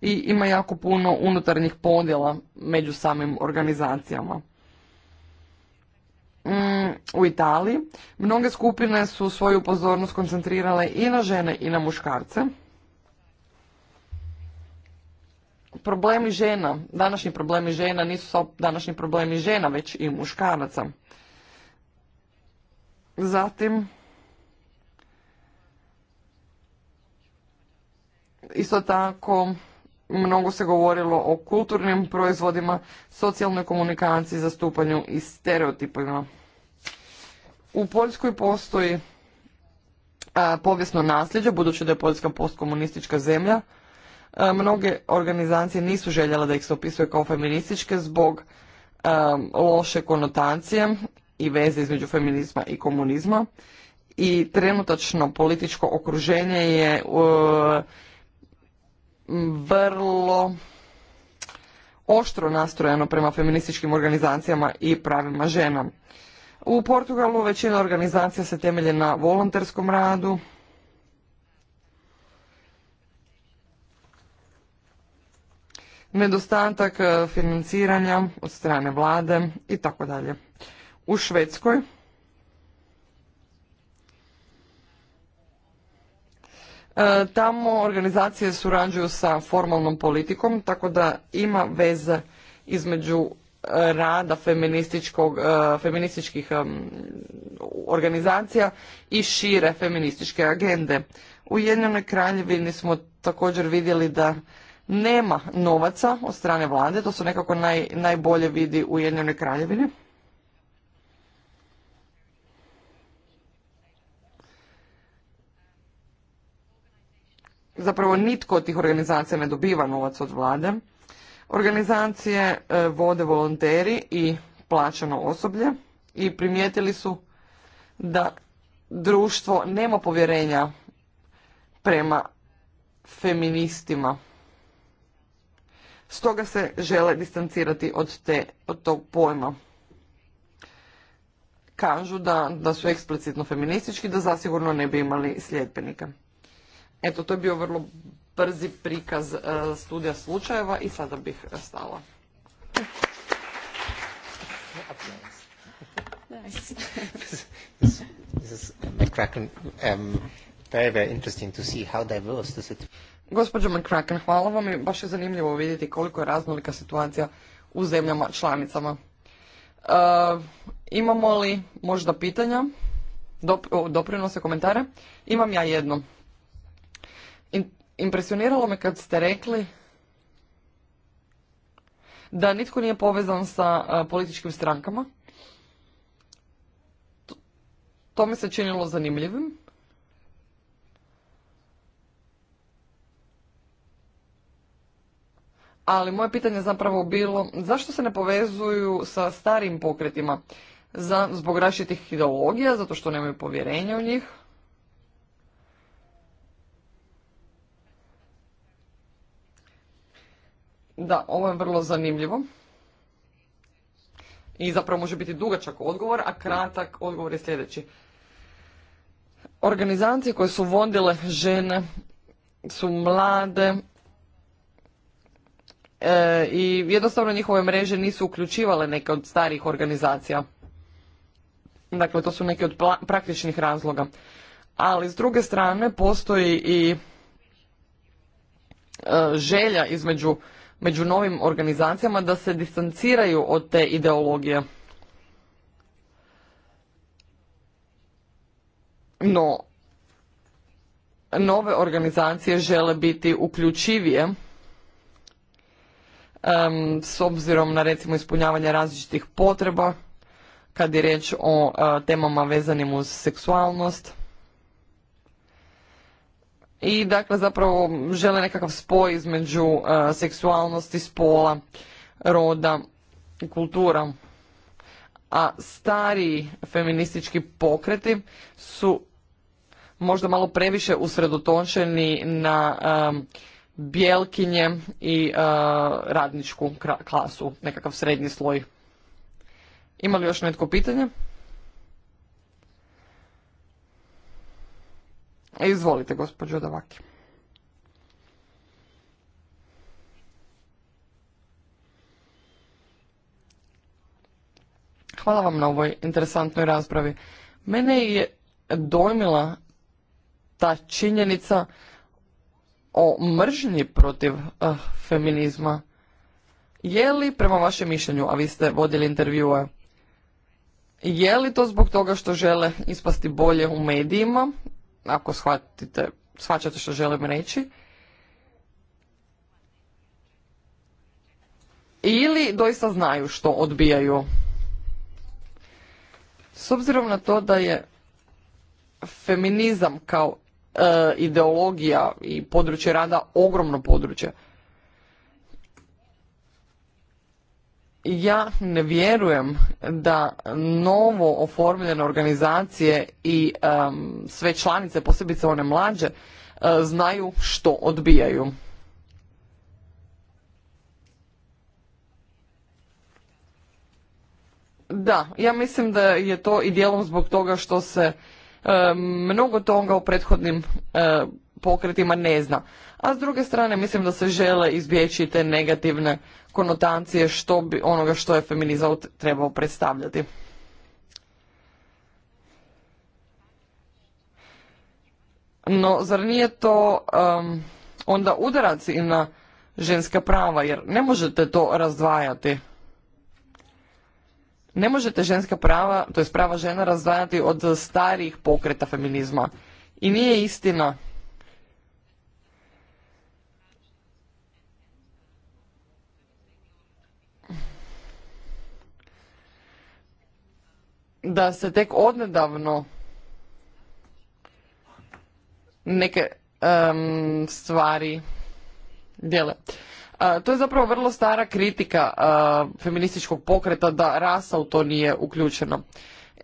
i ima jako puno unutarnjih podjela među samim organizacijama. Mm, u Italiji mnoge skupine su svoju pozornost koncentrirale i na žene i na muškarce. Problemi žena, današnji problemi žena nisu samo današnji problemi žena, već i muškaraca. Zatim, isto tako mnogo se govorilo o kulturnim proizvodima, socijalnoj komunikaciji, zastupanju i stereotipima. U Poljskoj postoji a, povijesno nasljeđe, budući da je Poljska postkomunistička zemlja. mnoge organizacije nisu željela da ih se opisuje kao feminističke zbog loše konotacije i veze između feminizma i komunizma. I trenutačno političko okruženje je vrlo oštro nastrojeno prema feminističkim organizacijama i pravima žena. U Portugalu većina organizacija se temelje na volonterskom radu. Nedostatak eh, financiranja od strane vlade i tako dalje. U Švedskoj E, tamo organizacije surađuju sa formalnom politikom, tako da ima veze između e, rada e, feminističkih organizacija i šire feminističke agende. U Jednjenoj kraljevini smo također vidjeli da nema novaca od strane vlade, to se nekako najbolje vidi u Jednjenoj kraljevini. zapravo nitko od tih organizacija ne dobiva novac od vlade. Organizacije e, vode volonteri i plaćeno osoblje i primijetili su da društvo nema povjerenja prema feministima. Stoga se žele distancirati od, te, od tog pojma. Kažu da, da su eksplicitno feministički, da zasigurno ne bi imali sljedbenika. Eto, to je bio vrlo brzi prikaz e, studija slučajeva i sada bih stala. Um, Gospodin hvala vam i baš je zanimljivo vidjeti koliko je raznolika situacija u zemljama članicama. E, imamo li možda pitanja, doprinose komentare? Imam ja jedno impresioniralo me kad ste rekli da nitko nije povezan sa e, političkim strankama. To mi se činilo zanimljivim. Ali moje pitanje zapravo bilo zašto se ne povezuju sa starim pokretima? Za, zbog različitih ideologija, zato što nemaju povjerenja u njih. Da, ovo je vrlo zanimljivo. I zapravo može biti dugačak odgovor, a kratak odgovor je sljedeći. Organizacije koje su vodile žene su mlade e, i jednostavno njihove mreže nisu uključivale neke od starih organizacija. Dakle, to su neke od praktičnih razloga. Ali s druge strane postoji i e, želja između među novim organizacijama da se distanciraju od te ideologije. No, nove organizacije žele biti uključivije s obzirom na recimo ispunjavanje različitih potreba kad je riječ o e, temama vezanim uz seksualnost i dakle zapravo žele nekakav spoj između e, seksualnosti, spola, roda i kultura. A stariji feministički pokreti su možda malo previše usredotočeni na e, bijelkinje i e, radničku klasu, nekakav srednji sloj. Ima li još netko pitanje? Izvolite, gospođo Davaki. Hvala vam na ovoj interesantnoj raspravi. Mene je dojmila ta činjenica o mržnji protiv eh, feminizma. Je li, prema vašem mišljenju, a vi ste vodili intervjue, je li to zbog toga što žele ispasti bolje u medijima ako shvatite, shvaćate što želim reći, ili doista znaju što odbijaju. S obzirom na to da je feminizam kao e, ideologija i područje rada ogromno područje, ja ne vjerujem da novo oformljene organizacije i sve članice, posebice one mlađe, eh, znaju što odbijaju. Da, ja mislim da je to i dijelom zbog toga što se mnogo toga u prethodnim eh, pokretima ne zna. A s druge strane mislim da se žele izbjeći te negativne konotacije što bi, onoga što je feminizam trebao predstavljati. No, zar nije to onda udarac i na ženska prava, jer ne možete to razdvajati. Ne možete ženska prava, to je prava žena, razdvajati od starijih pokreta feminizma. I nije istina da se tek odnedavno neke stvari dijele. to je zapravo vrlo stara kritika feminističkog pokreta da rasa u to nije uključena.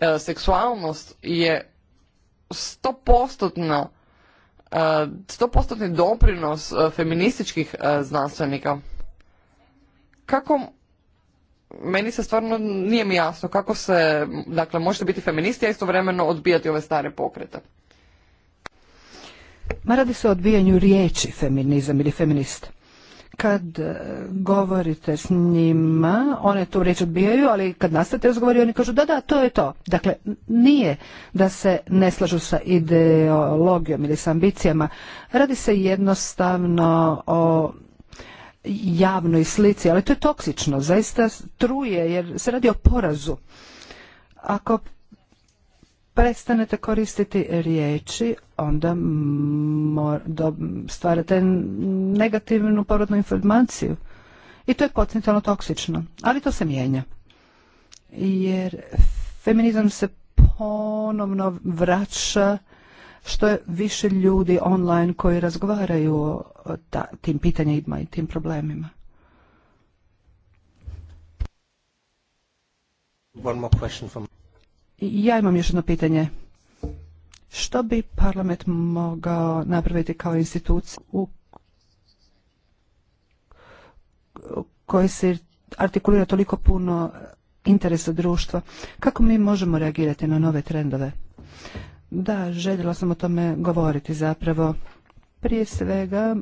E, seksualnost je stopostotna e, stopostotni doprinos e, feminističkih znanstvenika. Kako meni se stvarno nije mi jasno kako se, dakle, možete biti feministi, a istovremeno odbijati ove stare pokrete. Ma radi se o odbijanju riječi feminizam ili feminist. Kad e, govorite s njima, one tu riječ odbijaju, ali kad nastavite razgovori, oni kažu da, da, to je to. Dakle, nije da se ne slažu sa ideologijom ili sa ambicijama. Radi se jednostavno o javnoj slici, ali to je toksično, zaista truje jer se radi o porazu. Ako prestanete koristiti riječi, onda stvarate negativnu porodnu informaciju. I to je potencijalno toksično, ali to se mijenja. Jer feminizam se ponovno vraća što je više ljudi online koji razgovaraju o tim pitanjima i tim problemima. One more from... Ja imam još jedno pitanje. Što bi parlament mogao napraviti kao institucija u koji se artikulira toliko puno interesa društva? Kako mi možemo reagirati na nove trendove? Da, željela sam o tome govoriti zapravo. Prije svega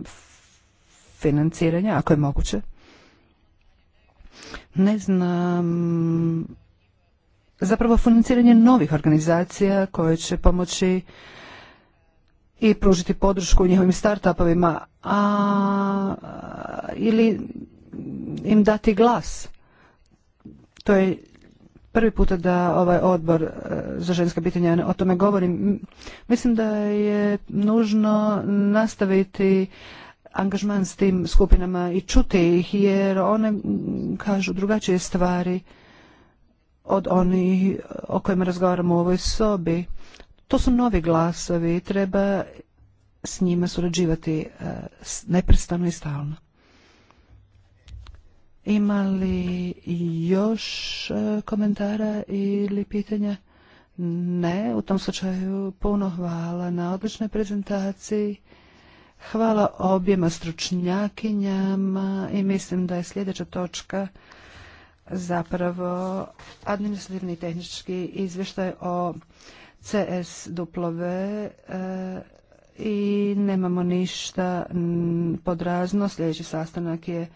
financiranja, ako je moguće. Ne znam zapravo financiranje novih organizacija koje će pomoći i pružiti podršku njihovim startupovima, a ili im dati glas. To je prvi puta da ovaj odbor e, za ženska pitanja o tome govorim. Mislim da je nužno nastaviti angažman s tim skupinama i čuti ih jer one kažu drugačije stvari od onih o kojima razgovaramo u ovoj sobi. To su novi glasovi, i treba s njima surađivati e, neprestano i stalno li još e, komentara ili pitanja? Ne, u tom slučaju puno hvala na odličnoj prezentaciji. Hvala objema stručnjakinjama i mislim da je sljedeća točka zapravo administrativni i tehnički izvještaj o CS duplove i nemamo ništa podrazno. Sljedeći sastanak je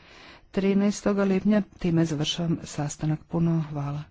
13. lipnja. Time završavam sastanak. Puno hvala.